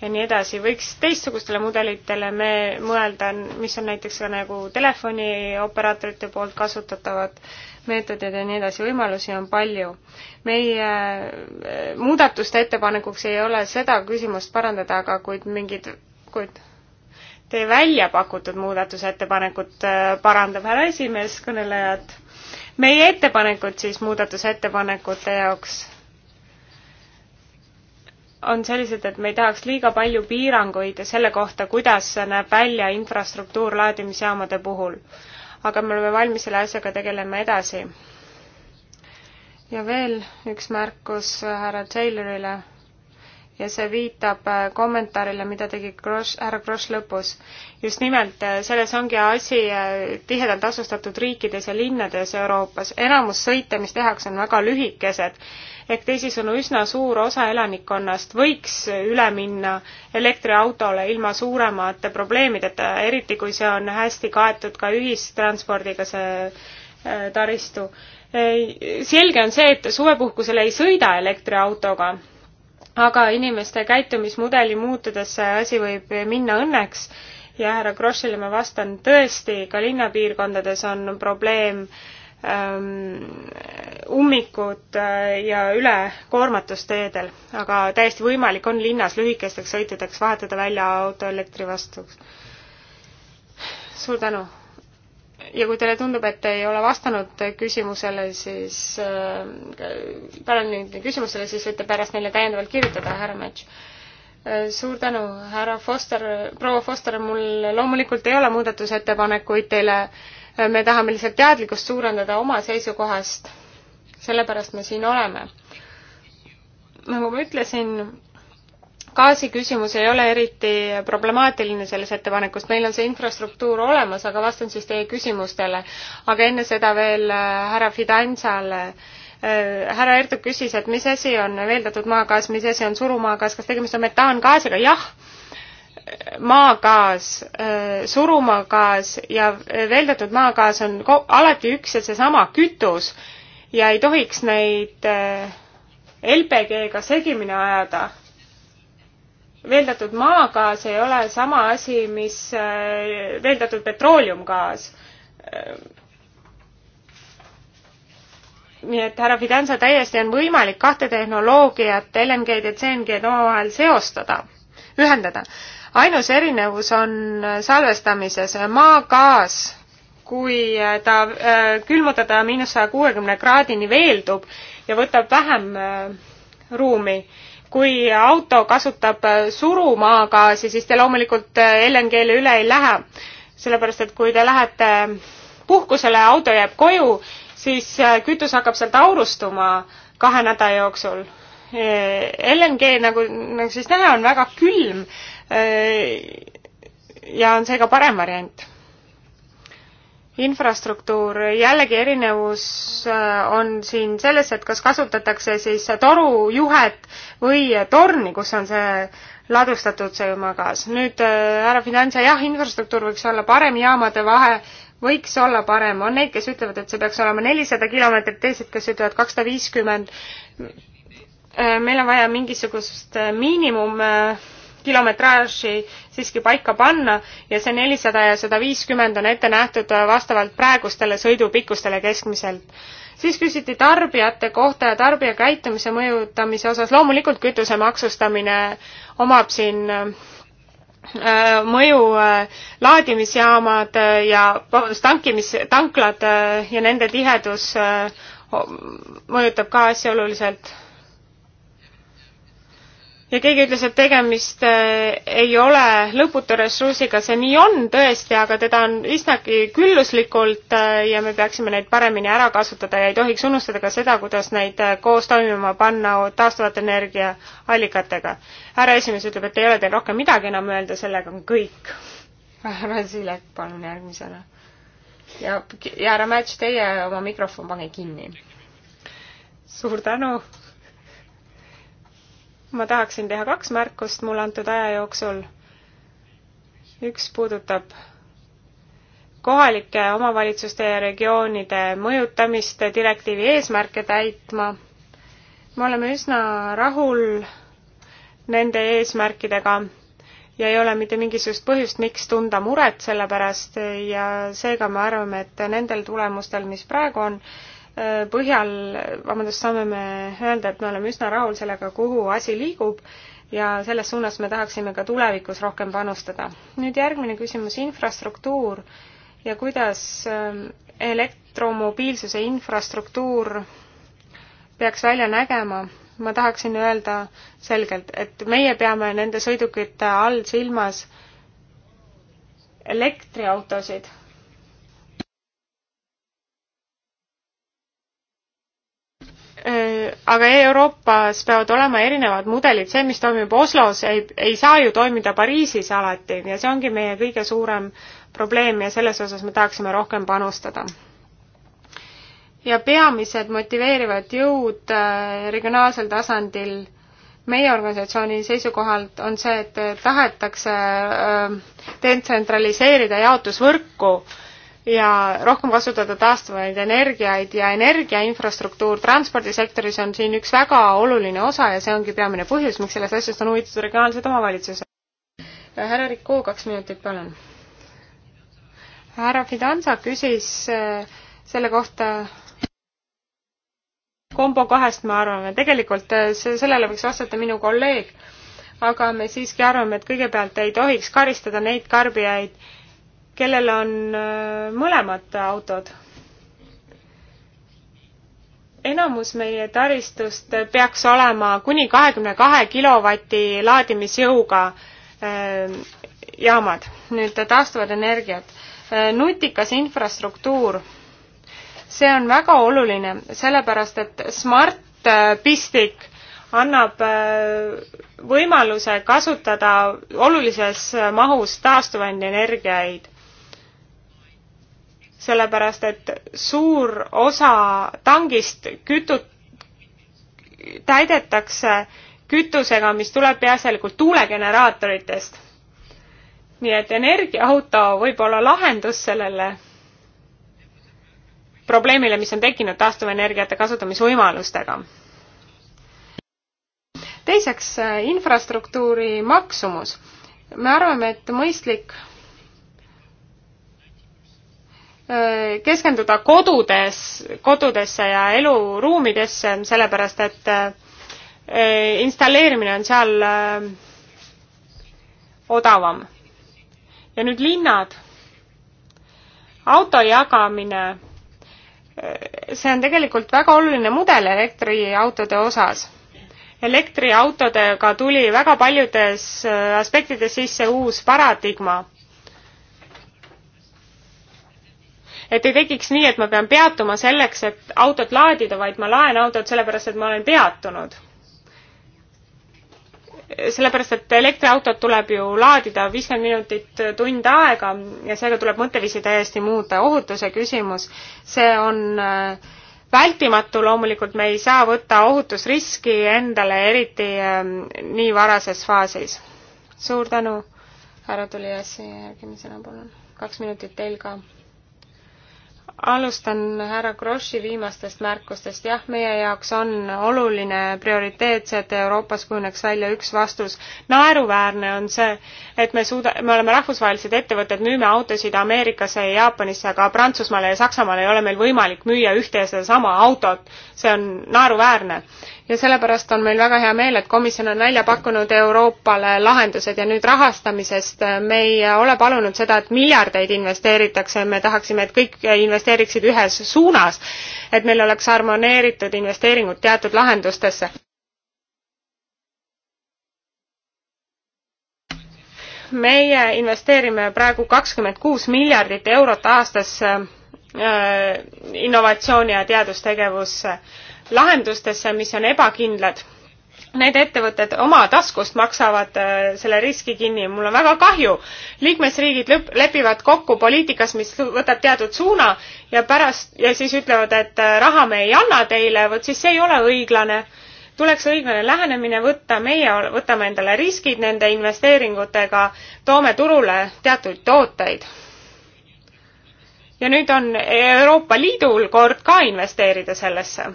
ja nii edasi, võiks teistsugustele mudelitele me mõelda, mis on näiteks ka nagu telefonioperaatorite poolt kasutatavad meetodid ja nii edasi, võimalusi on palju. meie äh, muudatuste ettepanekuks ei ole seda küsimust parandada, aga kuid mingid, kuid teie välja pakutud muudatusettepanekut parandab härra esimees, kõnelejad meie ettepanekud siis muudatusettepanekute jaoks on sellised, et me ei tahaks liiga palju piiranguid selle kohta, kuidas näeb välja infrastruktuur laadimisjaamade puhul. aga me oleme valmis selle asjaga tegelema edasi. ja veel üks märkus härra Taylorile ja see viitab äh, kommentaarile, mida tegi Gross, härra Gross lõpus. just nimelt, äh, selles ongi asi äh, tihedalt asustatud riikides ja linnades Euroopas. enamus sõite, mis tehakse, on väga lühikesed. ehk teisisõnu, üsna suur osa elanikkonnast võiks üle minna elektriautole ilma suuremate probleemideta, eriti kui see on hästi kaetud ka ühistranspordiga, see taristu. selge on see, et suvepuhkusel ei sõida elektriautoga aga inimeste käitumismudeli muutudes see asi võib minna õnneks ja härra Grossile ma vastan, tõesti, ka linnapiirkondades on probleem ähm, ummikud äh, ja ülekoormatus teedel, aga täiesti võimalik on linnas lühikesteks sõitudeks vahetada välja auto elektri vastu. suur tänu! ja kui teile tundub, et ei ole vastanud küsimusele, siis äh, pärandite küsimusele, siis võite pärast meile täiendavalt kirjutada, härra Mätš. Äh, suur tänu, härra Foster, proua Foster, mul loomulikult ei ole muudatusettepanekuid teile, äh, me tahame lihtsalt teadlikkust suurendada oma seisukohast, sellepärast me siin oleme. nagu ma ütlesin, gaasi küsimus ei ole eriti problemaatiline selles ettepanekus, meil on see infrastruktuur olemas, aga vastan siis teie küsimustele. aga enne seda veel äh, härra Fidanzale äh, härra Ertug küsis, et mis asi on veeldatud maagaas, mis asi on surumaagaas, kas tegemist on metaangaasiga? jah, maagaas, äh, surumaagaas ja veeldatud maagaas on alati üks ja seesama kütus ja ei tohiks neid LPG-ga segimini ajada veeldatud maagaas ei ole sama asi, mis äh, veeldatud petrooleumgaas. nii et härra Fidanza, täiesti on võimalik kahte tehnoloogiat, LNG-d ja CNG-d omavahel seostada, ühendada. ainus erinevus on salvestamises. maagaas, kui ta äh, külmutada miinus saja kuuekümne kraadini veeldub ja võtab vähem äh, ruumi kui auto kasutab surumaagaasi, siis te loomulikult eh, LNG-le üle ei lähe. sellepärast, et kui te lähete puhkusele, auto jääb koju, siis eh, kütus hakkab sealt aurustuma kahe nädala jooksul. Eh, LNG nagu, nagu siis näha, on väga külm ja on seega parem variant infrastruktuur, jällegi erinevus äh, on siin selles, et kas kasutatakse siis torujuhet või torni, kus on see ladustatud see magas. nüüd äh, härra Finantsia, jah, infrastruktuur võiks olla parem, jaamade vahe võiks olla parem, on neid, kes ütlevad, et see peaks olema nelisada kilomeetrit, teised, kes ütlevad kakssada viiskümmend. Äh, meil on vaja mingisugust miinimum kilometraaži siiski paika panna ja see nelisada ja sada viiskümmend on ette nähtud vastavalt praegustele sõidupikkustele keskmiselt. siis küsiti tarbijate kohta ja tarbija käitumise mõjutamise osas, loomulikult kütuse maksustamine omab siin äh, mõju äh, laadimisjaamad äh, ja tankimis, tanklad ja nende tihedus mõjutab ka asja oluliselt ja keegi ütles, et tegemist äh, ei ole lõputu ressursiga, see nii on tõesti, aga teda on üsnagi külluslikult äh, ja me peaksime neid paremini ära kasutada ja ei tohiks unustada ka seda, kuidas neid äh, koos toimima panna taastuvate energiaallikatega. härra esimees ütleb, et ei ole teil rohkem midagi enam öelda, sellega on kõik. härra Silek, palun järgmisena. ja, ja härra Mäts, teie oma mikrofon pange kinni. suur tänu ma tahaksin teha kaks märkust mulle antud aja jooksul. üks puudutab kohalike omavalitsuste ja regioonide mõjutamist direktiivi eesmärke täitma. me oleme üsna rahul nende eesmärkidega ja ei ole mitte mingisugust põhjust, miks tunda muret selle pärast ja seega me arvame, et nendel tulemustel, mis praegu on, Äh, põhjal, vabandust, saame me öelda, et me oleme üsna rahul sellega, kuhu asi liigub ja selles suunas me tahaksime ka tulevikus rohkem panustada. nüüd järgmine küsimus, infrastruktuur ja kuidas äh, elektromobiilsuse infrastruktuur peaks välja nägema, ma tahaksin öelda selgelt, et meie peame nende sõidukite all silmas elektriautosid Äh, aga Euroopas peavad olema erinevad mudelid, see, mis toimib Oslos, ei, ei saa ju toimida Pariisis alati ja see ongi meie kõige suurem probleem ja selles osas me tahaksime rohkem panustada. ja peamised motiveerivad jõud äh, regionaalsel tasandil meie organisatsiooni seisukohalt on see, et tahetakse äh, detsentraliseerida jaotusvõrku äh, ja rohkem kasutada taastuvaid energiaid ja energiainfrastruktuur transpordisektoris on siin üks väga oluline osa ja see ongi peamine põhjus, miks sellest asjast on huvitatud regionaalsed omavalitsused. härra Riku, kaks minutit, palun. härra Fidanza küsis äh, selle kohta kombo kahest, me arvame, tegelikult äh, see, sellele võiks vastata minu kolleeg, aga me siiski arvame, et kõigepealt ei tohiks karistada neid tarbijaid, kellel on äh, mõlemad autod. enamus meie taristust peaks olema kuni kahekümne kahe kilovati laadimisjõuga äh, jaamad, nüüd taastuvad energiad. Äh, nutikas infrastruktuur, see on väga oluline, sellepärast et smart-pistik annab võimaluse kasutada olulises mahus taastuvaid energiaid sellepärast et suur osa tangist kütut-, täidetakse kütusega, mis tuleb peaasjalikult tuulegeneraatoritest. nii et energiaauto võib olla lahendus sellele probleemile, mis on tekkinud taastuvenergiate kasutamisvõimalustega. teiseks, infrastruktuuri maksumus. me arvame, et mõistlik keskenduda kodudes, kodudesse ja eluruumidesse, sellepärast et eh, installeerimine on seal eh, odavam. ja nüüd linnad. auto jagamine, eh, see on tegelikult väga oluline mudel elektriautode osas. elektriautodega tuli väga paljudes aspektides sisse uus paradigma et ei tekiks nii, et ma pean peatuma selleks, et autot laadida, vaid ma laen autot sellepärast, et ma olen peatunud. sellepärast, et elektriautot tuleb ju laadida viiskümmend minutit tund aega ja seega tuleb mõtteviisi täiesti muuta. ohutuse küsimus, see on äh, vältimatu, loomulikult me ei saa võtta ohutusriski endale, eriti äh, nii varases faasis. suur tänu, härra Tuliassi, järgmisena palun. kaks minutit teil ka alustan härra Grossi viimastest märkustest. jah, meie jaoks on oluline prioriteet see, et Euroopas kujuneks välja üks vastus. naeruväärne on see, et me suuda-, me oleme rahvusvahelised ettevõtted, müüme autosid Ameerikasse ja Jaapanisse, aga Prantsusmaale ja Saksamaale ei ole meil võimalik müüa ühte ja sedasama autot. see on naeruväärne ja sellepärast on meil väga hea meel, et komisjon on välja pakkunud Euroopale lahendused ja nüüd rahastamisest me ei ole palunud seda, et miljardeid investeeritakse, me tahaksime, et kõik investeeriksid ühes suunas, et meil oleks harmoneeritud investeeringud teatud lahendustesse. meie investeerime praegu kakskümmend kuus miljardit eurot aastas äh, innovatsiooni ja teadustegevusse lahendustesse, mis on ebakindlad. Need ettevõtted oma taskust maksavad äh, selle riski kinni. mul on väga kahju. liikmesriigid lõp-, lepivad kokku poliitikas, mis võtab teatud suuna ja pärast, ja siis ütlevad, et äh, raha me ei anna teile, vot siis see ei ole õiglane tuleks õiglane lähenemine võtta, meie võtame endale riskid nende investeeringutega, toome turule teatud tooteid. ja nüüd on Euroopa Liidul kord ka investeerida sellesse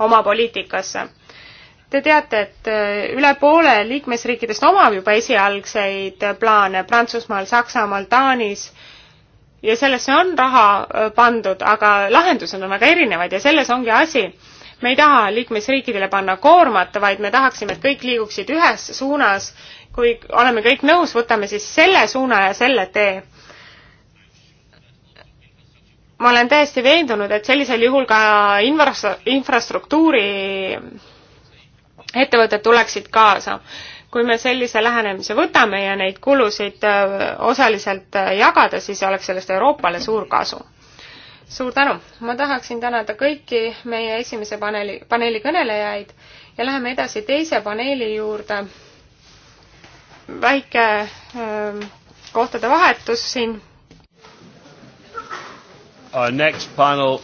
oma poliitikasse. Te teate, et äh, üle poole liikmesriikidest omab juba esialgseid äh, plaane Prantsusmaal, Saksamaal, Taanis ja sellesse on raha äh, pandud, aga lahendused on väga erinevad ja selles ongi asi me ei taha liikmesriikidele panna koormat, vaid me tahaksime, et kõik liiguksid ühes suunas. kui oleme kõik nõus, võtame siis selle suuna ja selle tee ma olen täiesti veendunud, et sellisel juhul ka infra-, infrastruktuuri ettevõtted tuleksid kaasa. kui me sellise lähenemise võtame ja neid kulusid äh, osaliselt äh, jagada, siis oleks sellest Euroopale suur kasu. suur tänu! ma tahaksin tänada kõiki meie esimese paneeli, paneeli kõnelejaid ja läheme edasi teise paneeli juurde. väike öö, äh, kohtade vahetus siin Our next panel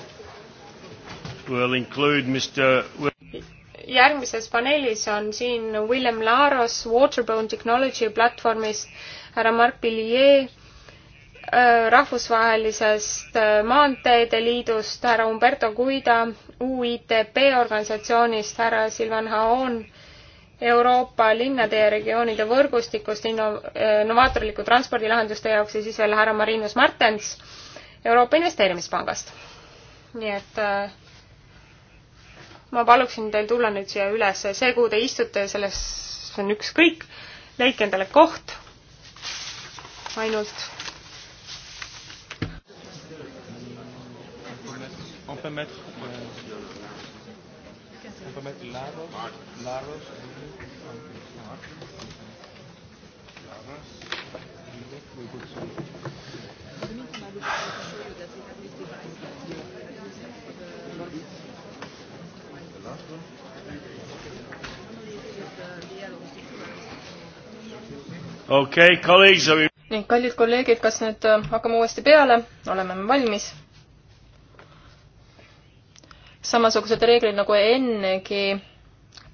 will include Mr. järgmises paneelis on siin William Laros Waterborne Technology platvormist, härra Mark Pillier äh, rahvusvahelisest äh, Maanteede Liidust, härra Umberto Guida UITP organisatsioonist, härra Silvan Haon Euroopa linnade ja regioonide võrgustikust inno-, äh, novaatorliku transpordilahenduste jaoks ja siis veel härra Marinus Martens Euroopa Investeerimispangast. nii et äh, ma paluksin teil tulla nüüd siia üles, see, kuhu te istute, selles on ükskõik, leidke endale koht ainult. on peut mettre euh, on peut mettre Laros, Laros. Laros. okei okay,, kolleegid are.... nii, kallid kolleegid, kas nüüd äh, hakkame uuesti peale, oleme me valmis? samasugused reeglid nagu ennegi,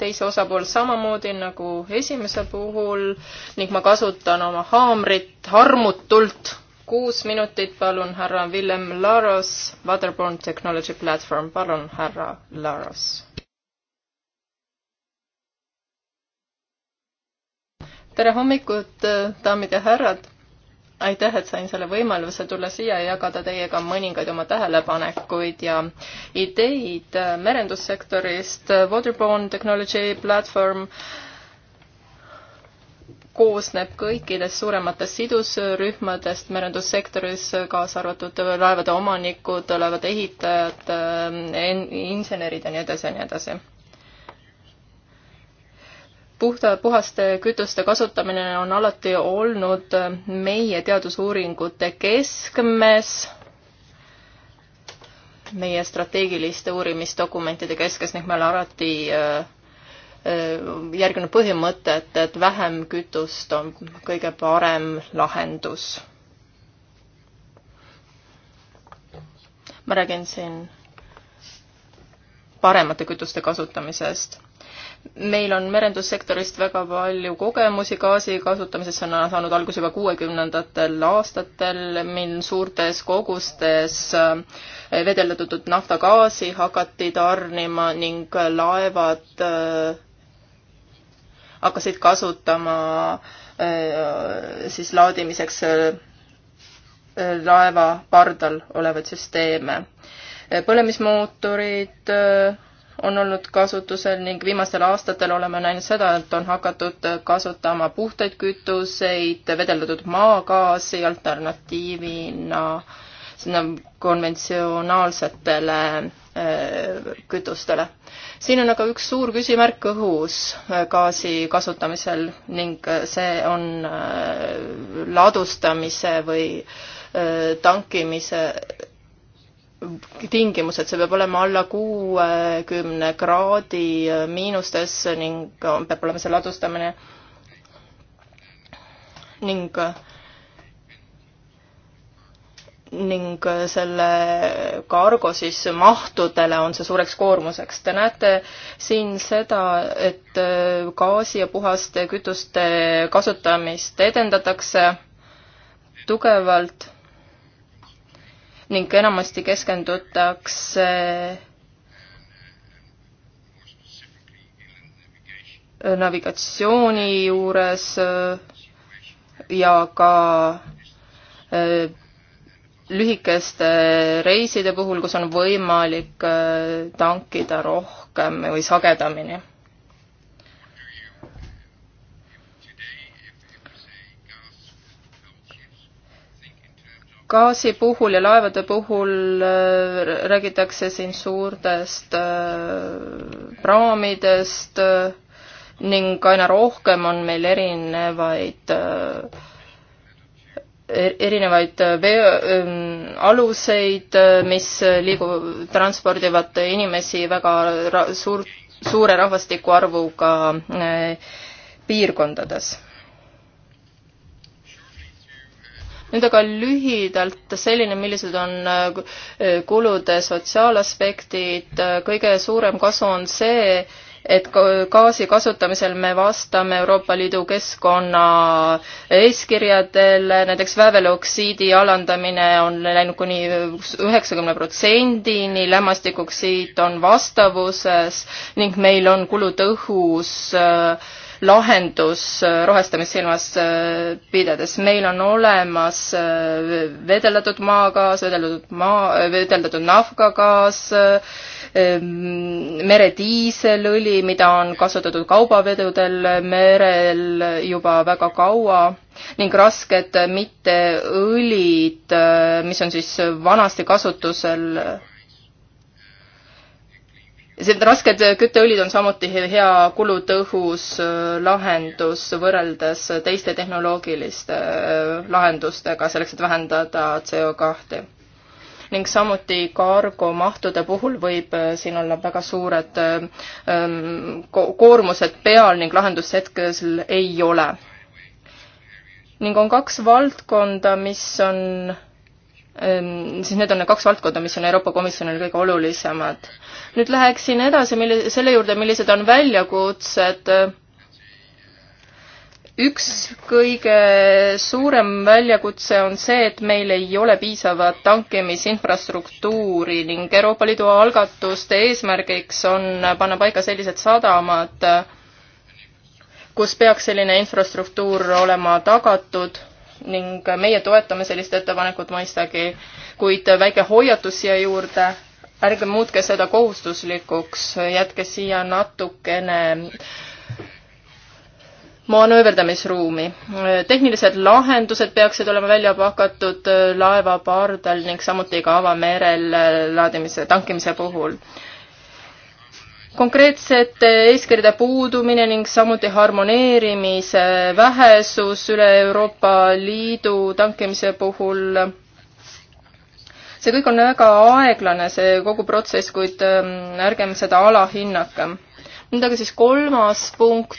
teise osapool samamoodi nagu esimese puhul ning ma kasutan oma haamrit harmutult. kuus minutit, palun, härra Villem Laros, Waterborne Technology Platform, palun, härra Laros tere hommikut, daamid ja härrad! aitäh, et sain selle võimaluse tulla siia ja jagada teiega mõningaid oma tähelepanekuid ja ideid merendussektorist. Waterborne Technology Platform koosneb kõikidest suurematest sidusrühmadest merendussektoris, kaasa arvatud laevade omanikud, laevade ehitajad, insenerid ja nii edasi ja nii edasi puhta, puhaste kütuste kasutamine on alati olnud äh, meie teadusuuringute keskmes, meie strateegiliste uurimisdokumentide keskes ning me oleme alati äh, äh, järginud põhimõtet, et vähem kütust on kõige parem lahendus. ma räägin siin paremate kütuste kasutamisest meil on merendussektorist väga palju kogemusi gaasi kasutamises, see on saanud alguse juba kuuekümnendatel aastatel, mil suurtes kogustes äh, vedeldatud naftagaasi hakati tarnima ning laevad äh, hakkasid kasutama äh, siis laadimiseks laeva pardal olevaid süsteeme. põlemismootorid on olnud kasutusel ning viimastel aastatel oleme näinud seda, et on hakatud kasutama puhtaid kütuseid, vedeldatud maagaasi alternatiivina sinna konventsionaalsetele äh, kütustele. siin on aga üks suur küsimärk õhus äh, gaasi kasutamisel ning äh, see on ladustamise või tankimise tingimused, see peab olema alla kuuekümne kraadi äh, miinustes ning äh, peab olema see ladustamine ning äh, ning selle kargo siis mahtudele on see suureks koormuseks. Te näete siin seda, et gaasi ja puhaste kütuste kasutamist edendatakse tugevalt ning enamasti keskendutakse äh, navigatsiooni juures äh, ja ka äh, lühikeste reiside puhul, kus on võimalik tankida rohkem või sagedamini gaasi puhul ja laevade puhul äh, räägitakse siin suurtest äh, praamidest äh, ning aina rohkem on meil erinevaid er-, erinevaid vee-, ähm, aluseid, mis liigu-, transpordivad inimesi väga ra-, suur, suure rahvastiku arvuga piirkondades nüüd aga lühidalt selline, millised on äh, kulude sotsiaalaspektid, kõige suurem kasu on see, et gaasi kasutamisel me vastame Euroopa Liidu keskkonna eeskirjadele, näiteks väävelioksiidi alandamine on läinud kuni üheksakümne protsendini, lämmastikoksiid on vastavuses ning meil on kulutõhus äh, lahendus äh, rohestamist silmas äh, pidades. meil on olemas äh, vedeldatud maagaas, vedeldatud maa, vedeldatud nafkagaas, ähm, merediiselõli, mida on kasutatud kaubavedudel merel juba väga kaua ning rasked mitteõlid, mis on siis vanasti kasutusel sellised rasked kütteõlid on samuti hea kulutõhus äh, lahendus võrreldes teiste tehnoloogiliste äh, lahendustega, selleks et vähendada CO kahte. ning samuti kargomahtude puhul võib äh, siin olla väga suured ähm, koormused peal ning lahendust hetkel ei ole. ning on kaks valdkonda, mis on Ehm, siis need on need kaks valdkonda, mis on Euroopa Komisjonile kõige olulisemad. nüüd läheksin edasi, mille, selle juurde, millised on väljakutsed. üks kõige suurem väljakutse on see, et meil ei ole piisavat tankimisinfrastruktuuri ning Euroopa Liidu algatuste eesmärgiks on panna paika sellised sadamad, kus peaks selline infrastruktuur olema tagatud ning meie toetame sellist ettepanekut mõistagi, kuid väike hoiatus siia juurde, ärge muutke seda kohustuslikuks, jätke siia natukene manööverdamisruumi. tehnilised lahendused peaksid olema välja pakatud laeva pardal ning samuti ka avamerel laadimise, tankimise puhul konkreetsete eeskirjade puudumine ning samuti harmoneerimise vähesus üle Euroopa Liidu tankimise puhul. see kõik on väga aeglane, see kogu protsess, kuid ähm, ärgem seda alahinnakem. nüüd aga siis kolmas punkt.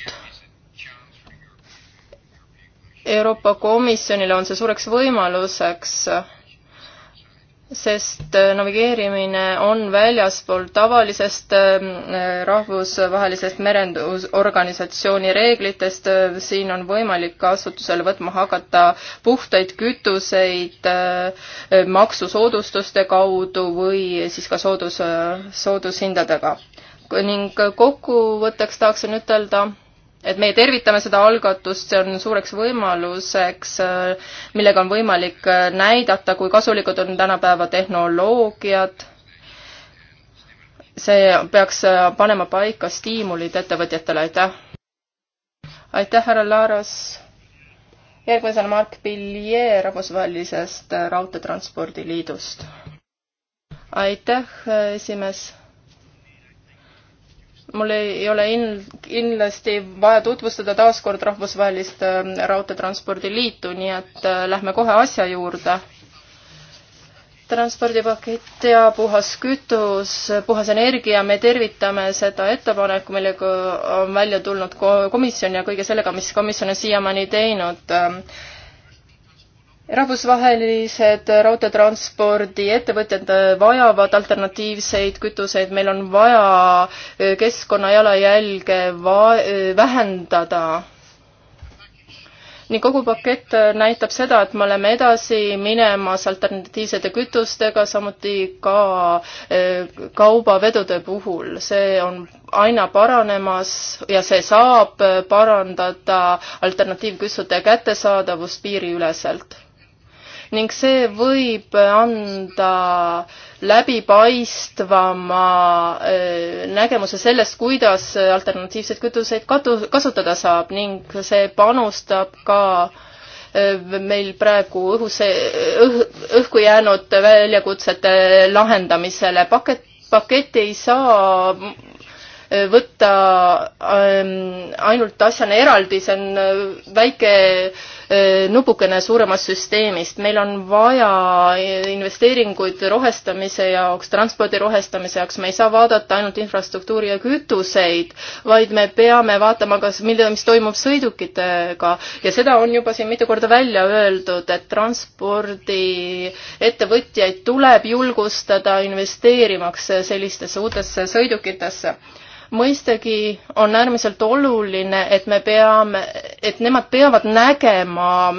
Euroopa Komisjonile on see suureks võimaluseks sest äh, navigeerimine on väljaspool tavalisest ähm, äh, rahvusvahelisest merendusorganisatsiooni reeglitest, äh, siin on võimalik kasutusele võtma hakata puhtaid kütuseid maksusoodustuste kaudu või siis ka soodus, soodushindadega. ning kokkuvõtteks tahaksin ütelda, et meie tervitame seda algatust, see on suureks võimaluseks, millega on võimalik näidata, kui kasulikud on tänapäeva tehnoloogiad. see peaks panema paika stiimulid ettevõtjatele, aitäh. aitäh, härra Laaras. järgmisena Mark Pillier Rahvusvahelisest Raudteetranspordiliidust. aitäh, esimees mul ei ole in-, kindlasti vaja tutvustada taas kord Rahvusvahelist ähm, Raudteetranspordi Liitu, nii et äh, lähme kohe asja juurde. transpordipakett ja puhas kütus, puhas energia, me tervitame seda ettepaneku, millega on välja tulnud komisjon ja kõige sellega, mis komisjon on siiamaani teinud ähm, rahvusvahelised raudteetranspordiettevõtted äh, vajavad alternatiivseid kütuseid, meil on vaja äh, keskkonna jalajälge va-, äh, vähendada. nii kogu pakett näitab seda, et me oleme edasi minemas alternatiivsete kütustega, samuti ka kaubavedude puhul, see on aina paranemas ja see saab parandada alternatiivkütuste kättesaadavust piiriüleselt ning see võib anda läbipaistvama äh, nägemuse sellest, kuidas alternatiivseid kütuseid katu-, kasutada saab ning see panustab ka äh, meil praegu õhus õh,, õhku jäänud väljakutsete lahendamisele. pakett, paketti ei saa äh, võtta ähm, ainult asjana eraldi, see on väike nupukene suuremast süsteemist. meil on vaja investeeringuid rohestamise jaoks, transpordi rohestamise jaoks, me ei saa vaadata ainult infrastruktuuri ja kütuseid, vaid me peame vaatama, kas, mida, mis toimub sõidukitega ja seda on juba siin mitu korda välja öeldud, et transpordiettevõtjaid tuleb julgustada investeerimaks sellistesse uutesse sõidukitesse mõistagi on äärmiselt oluline, et me peame, et nemad peavad nägema,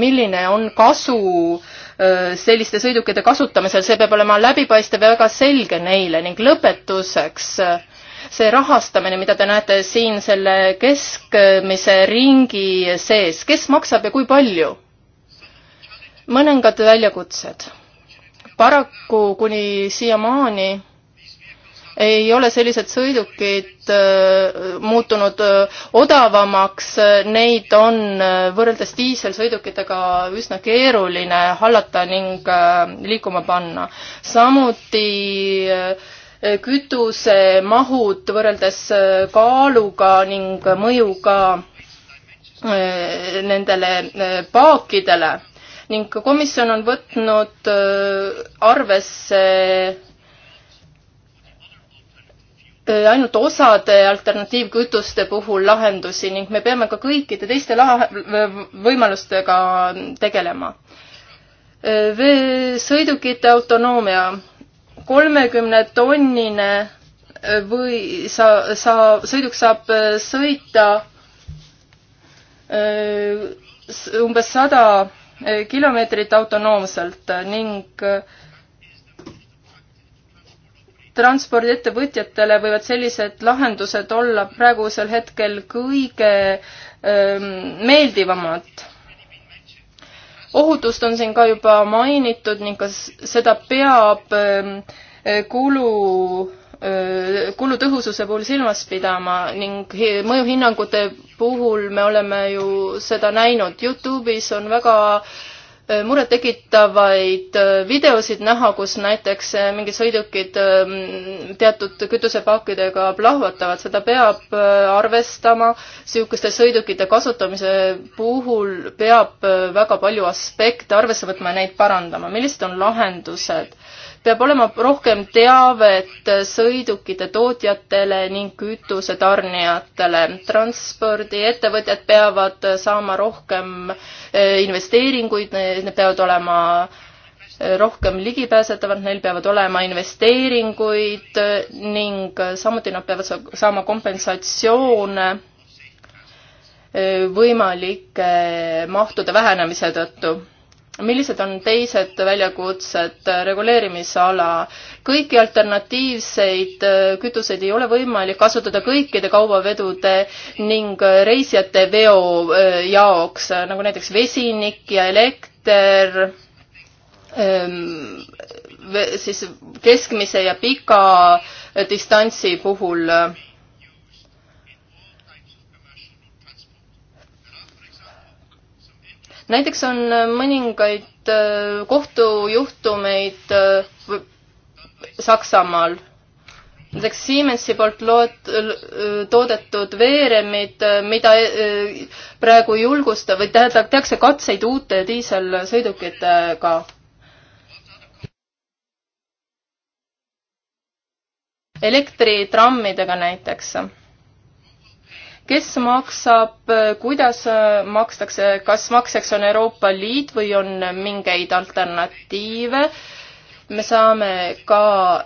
milline on kasu selliste sõidukite kasutamisel, see peab olema läbipaistev ja väga selge neile ning lõpetuseks see rahastamine, mida te näete siin selle keskmise ringi sees, kes maksab ja kui palju? mõningad väljakutsed. paraku kuni siiamaani ei ole sellised sõidukid äh, muutunud äh, odavamaks, neid on äh, võrreldes diiselsõidukitega üsna keeruline hallata ning liikuma panna. samuti kütusemahud võrreldes kaaluga ning mõjuga nendele paakidele ning komisjon on võtnud arvesse Äh, ainult osade alternatiivkütuste puhul lahendusi ning me peame ka kõikide teiste lahe, võimalustega tegelema. Äh, sõidukite autonoomia, kolmekümne tonnine äh, või sa, sa, sõiduk saab sõita umbes sada kilomeetrit autonoomselt ning öö, transpordiettevõtjatele võivad sellised lahendused olla praegusel hetkel kõige ähm, meeldivamad. ohutust on siin ka juba mainitud ning kas seda peab ähm, äh, kulu, äh, kulutõhususe puhul silmas pidama ning mõjuhinnangute puhul me oleme ju seda näinud. Youtube'is on väga äh, Äh, murettekitavaid äh, videosid näha, kus näiteks äh, mingid sõidukid ähm, teatud kütusepakkidega plahvatavad, seda peab arvestama. niisuguste sõidukite kasutamise puhul peab väga palju aspekte arvesse võtma ja neid parandama. millised on lahendused? peab olema rohkem teavet sõidukite tootjatele ning kütusetarnijatele. transpordiettevõtjad peavad saama rohkem eh, investeeringuid, need peavad olema eh, rohkem ligipääsetavad, neil peavad olema investeeringuid ning samuti nad peavad saama kompensatsioone eh, võimalike mahtude vähenemise tõttu millised on teised väljakutsed reguleerimisala? kõiki alternatiivseid äh, kütuseid ei ole võimalik kasutada kõikide kaubavedude ning äh, reisijate veo äh, jaoks, nagu näiteks vesinik ja elekter, ähm, siis keskmise ja pika distantsi puhul näiteks on äh, mõningaid äh, kohtujuhtumeid äh, Saksamaal. näiteks Siemensi poolt lood-, toodetud veeremid, mida praegu julgusta- või tähendab, tehakse katseid uute diiselsõidukitega elektritrammidega näiteks kes maksab, kuidas äh, makstakse, kas makseks on Euroopa Liit või on mingeid alternatiive me saame ka äh,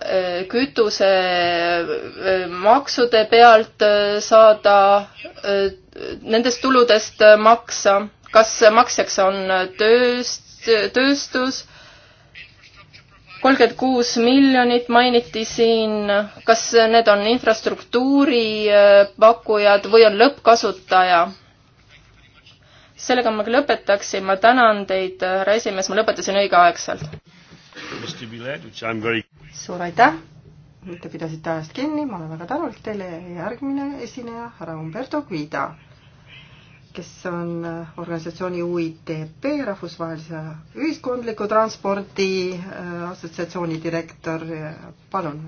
kütusemaksude äh, pealt saada nendest tuludest maksa, kas maksjaks on tööst, tööstus kolmkümmend kuus miljonit mainiti siin, kas need on infrastruktuuri äh, pakkujad või on lõppkasutaja? sellega ma lõpetaksin, ma tänan teid, härra esimees, ma lõpetasin õigeaegselt. suur aitäh, te pidasite ajast kinni, ma olen väga tänulik teile ja järgmine esineja, härra Umberto Guida kes on äh, organisatsiooni UITP, rahvusvahelise ühiskondliku transpordi äh, assotsiatsiooni direktor, palun.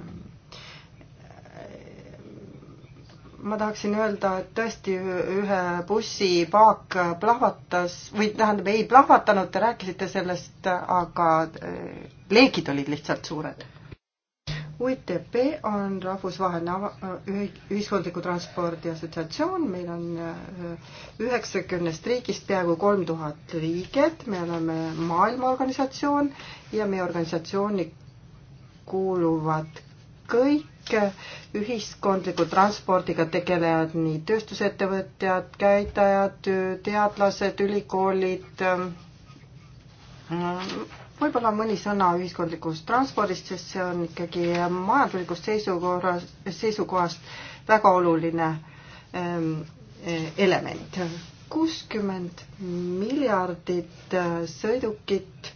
ma tahaksin öelda, et tõesti ühe bussi paak plahvatas või tähendab, ei plahvatanud, te rääkisite sellest, aga äh, leegid olid lihtsalt suured UITP on rahvusvaheline äh, ühiskondliku transpordi assotsiatsioon, meil on äh, üheksakümnest riigist peaaegu kolm tuhat liiget, me oleme maailmaorganisatsioon ja meie organisatsiooni kuuluvad kõik äh, ühiskondliku transpordiga tegelejad, nii tööstusettevõtjad, käitajad, teadlased, ülikoolid, võib-olla mõni sõna ühiskondlikust transpordist, sest see on ikkagi majanduslikust seisukorrast, seisukohast väga oluline ähm, eh, element. kuuskümmend miljardit äh, sõidukit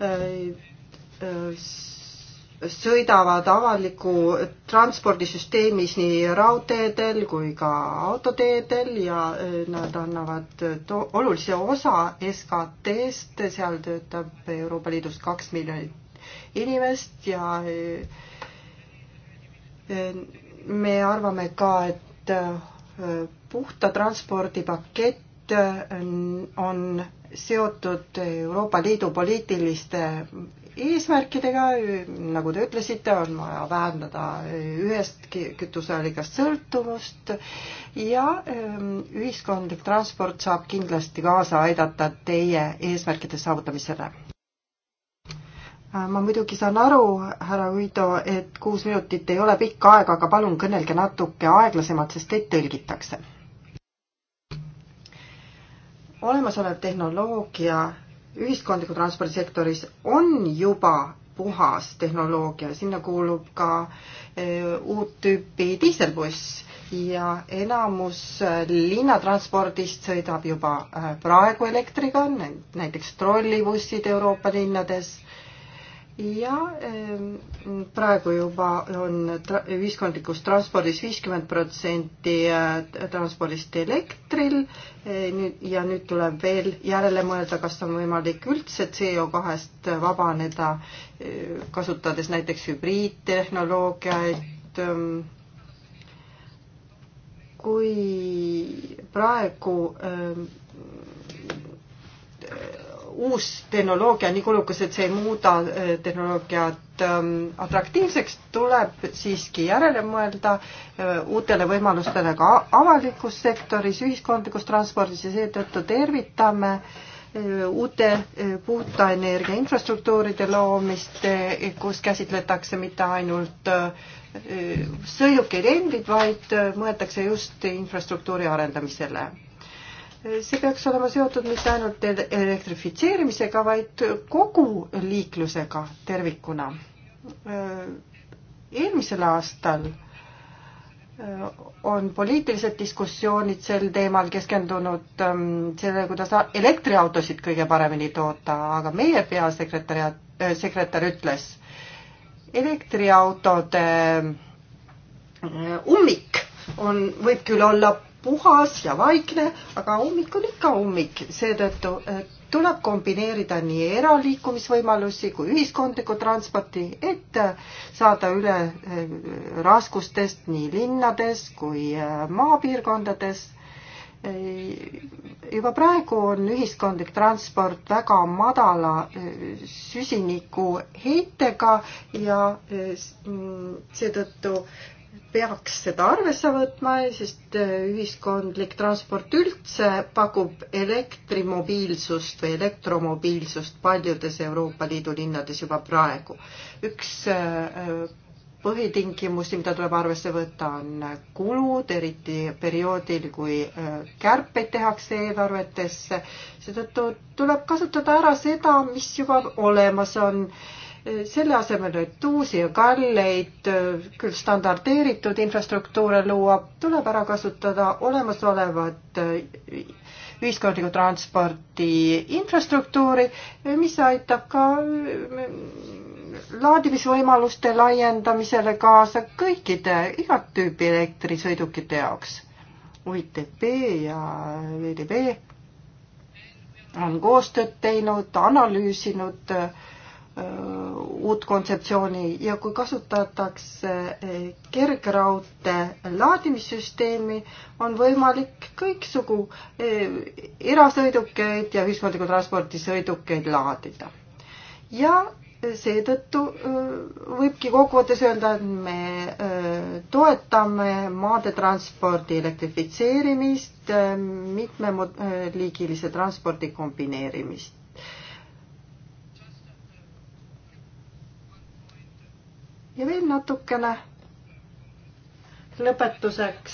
äh, äh, sõidavad avaliku transpordisüsteemis nii raudteedel kui ka autoteedel ja äh, nad annavad olulise osa SKT-st, seal töötab Euroopa Liidus kaks miljonit inimest ja äh, äh, me arvame ka, et puhta transpordipakett on seotud Euroopa Liidu poliitiliste eesmärkidega, nagu te ütlesite, on vaja vähendada ühest kütuseallikast sõltuvust ja ehm, ühiskondlik transport saab kindlasti kaasa aidata teie eesmärkide saavutamisele. Äh, ma muidugi saan aru, härra Guido, et kuus minutit ei ole pikka aega, aga palun kõnelge natuke aeglasemalt, sest teid tõlgitakse. olemasolev tehnoloogia ühiskondliku transpordi sektoris on juba puhas tehnoloogia, sinna kuulub ka eh, uut tüüpi diiselbuss ja enamus eh, linnatranspordist sõidab juba eh, praegu elektriga, näiteks trollibussid Euroopa linnades ja ehm, praegu juba on tra ühiskondlikus transpordis viiskümmend protsenti äh, transpordist elektril. Eh, nüüd ja nüüd tuleb veel järele mõelda, kas on võimalik üldse CO kahest vabaneda, eh, kasutades näiteks hübriidtehnoloogiaid. Ehm. kui praegu ehm, uus tehnoloogia on nii kulukas, et see ei muuda äh, tehnoloogiat ähm, atraktiivseks, tuleb siiski järele mõelda äh, uutele võimalustele ka avalikus sektoris, ühiskondlikus transpordis ja seetõttu tervitame äh, uute puhta energia infrastruktuuride loomist, kus käsitletakse mitte ainult sõidukeid endid, vaid mõeldakse just infrastruktuuri arendamisele see peaks olema seotud mitte ainult elektrifitseerimisega, vaid kogu liiklusega tervikuna. eelmisel aastal on poliitilised diskussioonid sel teemal keskendunud ähm, sellele, kuidas elektriautosid kõige paremini toota, aga meie peasekretäriat, äh, sekretär ütles, elektriautode äh, ummik on, võib küll olla puhas ja vaikne, aga ummik on ikka ummik, seetõttu eh, tuleb kombineerida nii eraliikumisvõimalusi kui ühiskondlikku transporti, et eh, saada üle eh, raskustest nii linnades kui maapiirkondades. juba praegu on ühiskondlik transport väga madala süsinikuheitega ja mm, seetõttu peaks seda arvesse võtma, sest äh, ühiskondlik transport üldse pakub elektrimobiilsust või elektromobiilsust paljudes Euroopa Liidu linnades juba praegu. üks äh, põhitingimusi, mida tuleb arvesse võtta, on kulud, eriti perioodil, kui äh, kärpeid tehakse eelarvetesse. seetõttu tuleb kasutada ära seda, mis juba olemas on selle asemel, et uusi ja kalleid, küll standardeeritud infrastruktuure luua, tuleb ära kasutada olemasolevat äh, ühiskondliku transpordi infrastruktuuri, mis aitab ka äh, laadimisvõimaluste laiendamisele kaasa kõikide, igat tüüpi elektrisõidukite jaoks. UITP ja VDB on koostööd teinud, analüüsinud äh, Äh, uut kontseptsiooni ja kui kasutatakse äh, kergraudtee laadimissüsteemi, on võimalik kõiksugu äh, erasõidukeid ja ühiskondliku transpordi sõidukeid laadida. ja seetõttu võibki kokkuvõttes öelda, et me toetame maadetranspordi elektrifitseerimist, mitme liigilise transpordi kombineerimist ja veel natukene. lõpetuseks.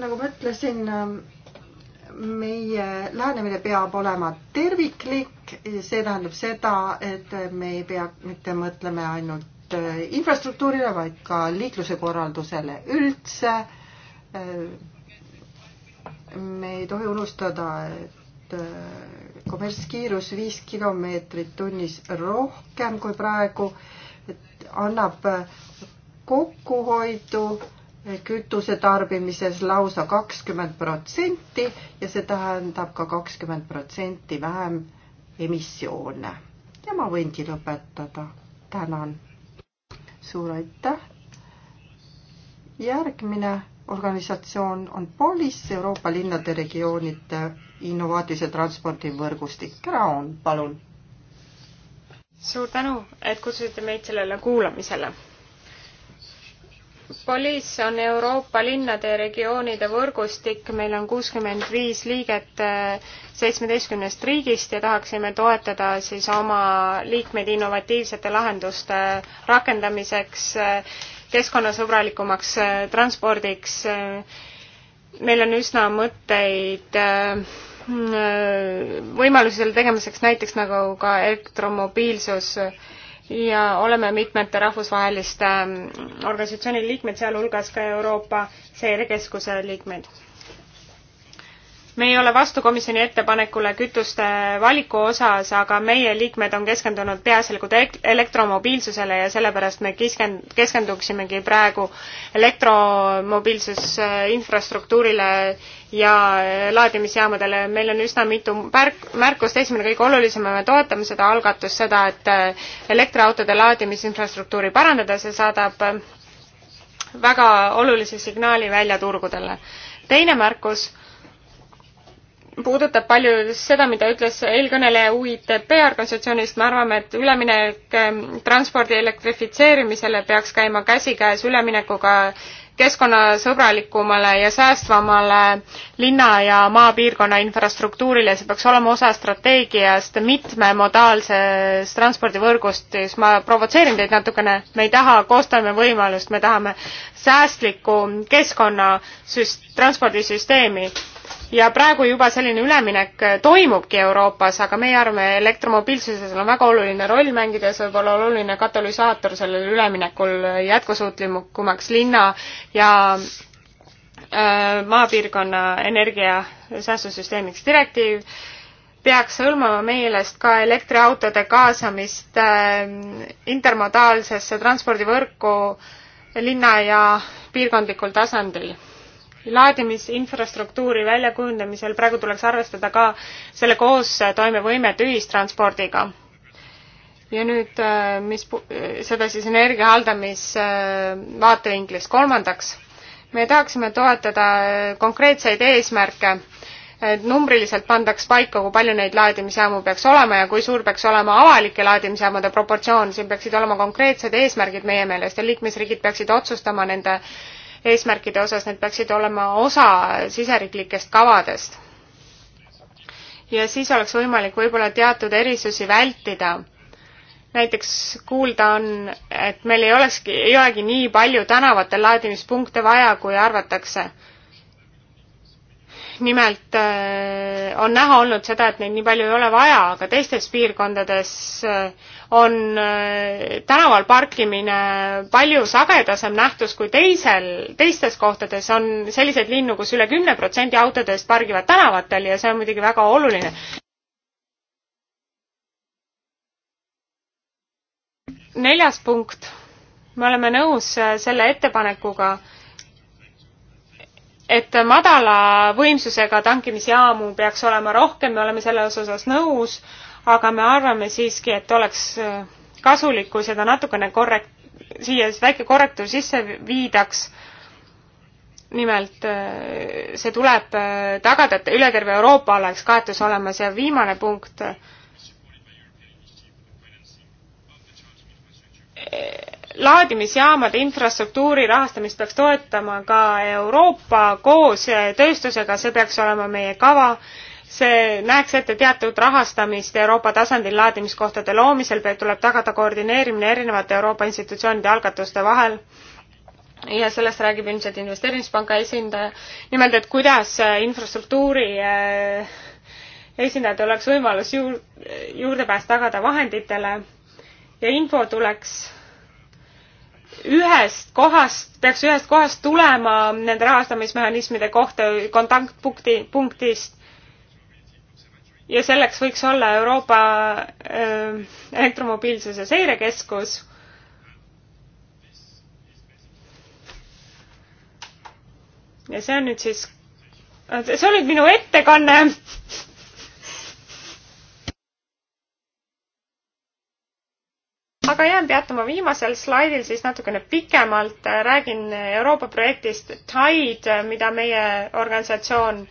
nagu ma ütlesin, meie lähenemine peab olema terviklik, see tähendab seda, et me ei pea mitte mõtlema ainult infrastruktuurile, vaid ka liikluse korraldusele üldse. me ei tohi unustada, et kommertskiirus viis kilomeetrit tunnis rohkem kui praegu, et annab äh, kokkuhoidu äh, kütuse tarbimises lausa kakskümmend protsenti ja see tähendab ka kakskümmend protsenti vähem emissioone. ja ma võingi lõpetada. tänan. suur aitäh. järgmine organisatsioon on Polis, Euroopa Linnade Regioonide innovaatilise transpordivõrgustik. Raun, palun. suur tänu, et kutsusite meid sellele kuulamisele. Poliis on Euroopa linnade ja regioonide võrgustik, meil on kuuskümmend viis liiget eh, seitsmeteistkümnest riigist ja tahaksime toetada siis oma liikmeid innovatiivsete lahenduste rakendamiseks eh, keskkonnasõbralikumaks eh, transpordiks. meil on üsna mõtteid äh, Mm, võimalusi selle tegemiseks, näiteks nagu ka elektromobiilsus ja oleme mitmete rahvusvaheliste mm, organisatsiooni liikmed, sealhulgas ka Euroopa Seirekeskuse liikmed me ei ole vastu komisjoni ettepanekule kütuste valiku osas, aga meie liikmed on keskendunud peaasjalikult elektromobiilsusele ja sellepärast me kisken-, keskenduksimegi praegu elektromobiilsus äh, infrastruktuurile ja äh, laadimisjaamadele. meil on üsna mitu märk-, märkust, esimene kõige olulisem, me toetame seda algatust, seda, et äh, elektriautode laadimisinfrastruktuuri parandada, see saadab väga olulise signaali välja turgudele. teine märkus puudutab palju seda, mida ütles eelkõneleja UITP organisatsioonist, me arvame, et üleminek ähm, transpordi elektrifitseerimisele peaks käima käsikäes üleminekuga keskkonnasõbralikumale ja säästvamale linna ja maapiirkonna infrastruktuurile, see peaks olema osa strateegiast mitmemodaalsest transpordivõrgust, siis ma provotseerin teid natukene, me ei taha koostöövõimalust, me tahame säästlikku keskkonna transpordisüsteemi ja praegu juba selline üleminek eh, toimubki Euroopas, aga meie arvame, elektromobiilsuses on väga oluline roll mängida ja see võib olla oluline katalüsaator sellel üleminekul jätkusuutlikumaks linna ja äh, maapiirkonna energiasäästusüsteemiks direktiiv peaks hõlmama meelest ka elektriautode kaasamist äh, intermodaalsesse transpordivõrku linna ja piirkondlikul tasandil laadimisinfrastruktuuri väljakujundamisel praegu tuleks arvestada ka selle koostoimevõimet ühistranspordiga. ja nüüd, äh, mis, äh, seda siis energia haldamise äh, vaatevinklist. kolmandaks, me tahaksime toetada konkreetseid eesmärke, et numbriliselt pandaks paika, kui palju neid laadimisjaamu peaks olema ja kui suur peaks olema avalike laadimisjaamade proportsioon, siin peaksid olema konkreetsed eesmärgid meie meelest ja liikmesriigid peaksid otsustama nende äh, eesmärkide osas, need peaksid olema osa siseriiklikest kavadest. ja siis oleks võimalik võib-olla teatud erisusi vältida. näiteks kuulda on, et meil ei olekski, ei olegi nii palju tänavatel laadimispunkte vaja, kui arvatakse nimelt äh, on näha olnud seda, et neid nii palju ei ole vaja, aga teistes piirkondades äh, on äh, tänaval parkimine palju sagedasem nähtus kui teisel, teistes kohtades on selliseid linnu kus, kus üle kümne protsendi autodest pargivad tänavatel ja see on muidugi väga oluline. neljas punkt, me oleme nõus selle ettepanekuga, et madala võimsusega tankimisjaamu peaks olema rohkem, me oleme selles osas nõus, aga me arvame siiski, et oleks äh, kasulik, kui seda natukene korrekt-, siia siis väike korrektuur sisse viidaks. nimelt äh, see tuleb äh, tagada, et üle terve Euroopa oleks kaetus olemas ja viimane punkt laadimisjaamade infrastruktuuri rahastamist peaks toetama ka Euroopa koos tööstusega, see peaks olema meie kava. see näeks ette teatud rahastamist Euroopa tasandil laadimiskohtade loomisel, tuleb tagada koordineerimine erinevate Euroopa institutsioonide algatuste vahel ja sellest räägib ilmselt investeerimispanga esindaja, nimelt et kuidas infrastruktuuri eh, esindajad oleks võimalus juur-, juurdepääs tagada vahenditele ja info tuleks ühest kohast, peaks ühest kohast tulema nende rahastamismehhanismide kohta kontaktpunkti, punktist. ja selleks võiks olla Euroopa öö, äh, elektromobiilsuse seirekeskus ja see on nüüd siis, see oli minu ettekanne aga jään peatuma viimasel slaidil siis natukene pikemalt, räägin Euroopa projektist Tide, mida meie organisatsioon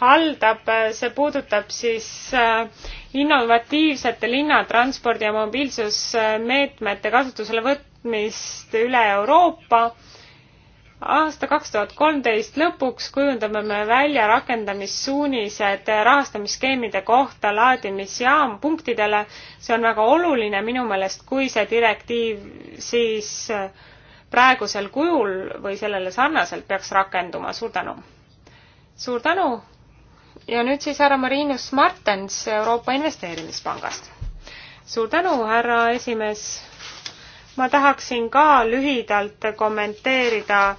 haldab, see puudutab siis äh, innovatiivsete linnatranspordi ja mobiilsusmeetmete kasutusele võtmist üle Euroopa aasta kaks tuhat kolmteist lõpuks kujundame me välja rakendamissuunised rahastamisskeemide kohta laadimisjaam punktidele. see on väga oluline minu meelest, kui see direktiiv siis praegusel kujul või sellele sarnaselt peaks rakenduma. suur tänu! suur tänu! ja nüüd siis härra Marinus Martens Euroopa Investeerimispangast. suur tänu, härra esimees ma tahaksin ka lühidalt kommenteerida äh,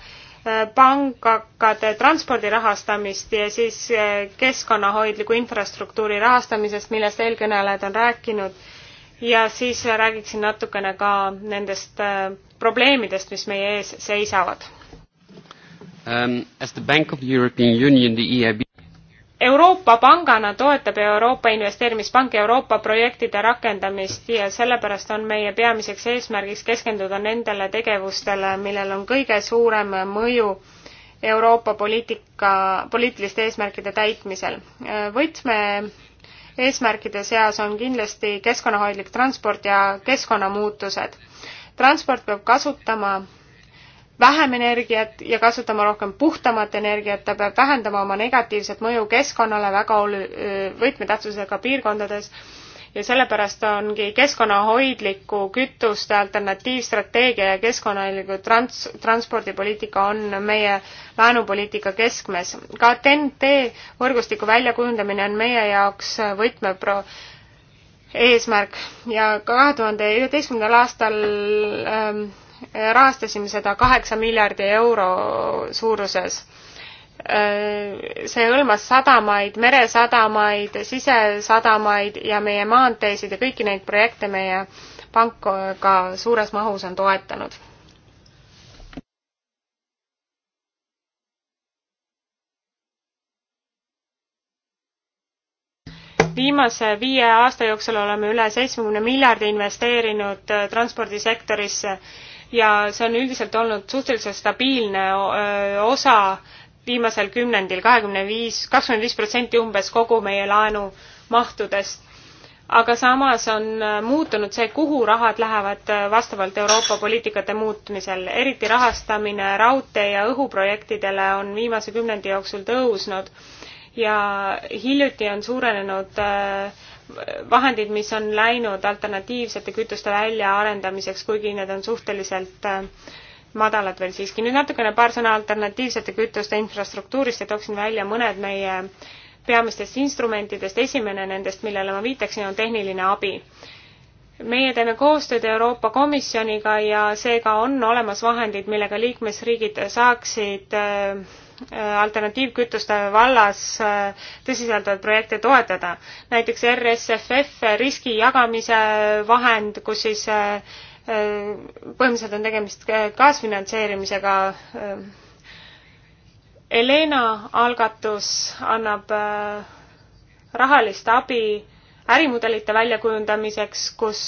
pankade transpordi rahastamist ja siis äh, keskkonnahoidliku infrastruktuuri rahastamisest, millest eelkõnelejad on rääkinud. ja siis räägiksin natukene ka nendest äh, probleemidest, mis meie ees seisavad um,. As the Bank of the European Union, the EIB Euroopa pangana toetab Euroopa Investeerimispank Euroopa projektide rakendamist ja sellepärast on meie peamiseks eesmärgiks keskenduda nendele tegevustele, millel on kõige suurem mõju Euroopa poliitika, poliitiliste eesmärkide täitmisel. võtme eesmärkide seas on kindlasti keskkonnahoidlik transport ja keskkonnamuutused. transport peab kasutama vähem energiat ja kasutama rohkem puhtamat energiat, ta peab vähendama oma negatiivset mõju keskkonnale väga olu-, võtmetähtsusega piirkondades ja sellepärast ongi keskkonnahoidliku kütuste alternatiivstrateegia ja keskkonnahoidliku trans-, transpordipoliitika on meie laenupoliitika keskmes. ka TEN-T võrgustiku väljakujundamine on meie jaoks võtmepro-, eesmärk ja kahe tuhande üheteistkümnendal aastal ähm, rahastasime seda kaheksa miljardi euro suuruses. see hõlmas sadamaid, meresadamaid, sisesadamaid ja meie maanteesid ja kõiki neid projekte meie pank ka suures mahus on toetanud viimase viie aasta jooksul oleme üle seitsmekümne miljardi investeerinud äh, transpordisektorisse ja see on üldiselt olnud suhteliselt stabiilne osa viimasel kümnendil, kahekümne viis, kakskümmend viis protsenti umbes kogu meie laenumahtudest. aga samas on muutunud see, kuhu rahad lähevad vastavalt Euroopa poliitikate muutmisel, eriti rahastamine raudtee ja õhuprojektidele on viimase kümnendi jooksul tõusnud ja hiljuti on suurenenud äh, vahendid, mis on läinud alternatiivsete kütuste väljaarendamiseks, kuigi need on suhteliselt äh, madalad veel siiski. nüüd natukene paar sõna alternatiivsete kütuste infrastruktuurist ja tooksin välja mõned meie peamistest instrumentidest. esimene nendest, millele ma viitaksin, on tehniline abi. meie teeme koostööd Euroopa Komisjoniga ja seega on olemas vahendid, millega liikmesriigid saaksid äh, alternatiivkütuste vallas äh, tõsiseltvõetavaid projekte toetada. näiteks RSFF riski jagamise vahend, kus siis äh, äh, põhimõtteliselt on tegemist kaasfinantseerimisega. Helena algatus annab rahalist abi ärimudelite väljakujundamiseks, kus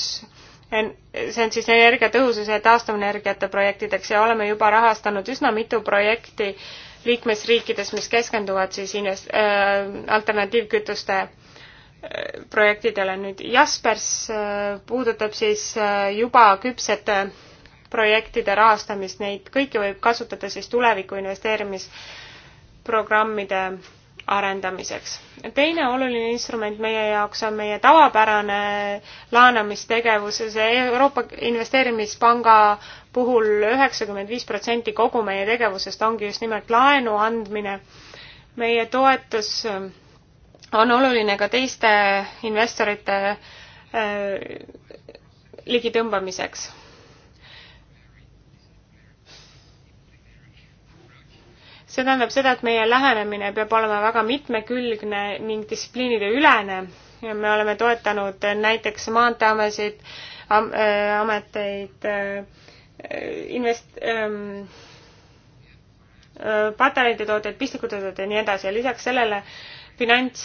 see on siis energiatõhususe ja taastuvenergiate projektideks ja oleme juba rahastanud üsna mitu projekti äh, liikmesriikides, mis keskenduvad siis invest- äh,, alternatiivkütuste äh, projektidele. nüüd Jaspers äh, puudutab siis äh, juba küpsete projektide rahastamist, neid kõiki võib kasutada siis tuleviku investeerimisprogrammide arendamiseks. teine oluline instrument meie jaoks on meie tavapärane laenamistegevus ja see Euroopa Investeerimispanga puhul üheksakümmend viis protsenti kogu meie tegevusest ongi just nimelt laenu andmine. meie toetus äh, on oluline ka teiste investorite äh, ligitõmbamiseks. see tähendab seda, et meie lähenemine peab olema väga mitmekülgne ning distsipliinide ülene ja me oleme toetanud näiteks Maanteeamesid am,, äh, ameteid äh, invest- ähm,, äh, patareide tooted, pistikutooted ja nii edasi ja lisaks sellele finants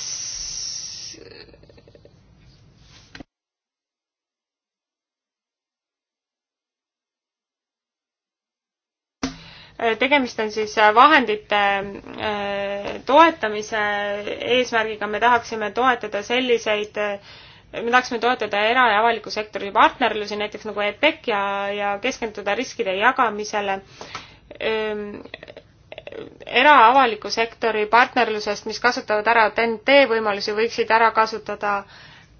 äh, tegemist on siis äh, vahendite toetamise eesmärgiga, me tahaksime toetada selliseid äh, me tahaksime toetada era- ja avaliku sektori partnerlusi, näiteks nagu EPEC ja, ja keskenduda riskide jagamisele ehm, era-avaliku sektori partnerlusest, mis kasutavad ära TNT võimalusi, võiksid ära kasutada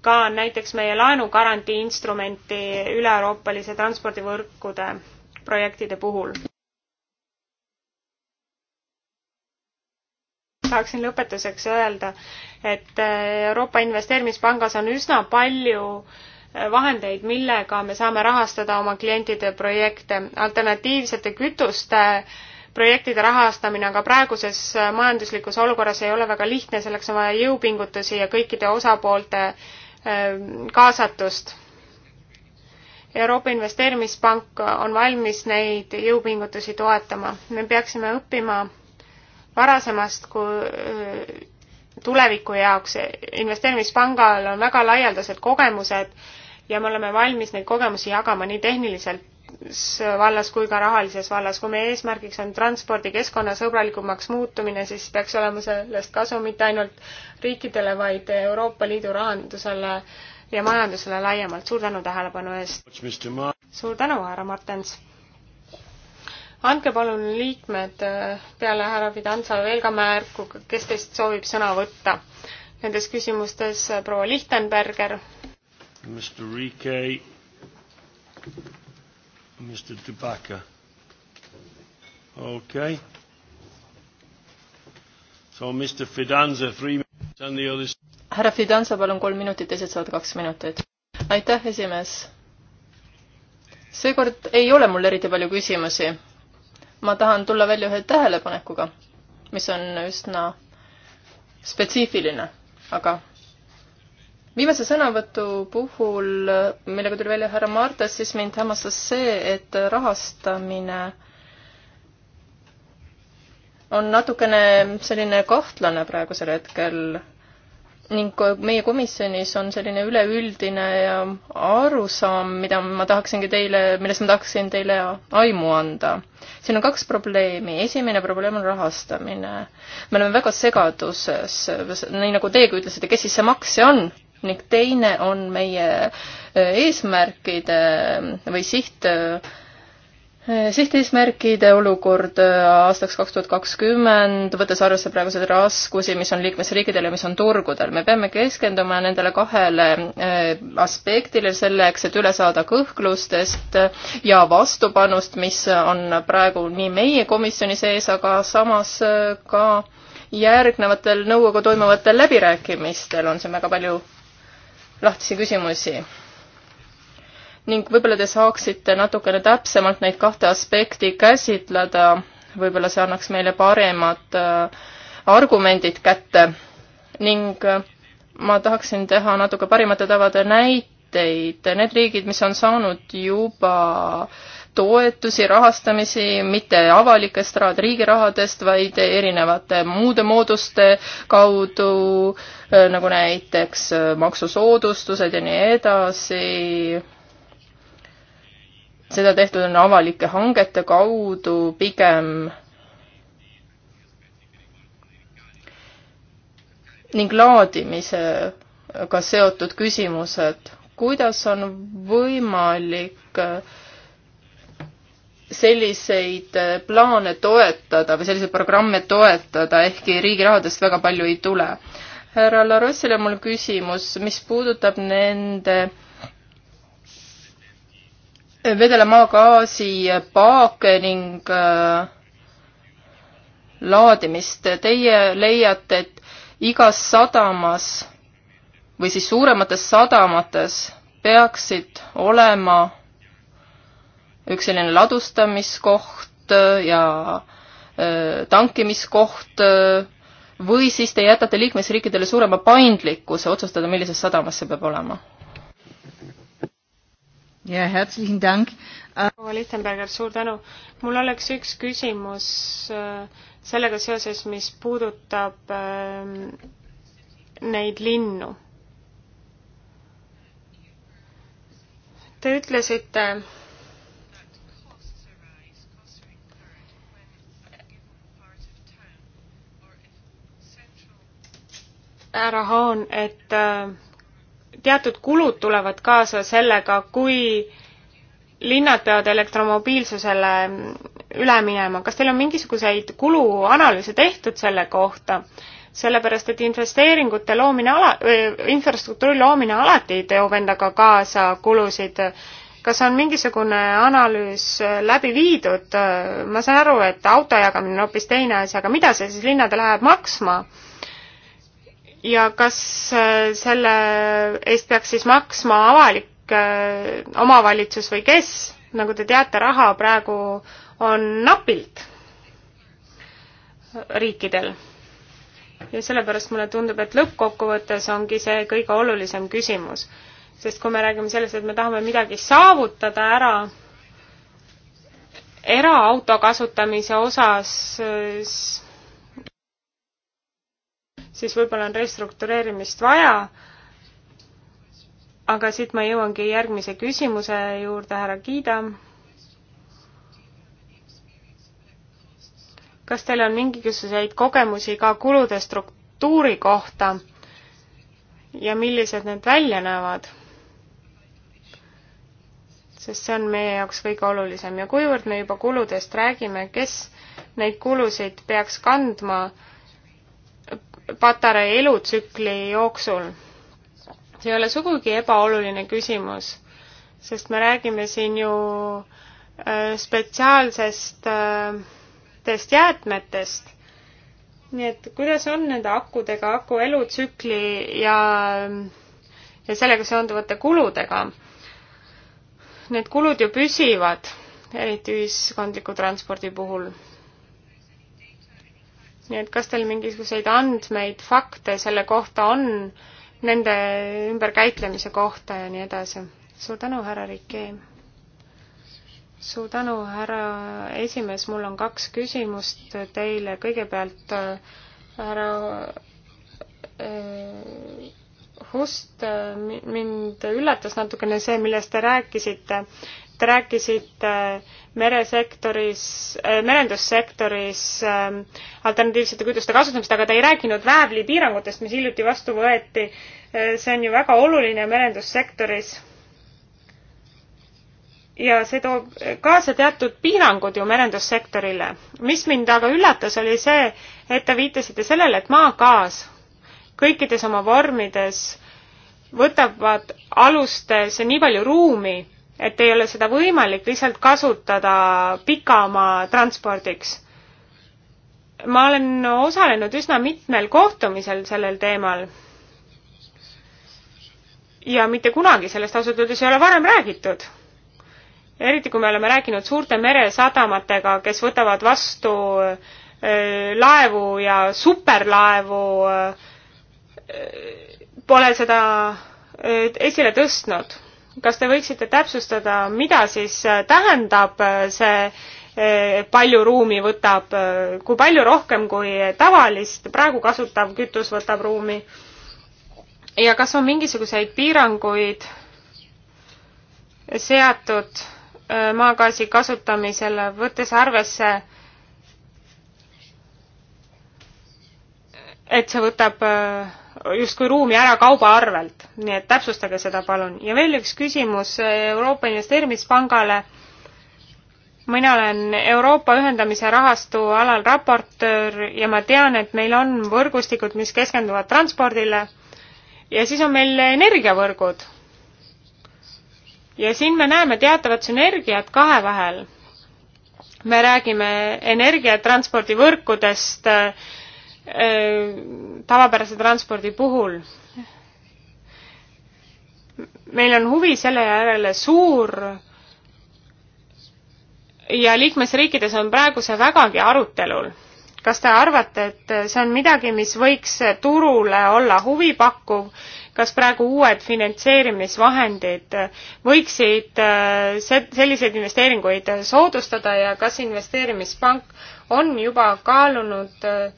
ka näiteks meie laenugarantii instrumenti üle-euroopalise transpordivõrkude projektide puhul. tahaksin lõpetuseks öelda, et äh, Euroopa Investeerimispangas on üsna palju äh, vahendeid, millega me saame rahastada oma klientide projekte. alternatiivsete kütuste äh, projektide rahastamine aga praeguses majanduslikus olukorras ei ole väga lihtne, selleks on vaja jõupingutusi ja kõikide osapoolte kaasatust. Euroopa Investeerimispank on valmis neid jõupingutusi toetama. me peaksime õppima varasemast kui äh, tuleviku jaoks. investeerimispangal on väga laialdased kogemused ja me oleme valmis neid kogemusi jagama nii tehniliselt vallas kui ka rahalises vallas. kui meie eesmärgiks on transpordi keskkonnasõbralikumaks muutumine, siis peaks olema sellest kasu mitte ainult riikidele, vaid Euroopa Liidu rahandusele ja majandusele laiemalt. suur tänu tähelepanu eest! suur tänu, härra Martens! andke palun liikmed äh, peale härra Fidanza veel ka märku, kes teist soovib sõna võtta. Nendes küsimustes äh, proua Lichtenberger. Mr Rike, Mr Tubaka. okei okay.. So Mr Fidanza, three minutes and the others. härra Fidanza, palun kolm minutit, teised saavad kaks minutit. aitäh, esimees. seekord ei ole mul eriti palju küsimusi ma tahan tulla välja ühe tähelepanekuga, mis on üsna spetsiifiline, aga viimase sõnavõtu puhul, millega tuli välja härra Martas, siis mind hämmastas see, et rahastamine on natukene selline kahtlane praegusel hetkel ning meie komisjonis on selline üleüldine arusaam, mida ma tahaksingi teile, millest ma tahaksin teile aimu anda. siin on kaks probleemi, esimene probleem on rahastamine. me oleme väga segaduses, nii nagu teiegi ütlesite, kes siis see maksja on ning teine on meie eesmärkide või siht sihteesmärkide olukord äh, aastaks kaks tuhat kakskümmend, võttes arvesse praeguseid raskusi, mis on liikmesriikidel ja mis on turgudel. me peame keskenduma nendele kahele äh, aspektile selleks, et üle saada kõhklustest ja vastupanust, mis on praegu nii meie komisjoni sees, aga samas äh, ka järgnevatel nõukogu toimuvatel läbirääkimistel on siin väga palju lahtisi küsimusi ning võib-olla te saaksite natukene täpsemalt neid kahte aspekti käsitleda, võib-olla see annaks meile paremad äh, argumendid kätte ning äh, ma tahaksin teha natuke parimate tavade näiteid, need riigid, mis on saanud juba toetusi, rahastamisi mitte avalikest rahad, riigi rahadest, vaid erinevate muude mooduste kaudu, äh, nagu näiteks maksusoodustused ja nii edasi seda tehtud on avalike hangete kaudu pigem. ning laadimisega seotud küsimused, kuidas on võimalik selliseid plaane toetada või selliseid programme toetada, ehkki riigi rahadest väga palju ei tule. härra Larossile on mul küsimus, mis puudutab nende äh, vedelemaagaasi paake ning äh, laadimist. Teie leiate, et igas sadamas või siis suuremates sadamates peaksid olema üks selline ladustamiskoht ja äh, tankimiskoht äh, või siis te jätate liikmesriikidele suurema paindlikkuse otsustada, millises sadamas see peab olema? ja herzlichen Dank. Äh, proua Lichtenberger, suur tänu. mul oleks üks küsimus äh, sellega seoses, mis puudutab äh, neid linnu. Te ütlesite, härra Haan, et äh, teatud kulud tulevad kaasa sellega, kui linnad peavad elektromobiilsusele üle minema. kas teil on mingisuguseid kuluanalüüse tehtud selle kohta? sellepärast, et investeeringute loomine ala, infrastruktuuri loomine alati toob endaga kaasa kulusid. kas on mingisugune analüüs läbi viidud? ma saan aru, et auto jagamine on hoopis teine asi, aga mida see siis linnadele läheb maksma? ja kas äh, selle eest peaks siis maksma avalik äh, omavalitsus või kes? nagu te teate, raha praegu on napilt riikidel. ja sellepärast mulle tundub, et lõppkokkuvõttes ongi see kõige olulisem küsimus. sest kui me räägime sellest, et me tahame midagi saavutada ära eraauto kasutamise osas, äh, siis võib-olla on restruktureerimist vaja, aga siit ma jõuangi järgmise küsimuse juurde, härra Kiida. kas teil on mingisuguseid kogemusi ka kulude struktuuri kohta ja millised need välja näevad? sest see on meie jaoks kõige olulisem ja kuivõrd me juba kuludest räägime, kes neid kulusid peaks kandma äh, patarei elutsükli jooksul. see ei ole sugugi ebaoluline küsimus, sest me räägime siin ju äh, spetsiaalsest äh, test jäätmetest. nii et kuidas on nende akudega, aku elutsükli ja, ja sellega seonduvate kuludega? Need kulud ju püsivad, eriti ühiskondliku transpordi puhul nii et kas teil mingisuguseid andmeid, fakte selle kohta on, nende ümberkäitlemise kohta ja nii edasi? suur tänu, härra Rikee. suur tänu, härra esimees, mul on kaks küsimust teile, kõigepealt härra äh, Hust, mind üllatas natukene see, millest te rääkisite Te rääkisite äh, meresektoris, äh, merendussektoris äh, alternatiivsete kütuste kasutamist, aga te ei rääkinud väävlipiirangutest, mis hiljuti vastu võeti. see on ju väga oluline merendussektoris. ja see toob kaasa teatud piirangud ju merendussektorile. mis mind aga üllatas, oli see, et te viitasite sellele, et maagaas kõikides oma vormides võtavad alustes nii palju ruumi et ei ole seda võimalik lihtsalt kasutada pikamaa transpordiks. ma olen osalenud üsna mitmel kohtumisel sellel teemal. ja mitte kunagi sellest ausalt öeldes ei ole varem räägitud. eriti kui me oleme rääkinud suurte meresadamatega, kes võtavad vastu öö, laevu ja superlaevu, pole seda öö, esile tõstnud kas te võiksite täpsustada, mida siis äh, tähendab äh, see äh, palju ruumi võtab, kui palju rohkem kui tavalist praegu kasutav kütus võtab ruumi? ja kas on mingisuguseid piiranguid seatud maagaasi kasutamisele, võttes arvesse et see võtab äh, justkui ruumi ära kauba arvelt, nii et täpsustage seda palun. ja veel üks küsimus äh, Euroopa Investeerimispangale. mina olen Euroopa ühendamise rahastu alal raportöör ja ma tean, et meil on võrgustikud, mis keskenduvad transpordile ja siis on meil energiavõrgud. ja siin me näeme teatavat sünergiat kahe vahel. me räägime energiatranspordivõrkudest äh, Äh, tavapärase transpordi puhul. meil on huvi selle järele suur ja liikmesriikides on praegu see vägagi arutelul. kas te arvate, et see on midagi, mis võiks turule olla huvipakkuv, kas praegu uued finantseerimisvahendid võiksid äh, selliseid investeeringuid soodustada ja kas investeerimispank on juba kaalunud äh,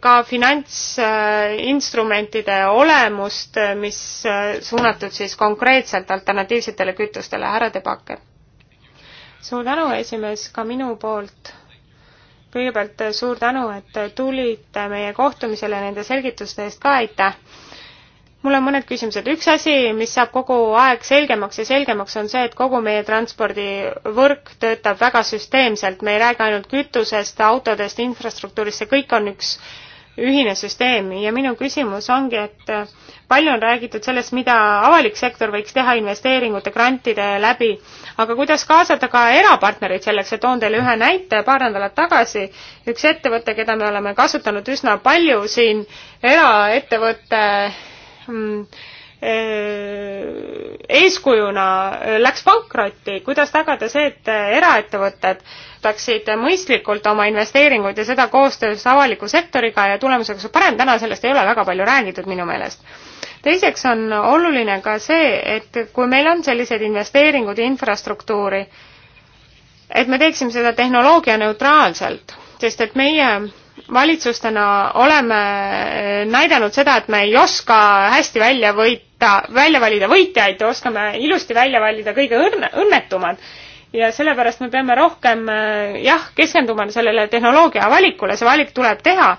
ka finantsinstrumentide olemust, mis äh, suunatud siis konkreetselt alternatiivsetele kütustele. härra De Backer. suur tänu, esimees, ka minu poolt. kõigepealt äh, suur tänu, et tulite meie kohtumisele nende selgituste eest ka, aitäh mul on mõned küsimused. üks asi, mis saab kogu aeg selgemaks ja selgemaks, on see, et kogu meie transpordivõrk töötab väga süsteemselt, me ei räägi ainult kütusest, autodest, infrastruktuurist, see kõik on üks ühine süsteem ja minu küsimus ongi, et palju on räägitud sellest, mida avalik sektor võiks teha investeeringute, grantide läbi, aga kuidas kaasata ka erapartnerid selleks, et toon teile ühe näite, paar nädalat tagasi üks ettevõte, keda me oleme kasutanud üsna palju siin, eraettevõte Eh, eeskujuna eh, läks pankrotti, kuidas tagada see, et eh, eraettevõtted kasutaksid mõistlikult oma investeeringuid ja seda koostöös avaliku sektoriga ja tulemuseks on parem, täna sellest ei ole väga palju räägitud minu meelest. teiseks on oluline ka see, et kui meil on sellised investeeringud infrastruktuuri, et me teeksime seda tehnoloogianeutraalselt, sest et meie valitsustena oleme näidanud seda, et me ei oska hästi välja võita, välja valida võitjaid, oskame ilusti välja valida kõige õnne, õnnetumad. ja sellepärast me peame rohkem äh, jah, keskenduma sellele tehnoloogia valikule, see valik tuleb teha,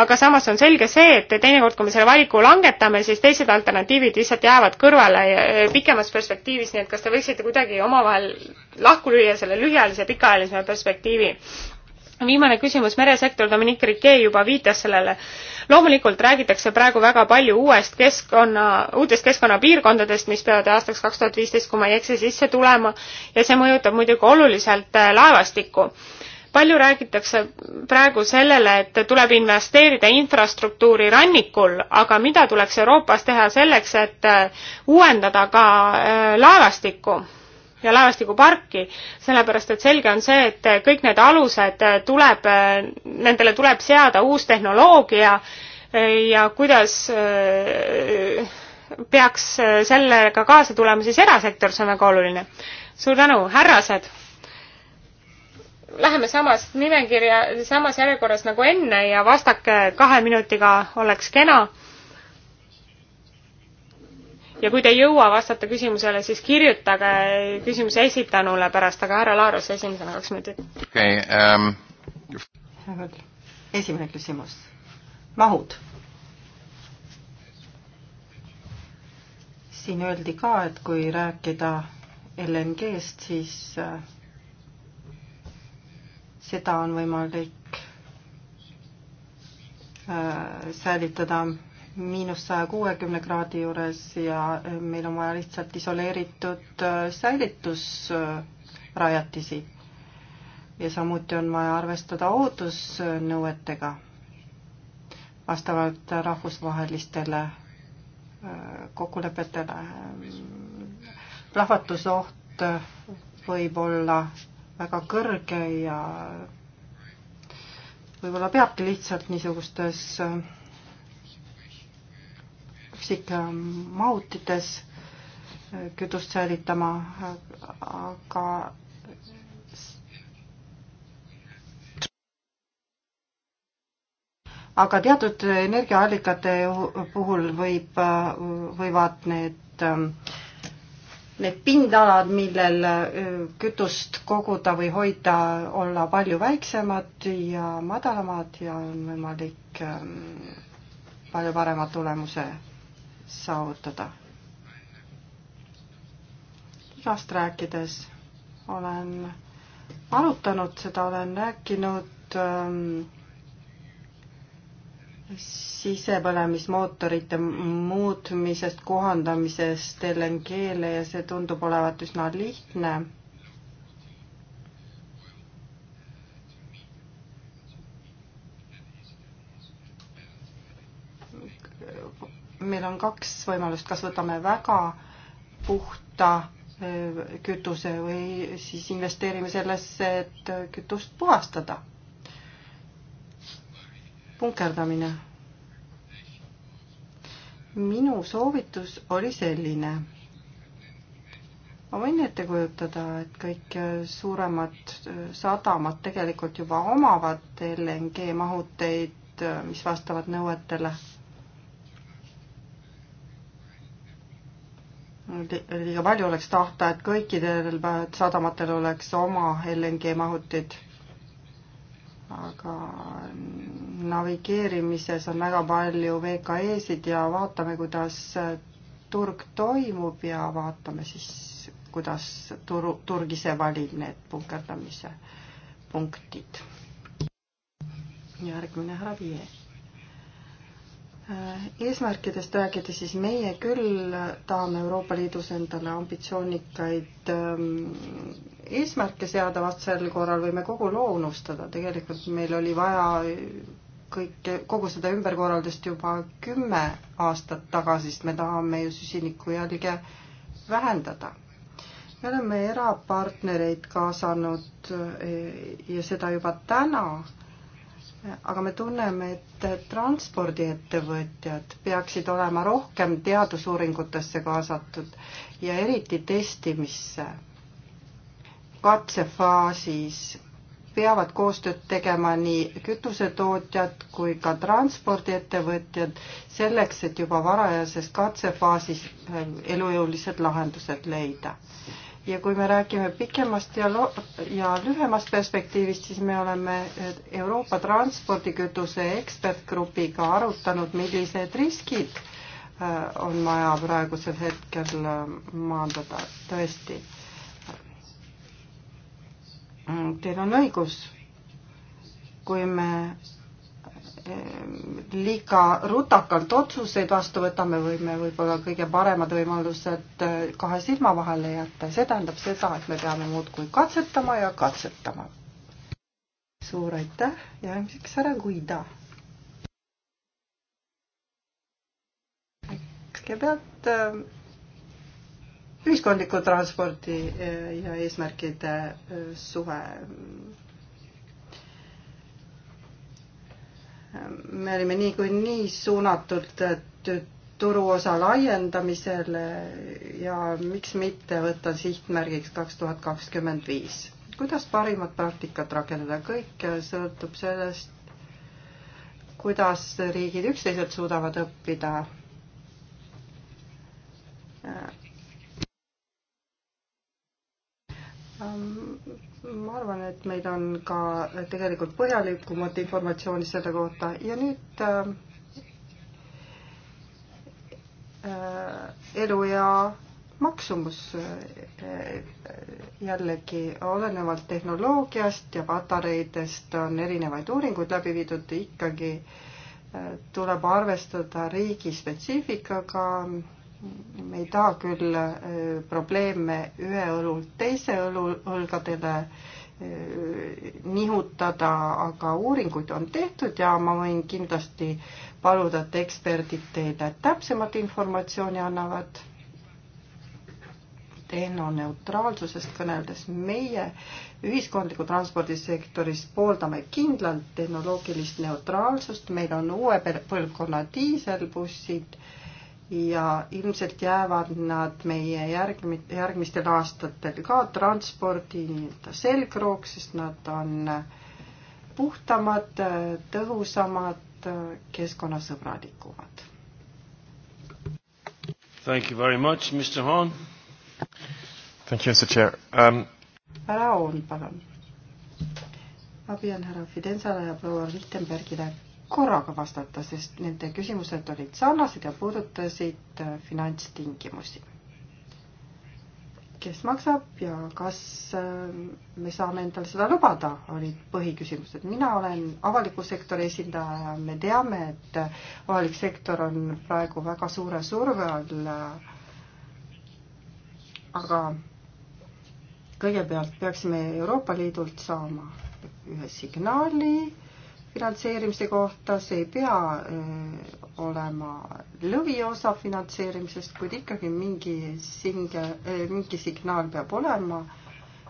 aga samas on selge see, et teinekord, kui me selle valiku langetame, siis teised alternatiivid lihtsalt jäävad kõrvale äh, pikemas perspektiivis, nii et kas te võiksite kuidagi omavahel lahku lüüa selle lühiajalise ja pikaajalise perspektiivi? viimane küsimus, meresektor, Dominique Riquet juba viitas sellele. loomulikult räägitakse praegu väga palju uuest keskkonna, uutest keskkonnapiirkondadest, mis peavad aastaks kaks tuhat viisteist, kui ma ei eksi, sisse tulema ja see mõjutab muidugi oluliselt äh, laevastikku palju räägitakse praegu sellele, et tuleb investeerida infrastruktuuri rannikul, aga mida tuleks Euroopas teha selleks, et äh, uuendada ka äh, laevastikku? ja laevastikuparki, sellepärast et selge on see, et kõik need alused tuleb, nendele tuleb seada uus tehnoloogia ja kuidas äh, peaks sellega kaasa tulema siis erasektor, see on väga oluline. suur tänu, härrased! Läheme samast nimekirja, samas järjekorras nagu enne ja vastake kahe minutiga, oleks kena ja kui te ei jõua vastata küsimusele, siis kirjutage küsimuse esitanule pärast, aga härra Laaros esimesena kaks minutit. okei okay, um.... Ähm, esimene küsimus. mahud. siin öeldi ka, et kui rääkida LNG-st, siis äh, seda on võimalik äh, säilitada miinus saja kuuekümne kraadi juures ja äh, meil on vaja lihtsalt isoleeritud äh, säilitusrajatisi. ja samuti on vaja arvestada ootusnõuetega vastavalt rahvusvahelistele äh, kokkulepetele. plahvatusoht võib olla väga kõrge ja võib-olla peabki lihtsalt niisugustes äh, üksikmahutites kütust säilitama, aga aga teatud energiaallikate puhul võib, võivad need, need pindalad, millel kütust koguda või hoida, olla palju väiksemad ja madalamad ja on võimalik palju parema tulemuse saavutada. igast rääkides olen arutanud seda, olen rääkinud ähm, sisepõlemismootorite muutmisest, kohandamisest LNG-le ja see tundub olevat üsna lihtne meil on kaks võimalust, kas võtame väga puhta äh, kütuse või siis investeerime sellesse, et kütust puhastada. punkerdamine. minu soovitus oli selline. ma võin ette kujutada, et kõik suuremad äh, sadamad tegelikult juba omavad LNG mahuteid, äh, mis vastavad nõuetele liiga palju oleks tahta, et kõikidel sadamatel oleks oma LNG mahutid. aga navigeerimises on väga palju VKE-sid ja vaatame, kuidas turg toimub ja vaatame siis, kuidas turu, turg ise valib need punkerdamise punktid. järgmine härra Viies Äh, eesmärkidest rääkida, siis meie küll tahame Euroopa Liidus endale ambitsioonikaid ähm, eesmärke seada, vastasel korral võime kogu loo unustada, tegelikult meil oli vaja kõike, kogu seda ümberkorraldust juba kümme aastat tagasi, sest me tahame ju süsinikujälge vähendada. me oleme erapartnereid kaasanud äh, ja seda juba täna aga me tunneme, et transpordiettevõtjad peaksid olema rohkem teadusuuringutesse kaasatud ja eriti testimisse. katsefaasis peavad koostööd tegema nii kütusetootjad kui ka transpordiettevõtjad selleks, et juba varajases katsefaasis äh, elujõulised lahendused leida ja kui me räägime pikemast ja, ja lühemast perspektiivist, siis me oleme eh, Euroopa transpordikütuse ekspertgrupiga arutanud, millised riskid eh, on vaja praegusel hetkel eh, maandada, tõesti. Mm, teil on õigus, kui me liiga rutakalt otsuseid vastu võtame, võime võib-olla kõige paremad võimalused äh, kahe silma vahele jätta. see tähendab seda, et me peame muudkui katsetama ja katsetama. suur aitäh, järgmiseks härra Guida. kõigepealt äh, ühiskondliku transpordi äh, ja eesmärkide suhe me olime niikuinii suunatud äh, turuosa laiendamisele ja miks mitte võtta sihtmärgiks kaks tuhat kakskümmend viis. kuidas parimat praktikat rakendada, kõik äh, sõltub sellest, kuidas riigid üksteiselt suudavad õppida. Äh, ähm, ma arvan, et meil on ka tegelikult põhjalikumat informatsiooni selle kohta ja nüüd äh, äh eluea maksumus äh, jällegi olenevalt tehnoloogiast ja patareidest on erinevaid uuringuid läbi viidud, ikkagi äh, tuleb arvestada riigi spetsiifikaga me ei taha küll äh, probleeme ühe õlult teise õlu, õlgadele äh, nihutada, aga uuringuid on tehtud ja ma võin kindlasti paluda, et eksperdid teile täpsemat informatsiooni annavad. tehnoneutraalsusest kõneldes meie ühiskondliku transpordisektoris pooldame kindlalt tehnoloogilist neutraalsust, meil on uue põlvkonna diiselbussid ja ilmselt jäävad nad meie järgmi-, järgmistel aastatel ka transpordi nii-öelda selgrooks, sest nad on puhtamad, tõhusamad, keskkonnasõbralikumad. Thank you very much, Mr Hahn. Thank you, Mr Chair um.... härra Oon, palun. ma püüan härra Fidensale ja proua Lichtenbergile korraga vastata, sest nende küsimused olid sarnased ja puudutasid äh, finantstingimusi. kes maksab ja kas äh, me saame endale seda lubada, olid põhiküsimused. mina olen avaliku sektori esindaja ja me teame, et äh, avalik sektor on praegu väga suure surve all. aga kõigepealt peaksime Euroopa Liidult saama ühe signaali finantseerimise kohta, see ei pea äh, olema lõviosa finantseerimisest, kuid ikkagi mingi singe, äh, mingi signaal peab olema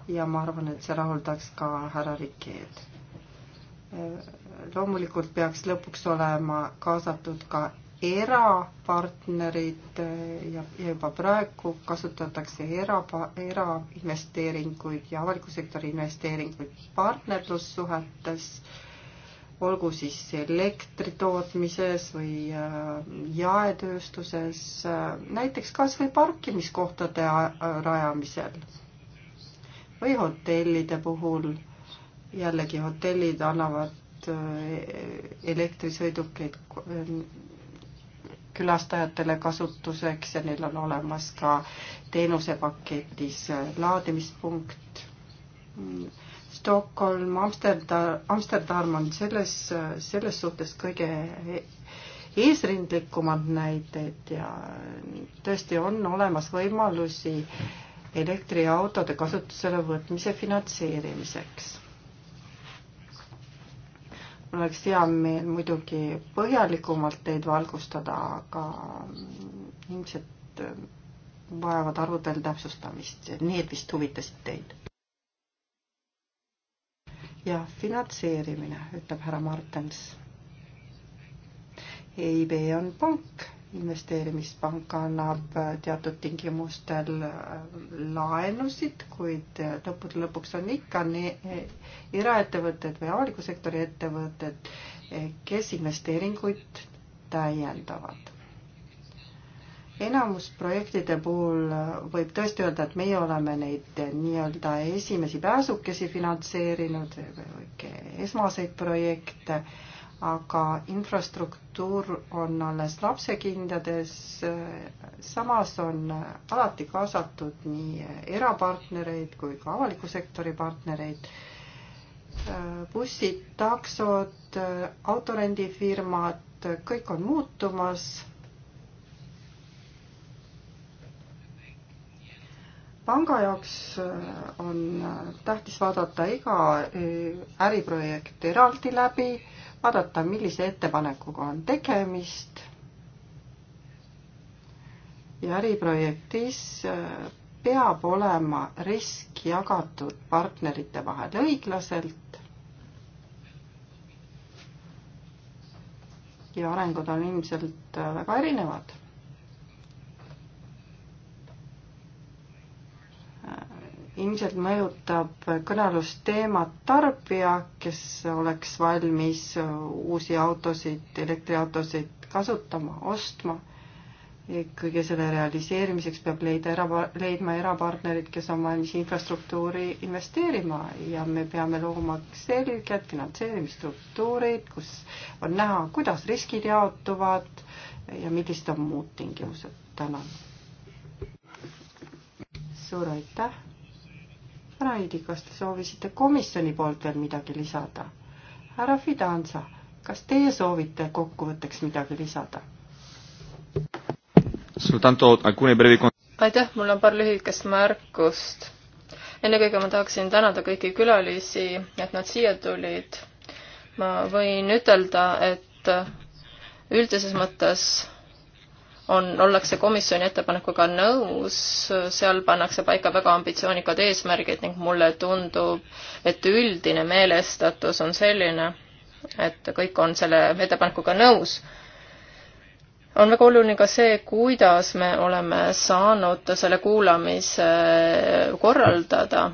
ja ma arvan, et see rahuldaks ka härra Rikeed. Äh, loomulikult peaks lõpuks olema kaasatud ka erapartnerid ja, ja juba praegu kasutatakse era, erainvesteeringuid ja avaliku sektori investeeringuid partnerlussuhetes äh, olgu siis elektri tootmises või äh, jaetööstuses, äh, näiteks kas või parkimiskohtade äh, rajamisel või hotellide puhul. jällegi hotellid annavad elektrisõidukeid külastajatele kasutuseks ja neil on olemas ka teenusepaketis laadimispunkt mm. Stockholm, Amsterdam, Amsterdam on selles, selles suhtes kõige e-, eesrindlikumad näited ja tõesti on olemas võimalusi elektriautode kasutusele võtmise finantseerimiseks. mul oleks hea meel muidugi põhjalikumalt teid valgustada, aga ilmselt vajavad arvud veel täpsustamist, need vist huvitasid teid? ja finantseerimine, ütleb härra Martens. EIB on pank, investeerimispank annab äh, teatud tingimustel äh, laenusid, kuid äh, lõppude lõpuks on ikka nii eraettevõtted või avaliku sektori ettevõtted, kes investeeringuid täiendavad enamus projektide puhul võib tõesti öelda, et meie oleme neid nii-öelda esimesi pääsukesi finantseerinud, esmaseid projekte, aga infrastruktuur on alles lapsekindades, samas on alati kaasatud nii erapartnereid kui ka avaliku sektori partnereid bussid, taksod, autorendifirmad, kõik on muutumas panga jaoks äh, on äh, tähtis vaadata iga äh, äriprojekt eraldi läbi, vaadata, millise ettepanekuga on tegemist. ja äriprojektis peab olema risk jagatud partnerite vahel õiglaselt. ja arengud on ilmselt väga erinevad ilmselt mõjutab kõnelusteemat tarbija, kes oleks valmis uusi autosid, elektriautosid kasutama, ostma. kõige selle realiseerimiseks peab leida era, leidma erapartnerid, kes on valmis infrastruktuuri investeerima ja me peame looma selged finantseerimisstruktuurid, kus on näha, kuidas riskid jaotuvad ja millised on muud tingimused. tänan. suur aitäh härra Heidi, kas te soovisite komisjoni poolt veel midagi lisada? härra Fidanza, kas teie soovite kokkuvõtteks midagi lisada? aitäh, mul on paar lühikest märkust. ennekõike ma tahaksin tänada kõiki külalisi, et nad siia tulid. ma võin ütelda, et üldises mõttes on, ollakse komisjoni ettepanekuga nõus, seal pannakse paika väga ambitsioonikad eesmärgid ning mulle tundub, et üldine meelestatus on selline, et kõik on selle ettepanekuga nõus. on väga oluline ka see, kuidas me oleme saanud selle kuulamise korraldada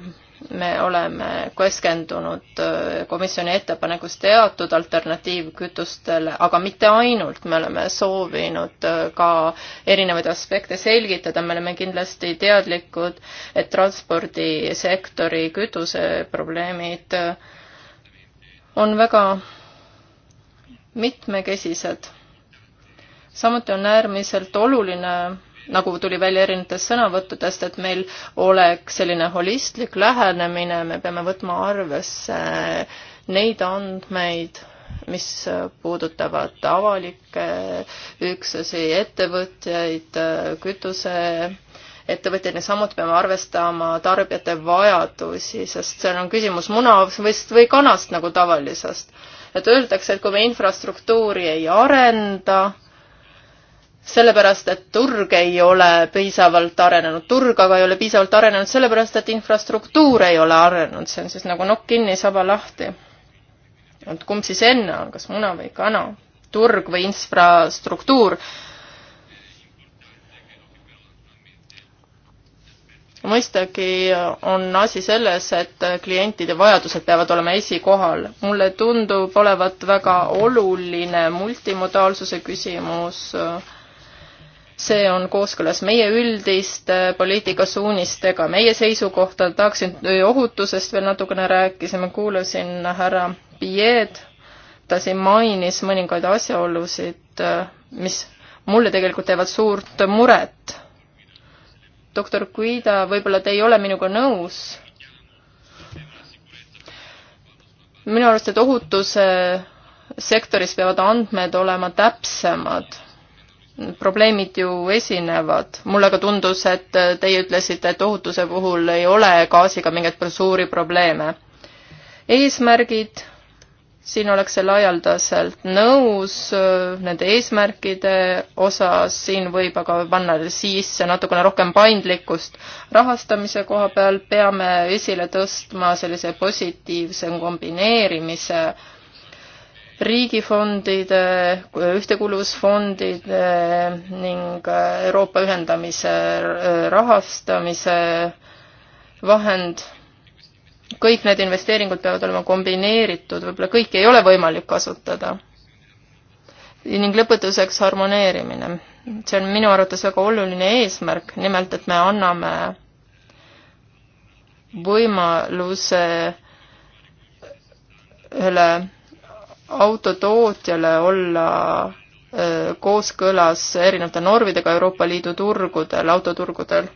me oleme keskendunud äh, komisjoni ettepanekus teatud alternatiivkütustele, aga mitte ainult, me oleme soovinud äh, ka erinevaid aspekte selgitada, me oleme kindlasti teadlikud, et transpordisektori kütuseprobleemid äh, on väga mitmekesised. samuti on äärmiselt oluline nagu tuli välja erinevatest sõnavõttudest, et meil oleks selline holistlik lähenemine, me peame võtma arvesse neid andmeid, mis puudutavad avalikke üksusi, ettevõtjaid, kütuse ettevõtjaid, samuti peame arvestama tarbijate vajadusi, sest seal on küsimus munavõist või kanast nagu tavalisest. et öeldakse, et kui me infrastruktuuri ei arenda, sellepärast, et turg ei ole piisavalt arenenud, turg aga ei ole piisavalt arenenud sellepärast, et infrastruktuur ei ole arenenud, see on siis nagu nokk kinni, saba lahti. et kumb siis enne on, kas muna või kana, turg või infrastruktuur? mõistagi on asi selles, et klientide vajadused peavad olema esikohal. mulle tundub olevat väga oluline multimodaalsuse küsimus äh, see on kooskõlas meie üldiste poliitikasuunistega, meie seisukohta, tahaksin ohutusest veel natukene rääkida, ma kuulasin härra Pied, ta siin mainis mõningaid asjaolusid, mis mulle tegelikult teevad suurt muret. doktor Guida, võib-olla te ei ole minuga nõus? minu arust, et ohutuse sektoris peavad andmed olema täpsemad probleemid ju esinevad. mulle ka tundus, et teie ütlesite, et ohutuse puhul ei ole gaasiga mingeid suuri probleeme. eesmärgid, siin oleks see laialdaselt nõus nende eesmärkide osas, siin võib aga panna sisse natukene rohkem paindlikkust. rahastamise koha peal peame esile tõstma sellise positiivse kombineerimise äh, riigifondide, ühtekuuluvusfondide ning Euroopa ühendamise rahastamise vahend, kõik need investeeringud peavad olema kombineeritud, võib-olla kõiki ei ole võimalik kasutada. ning lõpetuseks harmoneerimine. see on minu arvates väga oluline eesmärk, nimelt et me anname võimaluse ühele autotootjale olla kooskõlas erinevate normidega Euroopa Liidu turgudel, autoturgudel.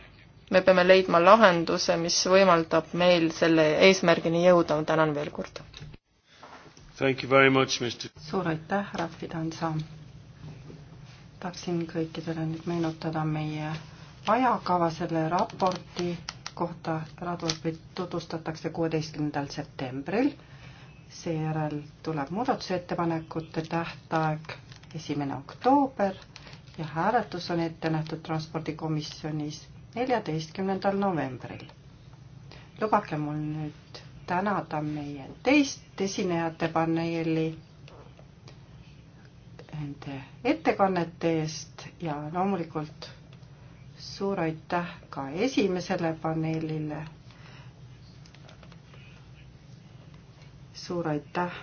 me peame leidma lahenduse, mis võimaldab meil selle eesmärgini jõuda, ma tänan veel kord. suur aitäh, härra Fidanza. tahtsin kõikidele nüüd meenutada meie ajakava selle raporti kohta, raportit tutvustatakse kuueteistkümnendal septembril seejärel tuleb muudatusettepanekute tähtaeg esimene oktoober ja hääletus on ette nähtud transpordikomisjonis neljateistkümnendal novembril. lubage mul nüüd tänada meie teist esinejate paneeli nende ettekannete eest ja loomulikult suur aitäh ka esimesele paneelile suur aitäh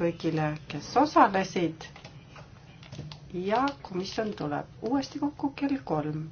kõigile, kes osalesid ja komisjon tuleb uuesti kokku kell kolm